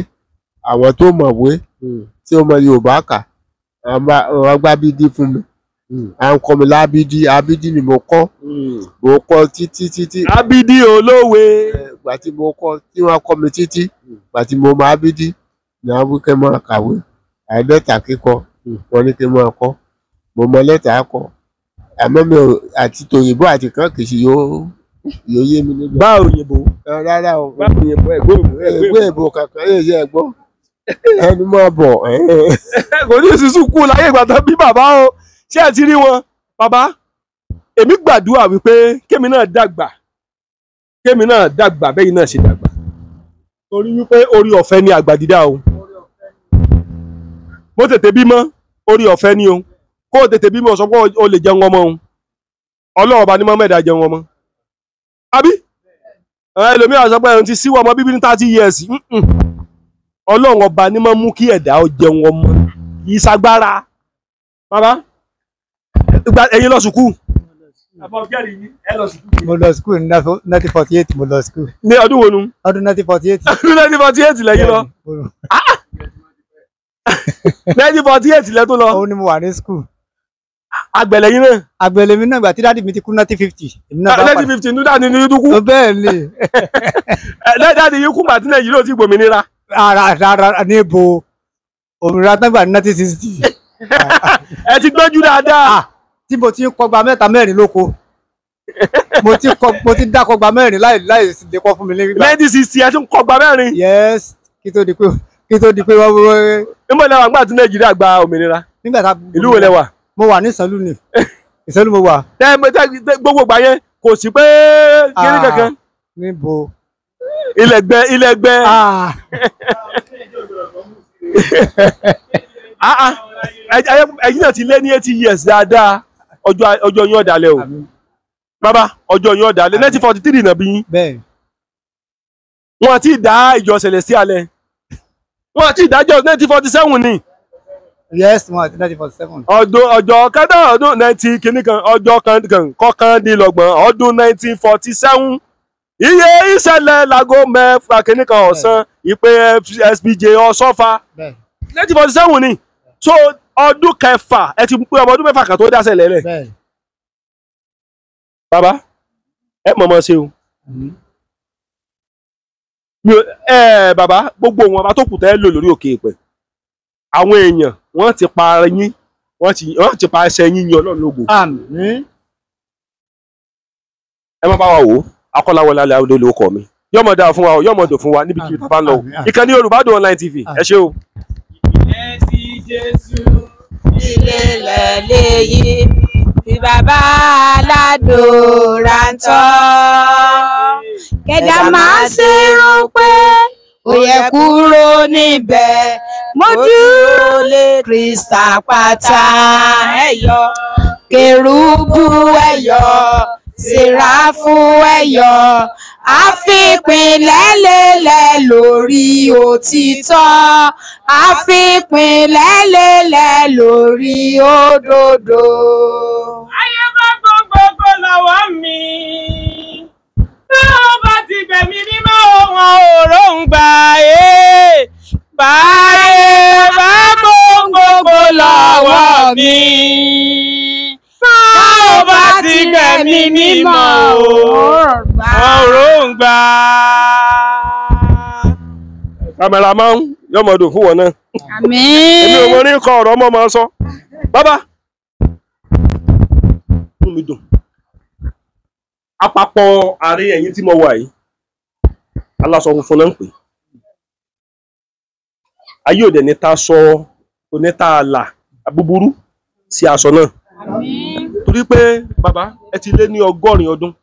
àwọn tó mọ̀wé hmm. tí ọmọ Yorùbá kà àwọn gbábídí fún mi hmm. à ń kọ́ mi lábídí abídí ni mo kọ́ hmm. mo kọ́ títí títí. abídí olówe. ìgbà tí mo kọ́ tí wọ́n kọ́ mi títí ìgbà mo mọ abídí ni àwọn wíkẹ́ mọ́ra kàwé àìlẹ́tà kíkọ hmm. wọn ní kí n máa kọ́ mo mọ lẹ́tà kọ àmọ́ mi ò àti tòyìnbó àti kan kì í ṣe yóò yóò yé mi nígbà. báwo yìnbó. rárá o báwo yìnbó ẹgbẹ́ òbò ẹgbẹ́ òbò kankan yóò yẹ ẹgbọ́n ẹnu máa bọ̀. kò ní ìsísú kú láyé ìgbà tán bí bàbá o ṣé ẹ ti rí wọn bàbá èmi gbàdúrà wípé kémi náà dàgbà kémi náà dàgbà bẹ́yìn náà ṣe dàgbà torí wípé orí ọ̀fẹ́ ni àgbà dídá o kó tètè bímọ orí ọ̀fẹ́ ni o kó tètè bímọ sọ pé o lè jẹun ọmọ òun ọlọ́run ọba ní mọ́ mẹ́ẹ̀dá jẹun ọmọ àbí ẹlòmíràn sọ pé ẹ̀rùn ti síwọ́ ọmọ bíbí ní thirty years ọlọ́run ọba ní mọ́ mú kí ẹ̀dá ó jẹun ọmọ yìí sagbára bàbá ẹ̀yin lọ sùkú. mo lọ sùkú ní nineteen forty eight mo lọ sùkú. ní ọdún wo nu. ọdún nineteen forty eight. ọdún nineteen forty eight lẹ́yìn lọ lẹ́yìn forty eight lẹ́ tó lọ. òun ni mo wà ní school. àgbẹ̀lẹ̀ yín náà. àgbẹ̀lẹ̀ mi náà gbà tí dáàdi mi ti kú náà ah, ti fifty. lẹ́yìn fifty ní dáàdi ni yín oh, bẹ́ẹ̀ ni. lẹ́yìn eh, dáàdi yín kú màtí nàìjíríà ò tí gbòmìnira. ara ara ní ibo òmìnira tán gbà ní nineteen sixty. ẹ ti gbẹ́jú dáadáa. Ah, tí mo ti kọgbà mẹ́ta mẹ́rin lóko mo ti dá kọgbà mẹ́rin láì láì dekọ fún mi nígbà. sixty ẹ ti kọgbà mẹ́rin. yes kí tó di pé kí tó di pé wọ́n wọ́n. níbo lẹ wà tí nàìjíríà gba òmìnira. nígbà tá ìlú wo lẹ mo wà ní ìsẹ́lú ni ìsẹ́lú mo wà. gbogbo gbà yẹn kò sí pé kiri ah, kankan. níbo. ilẹ̀ gbẹ ah. ah, ẹ̀yin náà ti lé ní eighty years dáadáa ọjọ́ yín ọ̀dàlẹ̀ o bàbá ọjọ́ yín ọ̀dàlẹ̀ nineteen forty three nàbí yín wọ́n ti dá ìjọ ṣẹlẹ̀ sí alẹ́ wọn àti ìdájọ́ 1947 ni. yes wọn àti 1947. ọjọ́ ọjọ́ kẹta ọdún 19 kìíní kan ọjọ́ kankan kọkàndínlọ́gbọ̀n ọdún 1947 iye ìṣẹ̀lẹ̀ lago mẹ́fà kìíní kan ọ̀sán ìpè SBJ ọ̀ṣọ́fà 1947 ni so ọdún kẹfà ẹ ti pé ọmọ ọdún mẹ́fà kan tó dáṣẹ̀ lẹ́lẹ̀. bàbá ẹ mọ̀ mọ́ ṣe o. Mm -hmm ẹ bàbá gbogbo wọn bá tó kù tẹ́ lò lórí òkè ìpẹ́ àwọn èèyàn wọ́n ti pa ara yín wọ́n ti wọ́n ti pa ẹsẹ̀ yín yan ọlọ́run lógo. àmín. ẹ má bá wa wò ó akọ́láwọlá alẹ́ àwọn olóko mi yọmọ dáa fún wa o yọmọ dùn fún wa níbi kí bàbá ń lọ o ìkànnì Yorùbá Dùn Online TV ẹ ṣé o. ilé ti Jésù ilé lẹ́lẹ́ yìí ti bàbá aládùn rántọ́ kẹ̀dà máa ṣe rò pé ó yẹ kúrò níbẹ̀ mo dúró lé krista pátá ẹ̀yọ kérúbù ẹ̀yọ sìráfù ẹ̀yọ àfipínlẹ́lẹ́lẹ́ lórí òtítọ́ àfipínlẹ́lẹ́lẹ́ lórí òdodo. ayé bá gbogbogbò lọ́wọ́ mi. òróǹgbà ẹ̀ báyé bá gbóngbòngbò lọ́wọ́ mi. Tá ò bá ti gbẹ̀mí mímọ́ òróǹgbà. Kàmẹ́rà máa ń yọmọdò fún wọn náà. Àmín. Èmi ò mọ ní kọ ọ̀rọ̀ ọmọ máa sọ. Bàbá. Àpapọ̀ ààrẹ ẹ̀yìn tí mo wà yìí aláṣọ funfun náà ń pè ayé òde ní ta sọ oníta àlà búburú sí aṣọ náà torí pé bàbá ẹ ti lé ní ọgọ́rin ọdún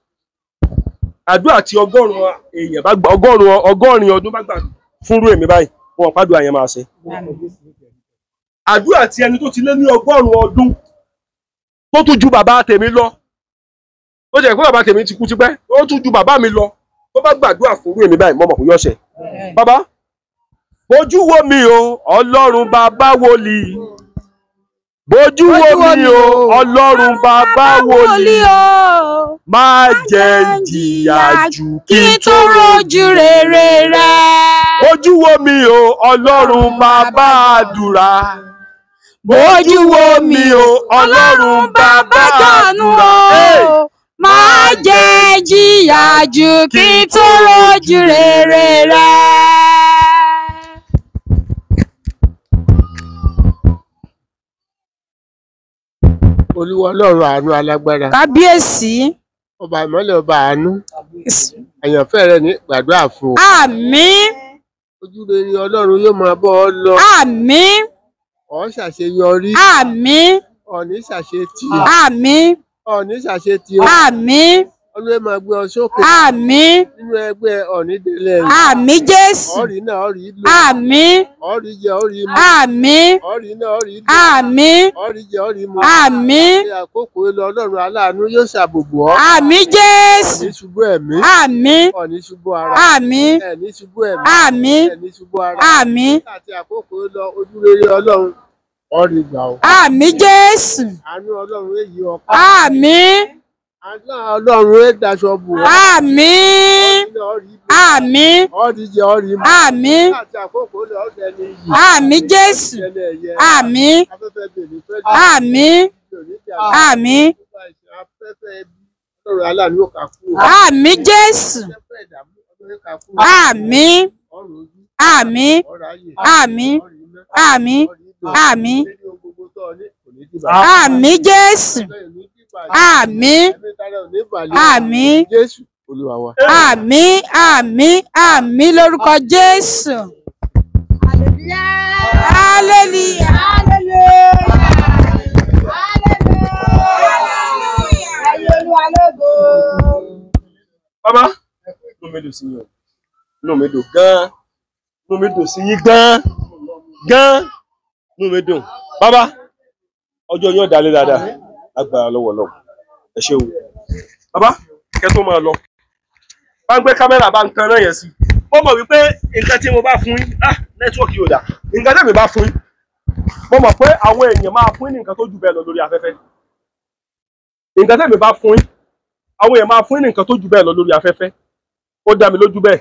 àdúrà tí ọgọ́rùn èèyàn bá gbà ọgọ́rùn ọgọ́rin ọdún bá gbà fúnrú èmi báyìí wọn pàdùn àyàn máa ṣe àdúrà tí ẹni tó ti lé ní ọgọ́rùn ọdún tó tún ju bàbá tèmi lọ ó jẹ́ pé bàbá tèmi ti kú tipẹ́ ó tún ju bàbá mi lọ bó bá gbàdúrà fúnrú èmi báyìí mọ́mọ́ kò yọ ọ̀ṣẹ̀ bàbá bójú wo mi o ọlọ́run bàbá wòlíì bójú wo mi o ọlọ́run bàbá wòlíì má jẹ́ jìyà jù kí n tó rojú rere rẹ. bójú wo mi o ọlọ́run bàbá àdúrà bójú wo mi o ọlọ́run bàbá àdúrà má jẹ́ jìyà jù kí n tó rojú rere rẹ. olúwa ọlọ́run àánú alágbára. kábíyèsí. ọba ìmọ́lẹ̀ ọba àánú. àyànfẹ́ rẹ ní gbàdúrà fún o. àmín. ojúrere ọlọ́run yóò máa bọ́ ọ lọ. àmín. ọ̀ ṣàṣeyọrí. àmín. ọ̀ní ṣàṣetì. àmín. Ọ̀ọ̀ni ṣàṣe ti o. Àmín. Olúwa máa gbé ọ sókè. Àmín. Nínú ẹgbẹ́ Ọ̀ọ̀ni délé rẹ̀. Àmín Jésù. Ọ̀rì náà ọ̀rì lò. Àmín. Ọ̀rì jẹ ọ̀rì mu. Àmín. Ọ̀rì náà ọ̀rì lò. Àmín. Ọ̀rì jẹ ọ̀rì mu. Àmín. Ní àkókò ìlú Ọlọ́run aláàánú yóò ṣàbòbò ọ́. Àmín Jésù. Ọ̀ọ̀ni ṣubú ẹ̀mí. Àmín. Ọ̀ọ̀ni ṣubú ara. Àmín. Ẹ̀ní ṣubú ẹ̀mí. Àmín. Ẹ̀ní ṣubú ara. Àmín. Àti àkókò ìlú ojúrere Ọlọ́run ọ̀rì gbà ó. àmì jésù. àánú ọlọ́run èyí ọkọ. àmì. àánú ọlọ́run èyí daṣọ bù ọ. àmì. àmì. ọ̀rì jẹ ọ̀rì mọ. àmì. àti àkókò lọ ọ̀dẹ ní iyì. àmì jésù. àmì. afẹ́fẹ́ bèrè fẹ́ lọ. àmì. àmì. afẹ́fẹ́ lọ́rọ̀ aláàánú òkà kú. àmì jésù. àmì. àmì. àmì. àmì àmín àmín àmín Jésù àmín àmín àmín àmín àmín lórúkọ Jésù. Hallelujah. Hallelujah. Hallelujah. Bàbá, inú mi dùn sí yín o. Inú mi dùn gan-an. Inú mi dùn sí yín gan-an gan inú mi dùn bàbá ọjọ́ yóò dalẹ̀ dáadáa agbára lọ́wọ́ lọ́wọ́ ẹ ṣeun bàbá kẹ́ tó máa lọ bá ń gbé kámẹ́rà bá ń tan náà yẹn sí ó mọ̀ wípé nǹkan tí mo bá fún yín ah nẹ́tíwọ́ọ̀kì yóò dà nǹkan tẹ̀mí bá fún yín mo mọ̀ pé àwọn èèyàn máa fún yín ní nǹkan tó jù bẹ́ẹ̀ lọ lórí afẹ́fẹ́ nǹkan tẹ̀mí bá fún yín àwọn èèyàn máa fún yín ní nǹkan tó jù bẹ́ẹ̀ lọ lórí afẹ́fẹ́ ó mi lójú bẹ́ẹ̀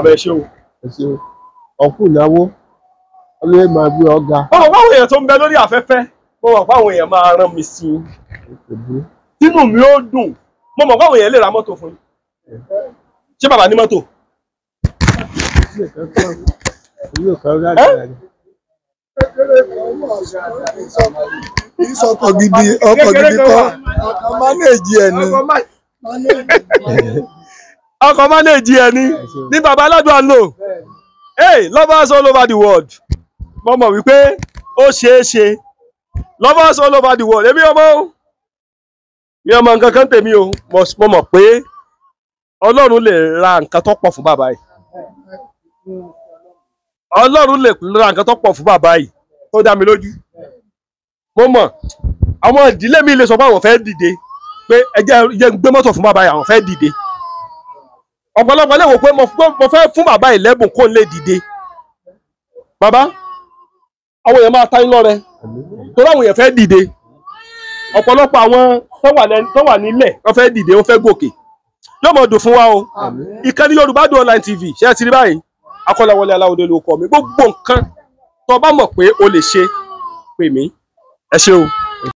abẹ́ ṣé o. ẹ ṣeun ọkùn ìnáwó ọlọ́yẹ máa gbé ọ̀gá. báwo báwọn èèyàn tó ń bẹ lórí afẹ́fẹ́ mo mọ̀ báwọn èèyàn máa rán mi sí i. tínú mi ó dùn mo mọ̀ báwọn èèyàn lè ra mọ́tò fún yín. ṣé bàbá ní mọ́tò. ọkọ̀ gidi ọkọ̀ gidi kọ́ ọkọ̀ mánéèjì ẹ̀ ni. ọkọ̀ mánéèjì ẹ ní ní bàbá aládùn àlò hey lovers all over the world mo mọ̀ wípé ó ṣeé ṣe lovers all over the world èmi ọmọ mi ọmọ nǹkan kan tèmi o mo mọ̀ pé ọlọ́run lè ra nǹkan tó pọ̀ fún bàbá yìí ọlọ́run lè ra nǹkan tó pọ̀ fún bàbá yìí tó dá mi lójú mo mọ̀ àwọn ìdílé mi lè sọ pé àwọn fẹ́ dìde pé ẹ jẹ́ gbé mọ́tò fún bàbá yìí àwọn fẹ́ dìde ọ̀pọ̀lọpọ̀ lè wò pé mo fẹ́ fún bàbá ìlẹ́bùn kó lè dìde bàbá àwọn èèyàn máa ta iná rẹ torí àwọn èèyàn fẹ́ dìde ọ̀pọ̀lọpọ̀ àwọn tó wà nílẹ̀ wọ́n fẹ́ dìde wọ́n fẹ́ gòkè yóò mọ̀ dùn fún wa o ìkànnì Yorùbá Dùn Online TV ṣé ẹ ti rí báyìí akọ́láwọlé aláwọ̀dé ló kọ́ mi gbogbo nǹkan tó bá mọ̀ pé o lè ṣe pè mí ẹ ṣé o.